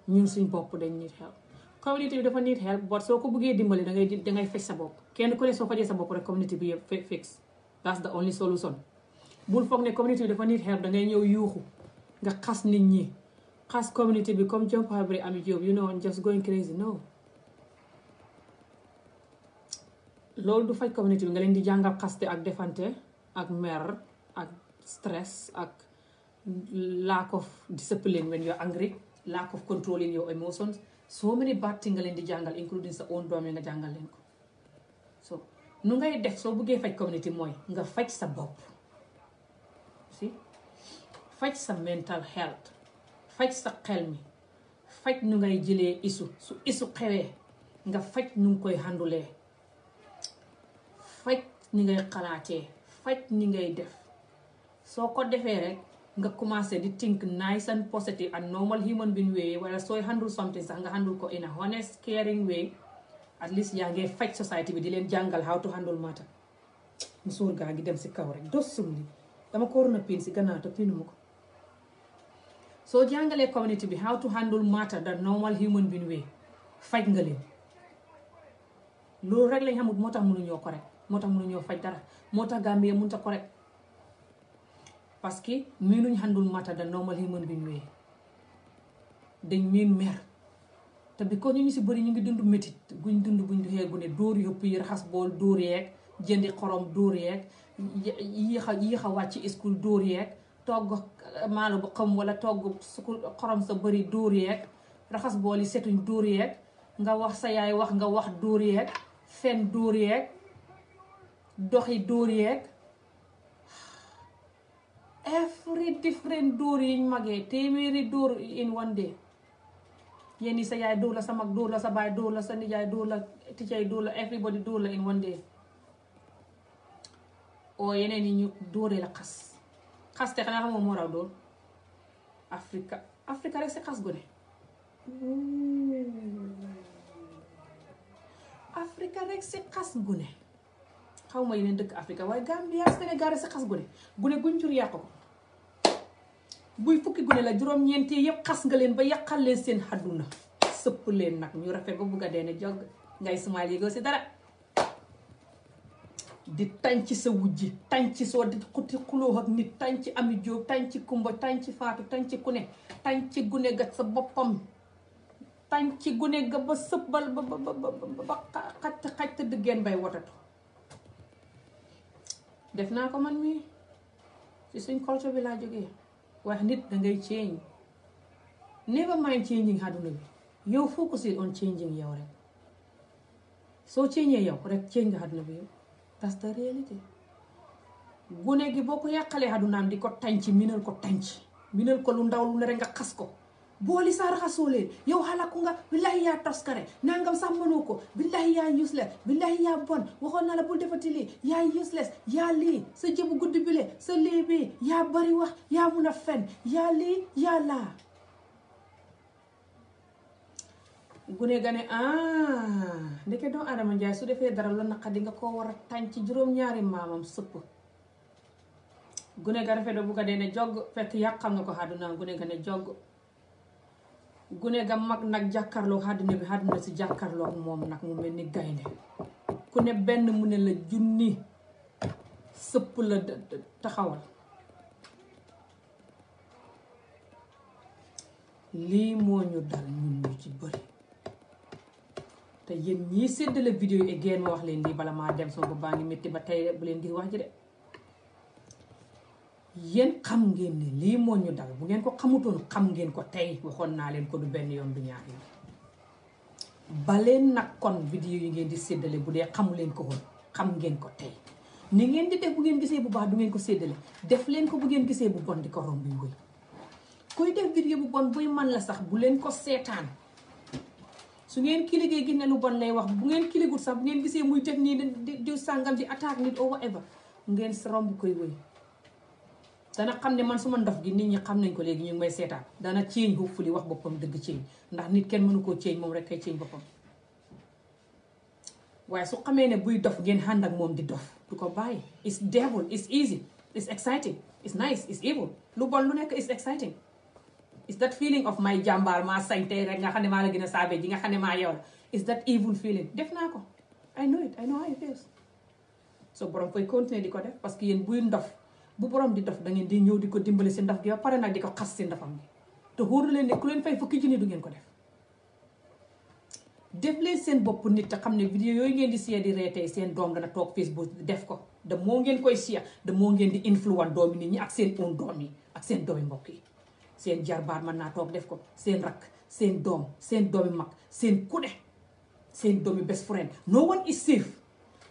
ñun suñ bopp dañ need help community bi dafa need help but soo ko bëggee dimbali dangay dangay fix sa bopp kenn ku ne soo fajee sa bopp rek community bi yëpp fix that's the only solution bul foog ne communauté bi dafa nit xeer da ngay ñëw yuuxu nga xas nit ñi xas communauté bi comme Jom Fabry Ami Diop you know just going crazy no loolu du faj communauté bi nga leen di jàngal xaste ak defante ak mer ak stress ak lack of discipline when you're angry lack of controlling your emotions so many bad things nga leen di jàngal including sa own doom yi nga jàngal leen ko nu ngay def soo buggee faj community mooy nga faj sa bopp si faj sa mental health faj sa xel mi faj nu ngay jëlee isu su isu xewee nga faj nu ngi koy handulee faj ni ngay xalaatee faj ni ngay def soo ko defee rek nga commencé di think nice and positive and normal human being way wala sooy handle something sax nga handle ko in a honest caring way at least yaa ngee faj société bi di leen jàngal how to handle matter musóor gaa ngi dem si kaw rek dos sum li dama ko waroon a si gannaaw te piinuma jàngalee community bi how to handle matter the normal human being way faj nga leen loolu rek lañ xamut moo tax mënuñoo ko rek moo tax mënuñoo faj dara moo tax Gambie mun a ko rek parce que miinuñ handle matter the normal human being way dañ miin mer te ko ñu ñu si bëri ñu ngi dund métit guñ dund buñ doxee gu ne dóor yëpp yi raxas bool dóor yeeg jëndi xorom dóor yeeg yéex bu xam wala togg sukul xorom sa bëri dóor raxas bool yi setuñ door yeeg nga wax sa yaay wax nga wax door yeeg fen dóor yeeg doxi dóor yeeg every different dóor yiñ magee téeméeri dóor in one day yenn ñi sa yaay dóor la sa mag dóor la sa baay dóor la sa nijaay dóor la ticay dóor la everybody dóor la in one day oo yeneen yi ñu dóoree la xas xas te xanaa xamoo moo raw dóor Afrika Afrika rek si xas gone Afrika rek si xas gune xaw ma yeneen dëkk Afrika waaye Gambia Sénégal si xas gune gune guñ cur yàq ko buy fukki gune la juróom-ñeenti yëpp xas nga leen ba yàqal leen seen xadduna sëpp leen nag ñu rafet ba bugg a dee ne jog ngay sumaal yégoo si dara di tànc sa wujji tànc soo di xuti xuloo ak nit tànc ami jóob tànc kumba tànc faatu tànc ku ne tànc gune ga sa boppam tànc gune ga ba sëbbal ba ba ba xajta xajta dëggeen bay watatu def naa ko man mii ci suñ culture bi laa jógee waaye nit dangay change never mind changing àdduna bi yow focus on changing yow rek soo changee yow rek change nga xadduna bi yow that's the reality gone gi boo ko yàqalee àddunaam di ko tànc minal ko tànc minal ko lu ndaw lu ne rek nga xas ko booli saa raxasoo leen yow xalaku nga billahi yaa toskare nangam sax mënoo ko billahi yaa useless billahi yaa bon waxoon na la bul defati lii yaa useless yaa lii sa jëbu guddi bile sa lii bi yaa bari wax yaa mun a fen yaa lii yaa laa gune ga ne ah ndeke doomu Adama Njaay su defee dara la naqadi nga koo war a tànc juróom-ñaari maamam sëpp gune ga rafet do bu ko dee ne jog fekk yàqal na ko àdduna gune ga ne jog gune ga mag nag jàkkarloo àddina bi àddina si jàkkaarloog moom nag mu mel ni gaynde ku ne benn mu ne la junni sëpp la taxawal lii moo ñu dal ñun ñu ci bëri te yéen ñii séddale vidéo yi ngeen ma wax leen lii bala maa dem sama bopp baa ngi metti ba tey bu leen di wax ji de yéen xam ngeen ne lii moo ñu dal bu ngeen ko xamutoon xam ngeen ko tey waxoon naa leen ko du benn yoon du ñaar yoon baleen nag kon vidéo yi ngeen di seddale bu dee xamu leen ko woon xam ngeen ko tey ni ngeen di def bu ngeen gisee bu baax du ngeen ko séddale def leen ko bu ngeen gisee bu bon di ko romb yi wëy kuy def vidéo bu bon buy man la sax bu leen ko seetaan su ngeen kiligee gis ne nu bon lay wax bu ngeen kiligul sax bu ngeen gisee muy def nii di sàngam di attaque nit au whatever ngeen romb koy wëy dana xam ne man suma ndof gi nit ñi xam nañ ko léegi ñu ngi may seetaan dana ceeñ hopefully wax boppam dëgg ceeñ ndax nit kenn mënu koo ceeñ moom rek kay ceeñ boppam waaye su xamee ne buy dof ngeen ànd ak moom di dof du ko bàyyi it's devil it's easy it's exciting it's nice it's evil lu bon lu nekk it's exciting it's that feeling of my jàmbaar maa sañte rek nga xam ne maa la gën saabee ji nga xam ne maa yow la it's that evil feeling def naa ko I know it I know how it di ko def parce que yéen buy ndof bu borom di dof da ngeen di ñëw di ko dimbali si ndaf gi ba pare nag di ko xas si ndafam gi te wóor leen ne ku leen fay fukki junni du ngeen ko def def leen seen bopp nit te xam ne vidéo yooyu ngeen di siya di ree tey seen doom dana toog Facebook def ko da moo ngeen koy siya da moo ngeen di influence doomi nit ñi ak seen un doom yi ak seen doomi mbokk yi seen jarbaar mën naa toog def ko seen rakk seen doom seen doom doomi mag seen kude seen doom best friend no one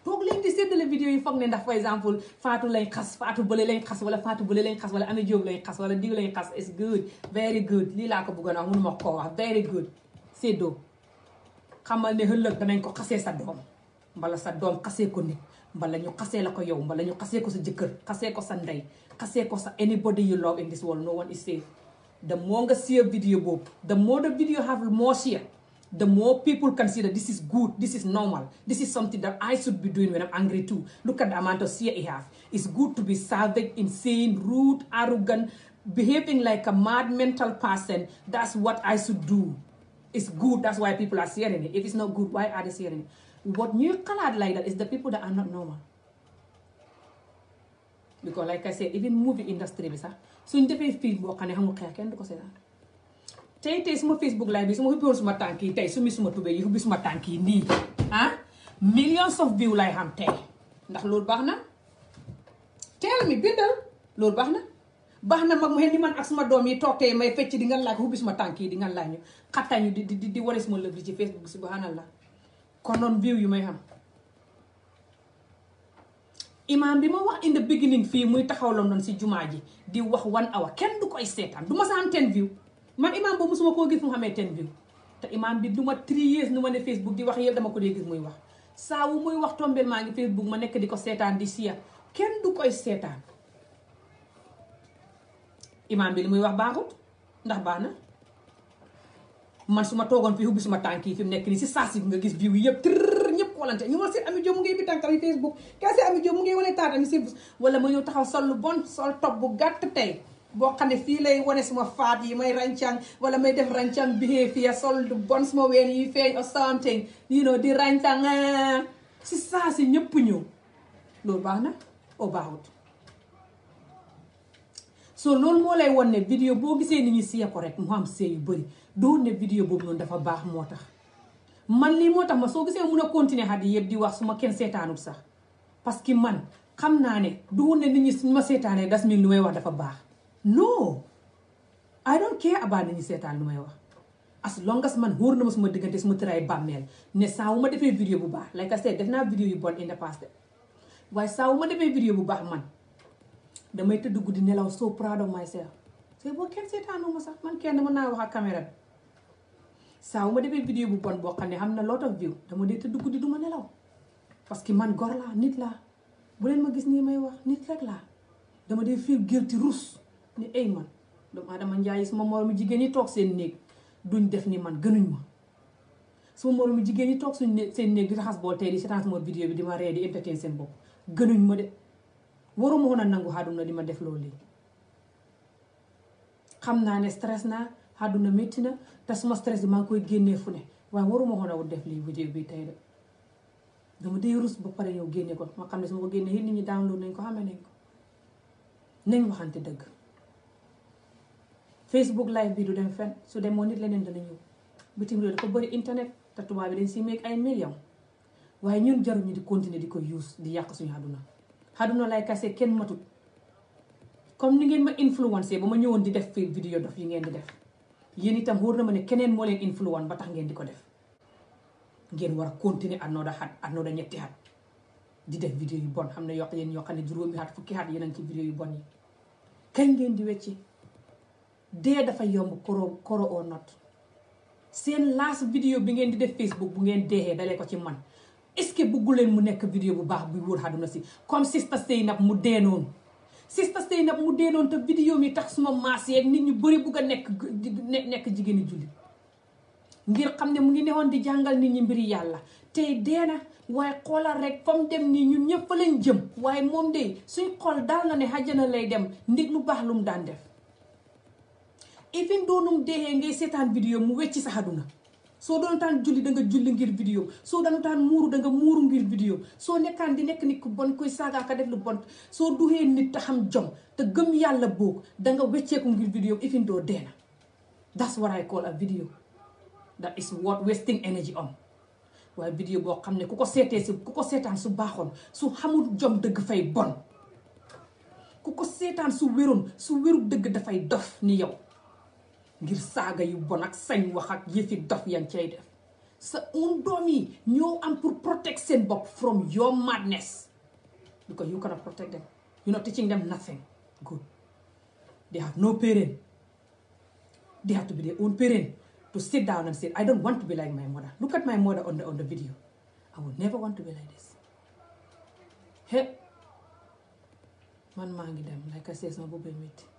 toog leen di séddale vidéo yi foog ne ndax par exemple Fatou lañ xas Fatou bële lañ xas wala Fatou bële lañ xas wala Ami Diop lañ xas wala diw lañ xas is good very good lii laa ko bëggoon wax mënuma koo wax very good séddoo xamal ne ëllëg danañ ko xasee sa doom bala sa doom xasee ko nit mbala ñu xasee la ko yow mbala ñu xasee ko sa jëkkër xasee ko sa ndey xasee ko sa anybody you love in this world no one is safe the nga share vidéo boobu the more the video have more share the more people consider this is good, this is normal, this is something that I should be doing when I'm angry too. Look at the amount of fear I have. It's good to be savage, insane, rude, arrogant, behaving like a mad mental person. That's what I should do. It's good. That's why people are sharing it. If it's not good, why are they sharing it? What new colored like that is the people that are not normal. Because like I said, even movie industry bi sax suñ defee film boo xam ne xamul xeex kenn du ko tey tey suma Facebook live bi su ma ubbiwoon suma tànk yi tey su mi suma tubee yi ubbi suma tànk yi nii ah millions of view lay xam tey ndax loolu baax na teel mi bindal loolu baax na baax na mag mu xel man ak suma doom yi toog tey may fecc di nga laaj ubbi suma tànk yi dinga nga laaj ñu xattaañu di di di wane suma lëb li ci Facebook la kon noonu view yu may xam imaam bi ma wax in the beginning fii muy taxaw la noonu si jumaa ji di wax one hour kenn du koy seetaan du ma sa man imaam boobu mosuma koo gis mu xamee ten bi te imaam bi duma ma three years nu ma ne Facebook di wax yëpp dama ko dee gis muy wax saa wu muy wax tombeel maa ngi Facebook ma nekk di ko seetaan di siya kenn du koy seetaan imaam bi li muy wax baaxut ndax baax na man su ma toogoon fii ubbi suma tànk yi fi nekk nii si saasi bi nga gis biiw yi yëpp tërr ñëpp walante ñu ma seet Amie Jobe mu ngi bi tànkam yi Facebook kese Amie Jobe mu ngi wane taatam yi wala ma ñëw taxaw sol lu bon sol topp bu gàtt tey boo xam ne fii lay wane suma faat yi may rancang wala may def rancang behavior sol du bon suma ween yi feeñ or something you know di rancang ah, si saa si ñëpp ñëw loolu baax na oo soo so loolu moo lay won ne vidéo boo gisee ni ñu siya rek mu am see yu ne vidéo boobu noonu dafa baax moo tax man lii moo tax ma soo gisee mun a continuer xat yi yëpp di wax su ma kenn seetaanut sax parce que man xam naa ne du ne nit ñu suñ ma seetaanee das mi lu may wax dafa baax non I don't care about nañu seetaan lu may wax as long man wóor na ma suma diggante suma tëraay bàmmeel ne saa ma defee vidéo bu baax like I said def naa vidéo yu bon in the past waaye saa ma defee vidéo bu baax man damay tëdd guddi nelaw so proud of myself te boo kenn seetaanoo ma sax man kenn mën naa wax ak caméra bi saa wu ma defee vidéo bu bon boo xam ne am na lot of view dama dee tëdd guddi du ma nelaw parce que man gor laa nit laa bu leen ma gis nii may wax nit rek laa dama dee feel guilty ruus ni ay man doomu aadama njaay suma moroomi jigéen ñi toog seen néeg duñ def ni man gënuñ ma suma moroomi jigéen ñi toog suñ ne seen néeg di raxas boo tey di seetaan suma vidéo bi di ma ree di entertain seen bopp gënuñ ma de waruma woon a nangu àdduna di ma def loolu léegi xam naa ne stress naa àdduna métti na te suma stress bi maa ngi koy génnee fu ne waaye waruma woon def lii vidéo bi tey de dama dee rus ba pare ñëw génnee ko ma xam ne su ma ko génnee nit ñi nañ ko xamee nañ ko nañ waxante dëgg Facebook live bi du dem fenn su demoon nit leneen dana ñëw bitim réew dafa bëri internet te tubaab bi dañ si meeg ay millions waaye ñun jaruñu di continuer di ko use di yàq suñu àdduna àdduna lay kase kenn matut comme ni ngeen ma influencé ba ma ñëwoon di def fii vidéo dof yi ngeen di def yéen itam wóor na ma ne keneen moo leen influence ba tax ngeen di ko def ngeen war a continuer anooda xat da ñetti xat di def vidéo yi bon xam ne yokk yéen yoo xam ne juróomi xat fukki xat yéen a ngi ci vidéo yu bon yi dee dafa yomb koro koro oo seen last vidéo bi ngeen di def facebook bu ngeen deexee dalee ko ci man est-ce que bëggu leen mu nekk vidéo bu baax bu wóor àdduna si comme sista Seynab mu dee noonu sista Seynab mu dee noonu te vidéo mi tax suma maas yeeg nit ñu bëri bugg a nekk nekk jigéeni julli ngir xam ne mu ngi newoon di jàngal nit ñi mbiri yàlla tey dee na waaye xoolal rek fa mu dem nii ñun ñëpp fa lañ jëm waaye moom de suñ xool daal na ne àjjana lay dem ndig lu baax lu mu daan def even doo num deexee ngay seetaan vidéo mu wecci sa àdduna soo doon taan julli da nga julli ngir vidéo soo doon taan muuru danga nga muuru ngir vidéo soo nekkaan di nekk nit ku bon kuy saagaa ka def lu bon soo duxee nit te xam te gëm yàlla boog da nga wecceeku ngir vidéo even doo dee na that's what I call a video waaye vidéo boo xam ne ku ko seetee si ku ko seetaan su baaxoon su xamul jom dëgg fay bon ko seetaan su wéru dëgg dafay dof ni yow ngir saaga yu bon ak sañ wax ak yëfi dof yan cay def sa un doom yi ñoo am pour protect seen bopp from your madness because you cannot protect them you're not teaching them nothing good they have no parent they have to be their own parent to sit down and say I don't want to be like my mother look at my mother on the on the video I would never want to be like this he man maa ngi dem like I say sama bopp metti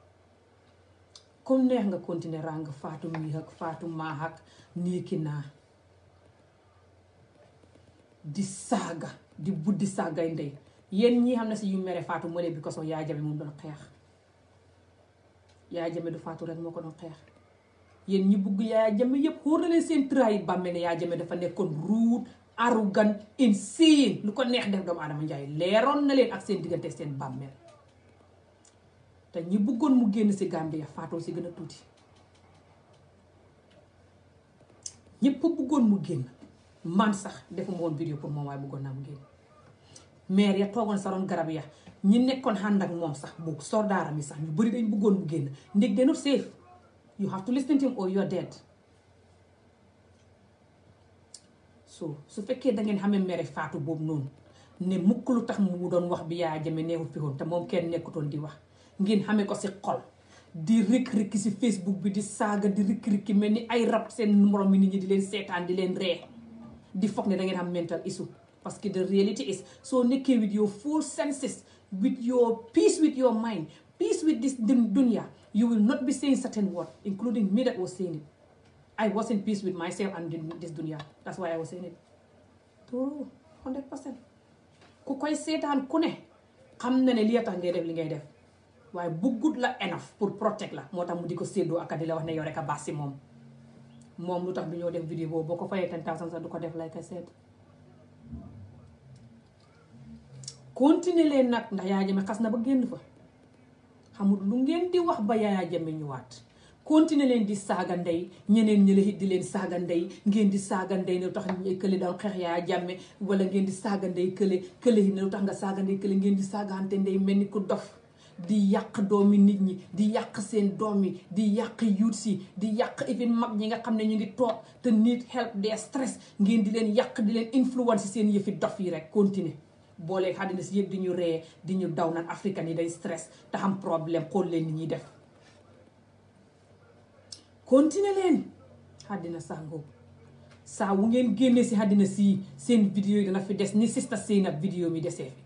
comme neex nga continuer ràng faatu mii ak faatu maax ak ki naa di saaga di buddi saagay ndey yéen ñii xam na si yu mere faatu mënee bi koso yaa jame moom doon xeex yaa jame du faatu rek moo ko noo xeex yéen ñi bugg yaa jame yépp xóor na leen seen trahir bàmmee ne yaa jame dafa nekkoon ruut arrogant insane lu ko neex def doomu aadama njaay leeroon na leen ak seen diggante seen bàmmeel te ñi bëggoon mu génn si Gambia faatoo si gën a tuuti ñëpp bëggoon mu génn man sax defuma woon vidéo pour moom waaye bëggoon naa mu génn maire ya toogoon sa roon garab ya ñi nekkoon ànd ak moom sax boog soldaaram yi sax ñu bari dañ bëggoon mu génn ndég de not safe you have to listen to him or you're su fekkee da ngeen xamee mere faatu boobu noonu ne mukk lu tax mu doon wax bi yaa jame neexut fi woon te moom kenn nekkutoon di wax ngeen xamee ko si xol di rikk-rikki si bi di saaga di rikk-rikki mel ni ay rab seen morom mi nit di leen seetaan di leen ree di foog ne da ngeen am mental issue parce que the reality is soo nekkee with your full senses with your peace with your mind peace with this dunya you will not be saying certain word including me that was saying it I was in peace with myself and this dunya that's why I was saying it true 100 ku koy seetaan ku ne xam na ne li tax ngay def li ngay def waaye buggut la enough pour protect la moo tax mu di ko séddoo ak di la wax ne yow rek a baax si moom moom lu tax bi ñoo def vidéo boobu boo ko fayee ten thousand sax du ko def like ka said continuer leen nag ndax Yaya Jammeh xas na ba génn fa xamul lu ngeen di wax ba yaa Jammeh ñëwaat continuer leen di saaga ndey ñeneen ñi la di leen saaga ndey ngeen di saaga ndey ne lu tax kële daan xeex yaa Jammeh wala ngeen di saaga ndey kële kële ne lu tax nga saaga ndey kële ngeen di saagaante ndey mel ni ku dof di yàq doomi nit ñi di yàq seen doom yi di yàq yuut si di yàq even mag ñi nga xam ne ñu ngi toog te nit help des stress ngeen di leen yàq di leen influence seen yëfi dof yi rek continuer boolee àddina si yëpp di ñu ree di ñu daw naan africain yi day stress te xam problème xool leen ni ñuy def continuer leen àddina sàngoo saa wu ngeen génnee si àddina si seen vidéo yi dana fi des ni sista si ab vidéo mi desee fi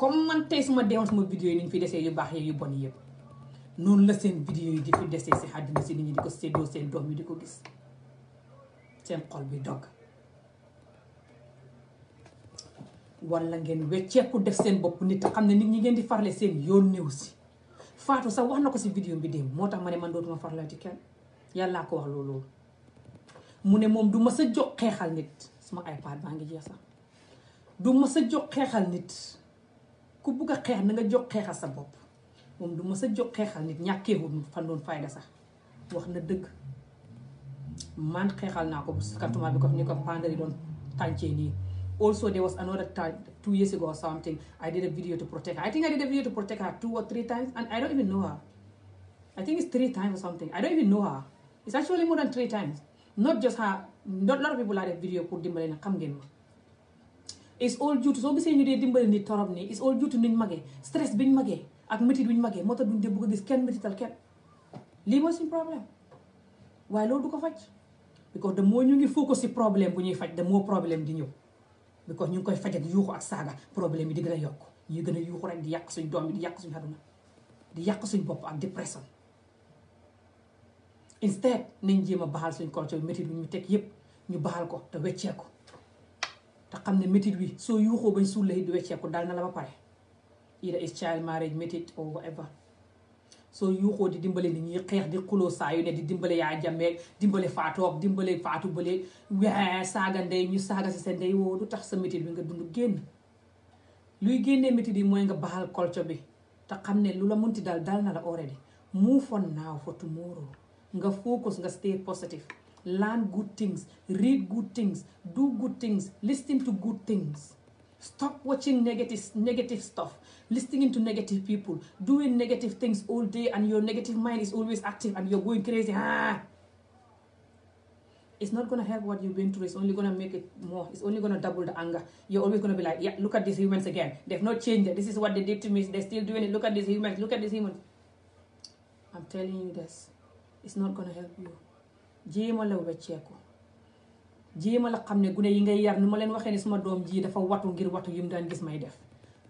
comme man tey suma ma deewoon sama yi ni ñu fi desee yu baax yi yu bon yëpp noonu la seen vidéo yi di fi desee si àddina si nit ñi di ko seen doom yi di ko gis seen xol bi dog wala ngeen wecceeku def seen bopp nit xam ne nit ñi ngeen di farle seen yoon néew si faatu sax wax na ko si vidéo bi dem moo tax ma ne man dootuma farla ti kenn yàllaa ko wax loolu mu ne moom du ma sa jox xeexal nit suma ay paat baa ngi jeex sax du sa jox xeexal nit ku bugg a xeex na nga jóg xeexal sa bopp moom du ma sa jóg xeexal nit ñàkkeewul fan doon fayda sax wax na dëgg man xeexal naa ko cartuma bi ko ni ko pandari doon tàncee nii also there was another time two years ago or something I did a video to protect her I think I did a video to protect her two or three times and I don't even know her I think it's three times or something I don't even know her it's actually more than three times not just her a lot of people pour dimbale na xam ngeen ma it's all due to soo gisee ñu dee dimbali nit torop nii it's all due to nuñ magee stress biñ magee ak métit biñ magee moo tax duñ dee bëgg a gis kenn métital kenn lii mooy suñ problème waaye loolu du ko faj because de moo ñu ngi focus si problème bu ñuy faj de moo problème di ñëw because ñu ngi koy faj ak yuuxu ak saaga problème yi di gën a yokk ñuy gën a yuuxu rek di yàq suñ doom yi di yàq suñ aduna di yàq suñ bopp ak dépression instead nañ jéem a baxal suñ culture métit bi ñu teg yépp ñu baxal ko te weccee ko te xam ne métit wi soo yuuxoo bañ suul la it du dal na la ba pare either is child marriage métit or whatever soo yuuxoo di dimbale nit ñi xeex di xuloo saa yu ne di dimbale yaa jàmmeeg dimbale faatoog dimbale faatu bële saaga ndey ñu saaga si sa ndey woo lu tax sa métit bi nga dund génn luy génnee métit yi mooy nga baxal culture bi te xam ne lu la mënti dal dal na la already move on now for tomorrow nga focus nga stay positive learn good things, read good things, do good things, listen to good things. Stop watching negative, negative stuff, listening to negative people, doing negative things all day, and your negative mind is always active and you're going crazy. Ah! It's not going to help what you've been through. It's only going to make it more. It's only going to double the anger. You're always going to be like, yeah, look at these humans again. They've not changed it. This is what they did to me. They're still doing it. Look at jéema la wecceeku jéema la xam ne gune yi ngay yar nu ma leen waxee ne suma doom jii dafa watu ngir watu yi mu daan gis may def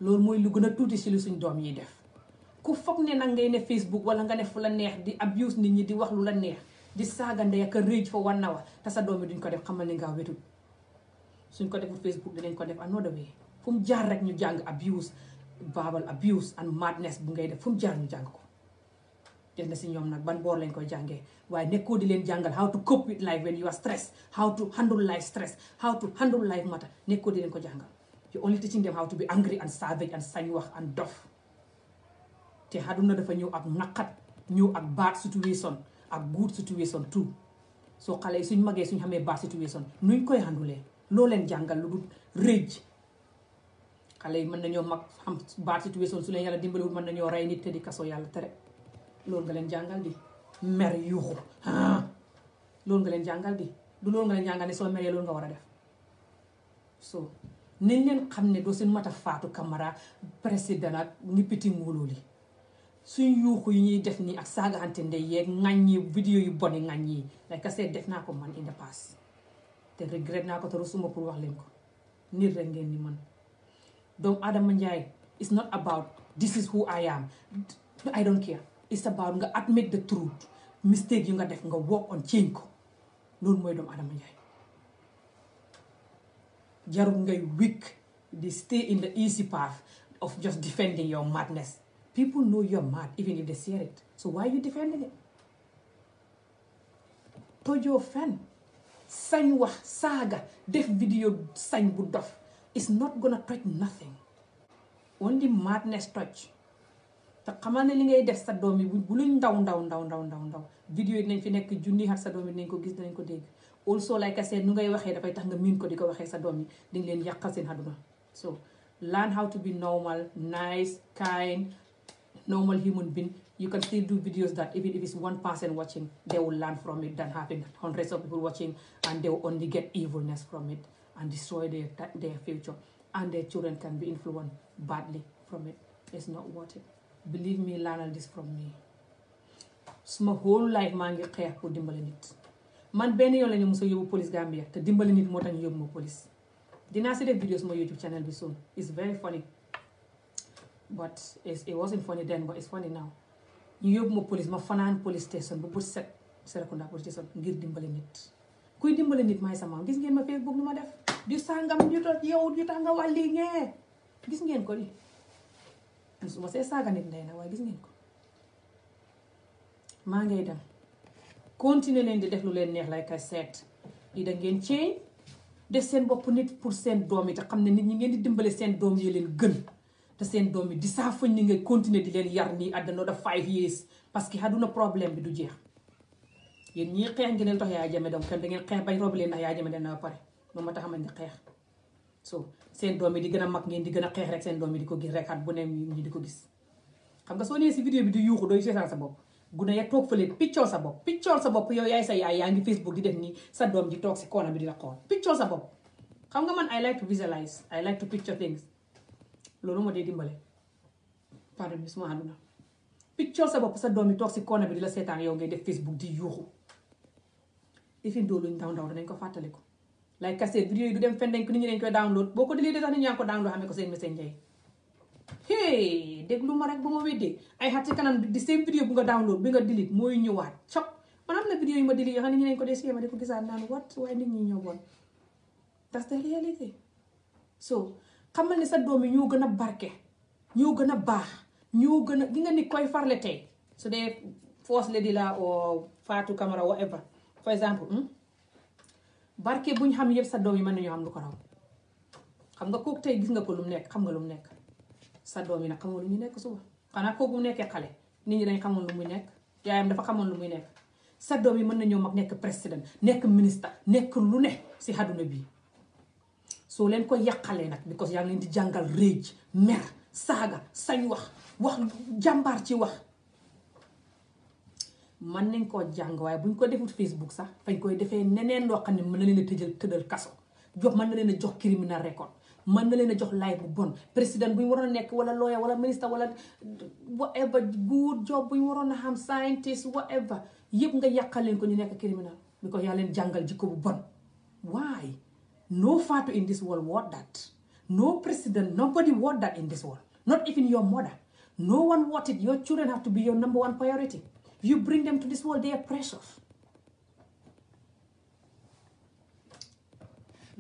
loolu mooy lu gën a tuuti si lu suñ doom yi def ku foog ne nag ngay ne Facebook wala nga ne fu la neex di abuse nit ñi di wax lu la neex di saaga ndey ak a fa wan na wa te sa doom yi duñ ko def xamal ni ngaa wetul suñ ko deful Facebook dinañ ko def another way fu mu jaar rek ñu jàng abuse verbal abuse and madness bu ngay def fu jaar ñu jàng ko gis nga si ñoom nag ban boor lañ koy jàngee waaye nekkoo di leen jàngal how to cope with life when you are stressed how to handle life stress how to handle life matter nekkoo di leen ko jàngal you only teaching them how to be angry and savage and sañ wax and dof te àdduna dafa ñëw ak naqat ñëw ak bad situation ak good situation tout soo xale yi suñ magee suñ xamee bad situation nuñ koy handulee loo leen jàngal lu dul rëj xale yi mën nañoo mag xam bad situation su leen yàlla dimbalewul mën nañoo rey nit te di kaso yàlla tere loolu nga leen jàngal di mer yuuxu loolu nga leen jàngal di du loolu nga leen jàngal ne soo meree loolu nga war a def so nañ leen xam ne doo seen mata faatu kamara président ak nippiti nguuloo li suñ yuuxu yi ñuy def nii ak saagaante ndey yeeg ŋàññi vidéo yu bone ŋàññi yi like I said def naa ko man in the past te regret naa ko te rusuma pour wax leen ko nit rek ngeen ni man doomu Adama Njaay it's not about this is who I am I don't care it's about nga admit the truth mistake yu nga def nga work on change ko loolu mooy doomu adama njaay jarul ngay weak di stay in the easy path of just defending your madness people know you're mad even if they share it so why you defending it tojoo fen sañ wax saaga def vidéo sañ bu dof it's not gonna touch nothing only madness touch te xamal ne li ngay def sa doom yi bu luñ ndaw ndaw ndaw ndaw ndaw ndaw vidéo yi dinañ fi nekk junni xar sa doom yi dinañ ko gis dinañ ko dégg also like I said nu ngay waxee dafay tax nga miin ko di ko waxee sa doom yi di leen yàqal seen àdduna so learn how to be normal nice kind normal human being you can still do videos that even if it's one person watching they will learn from it than having hundreds of people watching and they will only get evilness from it and destroy their their future and their believe me learn this from me suma whole life maa ngi xeex pour dimbali nit man benn yoon la ñu mos a yóbbu police Gambia te dimbali nit moo tax ñu yóbbu ma police dinaa bi soon it's very funny but it wasn't ñu yóbbu ma police fanaan police station ba bët set Serekunda police station ngir dimbali nit kuy dimbale nit maay sama gis ngeen ma Facebook lu ma def di sàngam ñu toog yow ñu tax nga wàlli ngee gis ngeen ko li su ma see saaga nit ndey nag waaye gis ngeen ko maa ngay dem continuer leen di def lu leen neex lay kay seet lii da ngeen ceeñ def seen bopp nit pour seen doom yi te xam ne nit ñi ngeen di dimbale seen doom yi leen gën te seen doom yi di saa fañ ni nga continuer di leen yar nii àdduna da five years parce que àdduna problème bi du jeex yéen ñii xeex ngeen leen tax yaa jame donc kenn da ngeen xeex bañ rob leen yaa jame den na pare moom ma tax xamante ne xeex so seen doom yi di gën a mag ngeen di gën a xeex rek seen doom yi di ko gis at bu ko gis xam nga soo nee si vidéo bi di yuuxu dooy seetaan sa bopp gune ya toog fële piccool sa bopp piccool bopp yow yaay sa yaay yaa ngi facebook di def nii sa doom ji toog si koona bi di la xool piccool sa bopp xam nga man I like to visualize I like to picture things loolu moo dee dimbale pardon bi suma àdduna piccool sa bopp sa doom yi toog si koona bi di la seetaan yow ngay def facebook di yuuxu doo dooluñ ndaw ndaw danañ ko fàttaliku lay cassette vidéo yi du dem fen dañ ko nit ñi dañ koy download boo ko deleté sax nit ñaa ngi ko download xamee ko seen messenger yi hey déglu ma rek ba ma weddee ay xat ci kanam di seen vidéo bu nga download bi nga delete mooy ñëwaat cop man am na vidéo yu ma delete yoo xam ne nit ñi dañ ko dee séema di ko gisaat naan wat waaye so xamal ne sa doom yi ñoo gën a barke ñoo gën a baax ñoo gën a gi nga ni koy farle tey su dee force la di la o Fatou Camara whatever for example hmm? barke bu ñu xam yëpp sa doom yi mën nañoo am lu ko raw xam nga kooku tey gis nga ko lu mu nekk xam nga lu mu nekk sa doom yi nag xamoo lu ñu nekk suba xanaa kooku mu nekkee xale nit ñi dañ xamoon lu nekk yaayam dafa xamoon lu muy nekk sa doom yi mën nañoo mag nekk président nekk ministre nekk lu ne si àdduna bi soo leen ko yàqalee nag because yaa ngi leen di jàngal réej mer saaga sañ wax wax jàmbaar ci wax man nañ koo jàng waaye ñu ko defut Facebook sax fañ koy defee neneen loo xam ne mën na leen a tëjal tëddal kaso jox mën na leen a jox criminal record mën na leen a jox laay bu bon président bu ñu waroon a nekk wala lawyer wala ministre wala whatever good job bu ñu waroon a xam scientist whatever yëpp nga yàqal leen ko ñu nekk criminal bi ko yaa leen jàngal jikko bu bon why no Fatou in this world what that no president nobody what that in this world not even your mother no one what it your children have to be your number one priority You bring them to this world, they are precious.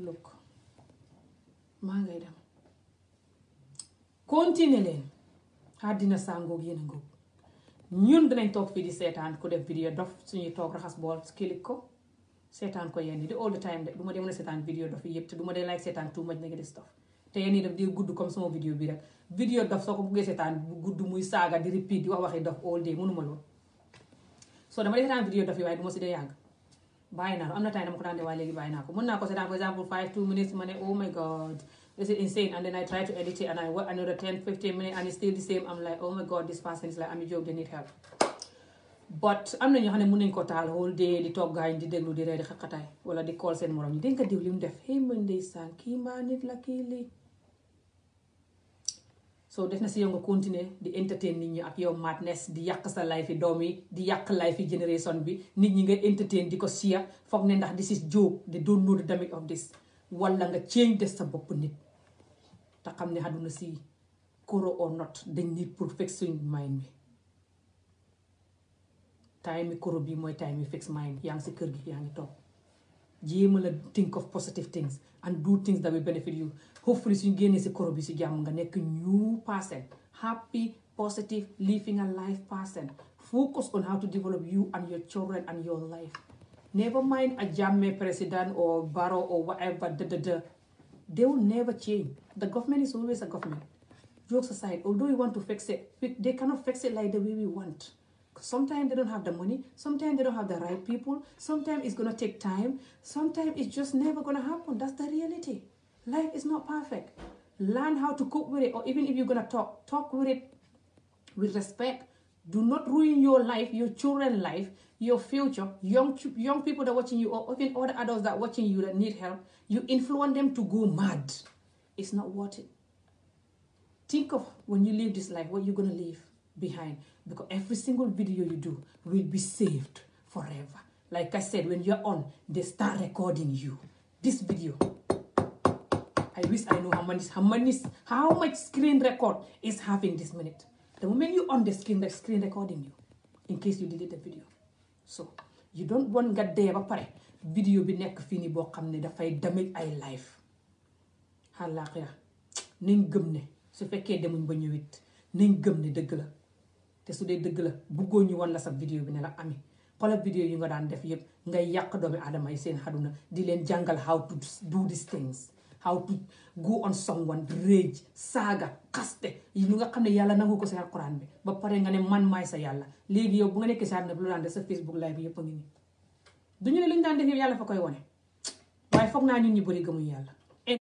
Look, maa ngay dem continuer leen àddina sàngoog yéen a ngoog ñun dinañ toog fii di seetaan ku def vidéo dof suñuy toog raxas bool kilik ko seetaan ko yenn di all the time de du ma dee mën a seetaan vidéo dof yi yëpp te du ma dee like seetaan too much negative stuff te yenn yi dee gudd comme sama vidéo bi rek vidéo dof soo ko buggee seetaan gudd muy saaga di repeat di wax waxi dof all day mënuma loolu so dama dee seetaan vidéo dof yi waaye du si dee yàgg bàyyi naa ko am na temps dama ko daan dee waaye léegi bàyyi naa ko mun naa ko seetaan for example five two minutes ma ne oh my god this is insane and I like oh my god this person is like Amie Jobe they need help but am na ñoo xam ne mun nañ ko taal whole day di toggaañ di déglu di ree di xaqataay wala di call seen morom ñi dégg nga diw li mu def hey man kii mbaa nit la kii lii so def na si yow nga continuer di entertain nit ñi ak yow madness di yàq sa life doom yi di yàq life generation bi nit ñi nga entertain di ko share foog ne ndax this is joke they don't know the damage of this wala nga change des sa bopp nit te xam ne àdduna si coro or not dañ need pour fix suñ mind bi time mi koro bii mooy time mi fix mind yaa ngi si kër gi yaa ngi toog jéema la think of positive things and do things that will benefit you hopefully suñ génnee si koro bi si jàmm nga nekk new person happy positive living a life person focus on how to develop you and your children and your life never mind a Jammeh president or Barrow or whatever da da da they will never change the government is always a government jokes aside although you want to fix it they cannot fix it like the way we want sometimes they don't have the money sometimes they don't have the right people sometimes it's Life is not perfect. Learn how to cope with it, or even if you're gonna talk, talk with it with respect. Do not ruin your life, your children's life, your future, young people that watching you, or even other adults that watching you that need help. You influence them to go mad. It's not worth it. Think of when you leave this life, what you're gonna leave behind. Because every single video you do will be saved forever. Like I said, when you're on, they start recording I wish I know how much how much how much screen record is having this minute. The moment you on the screen, the screen recording you in case you delete the video. So you don't want nga dee ba pare video bi nekk fii nii boo xam ne dafay damage ay live xalaaxira nañ gëm ne su fekkee demuñ ba ñëwit nañ gëm ne dëgg la te su dee dëgg la bëggoo ñu wan la sa vidéo bi ne la ami xoolal vidéo yi nga daan def yëpp ngay yàq doomi aadama yi seen xaduna di leen jàngal how to do these things how to go on someone rage saaga xaste lu nga xam ne yàlla nangu ko si alquran bi ba pare nga ne man maay sa yàlla léegi yow bu nga nekkee si àdduna bi lu daan def sa facebook live bi yëpp a ngi nii du ñu ne lu ñu daan def yàlla fa koy wone waaye foog naa ñun ñu bëri gëmuñ yàlla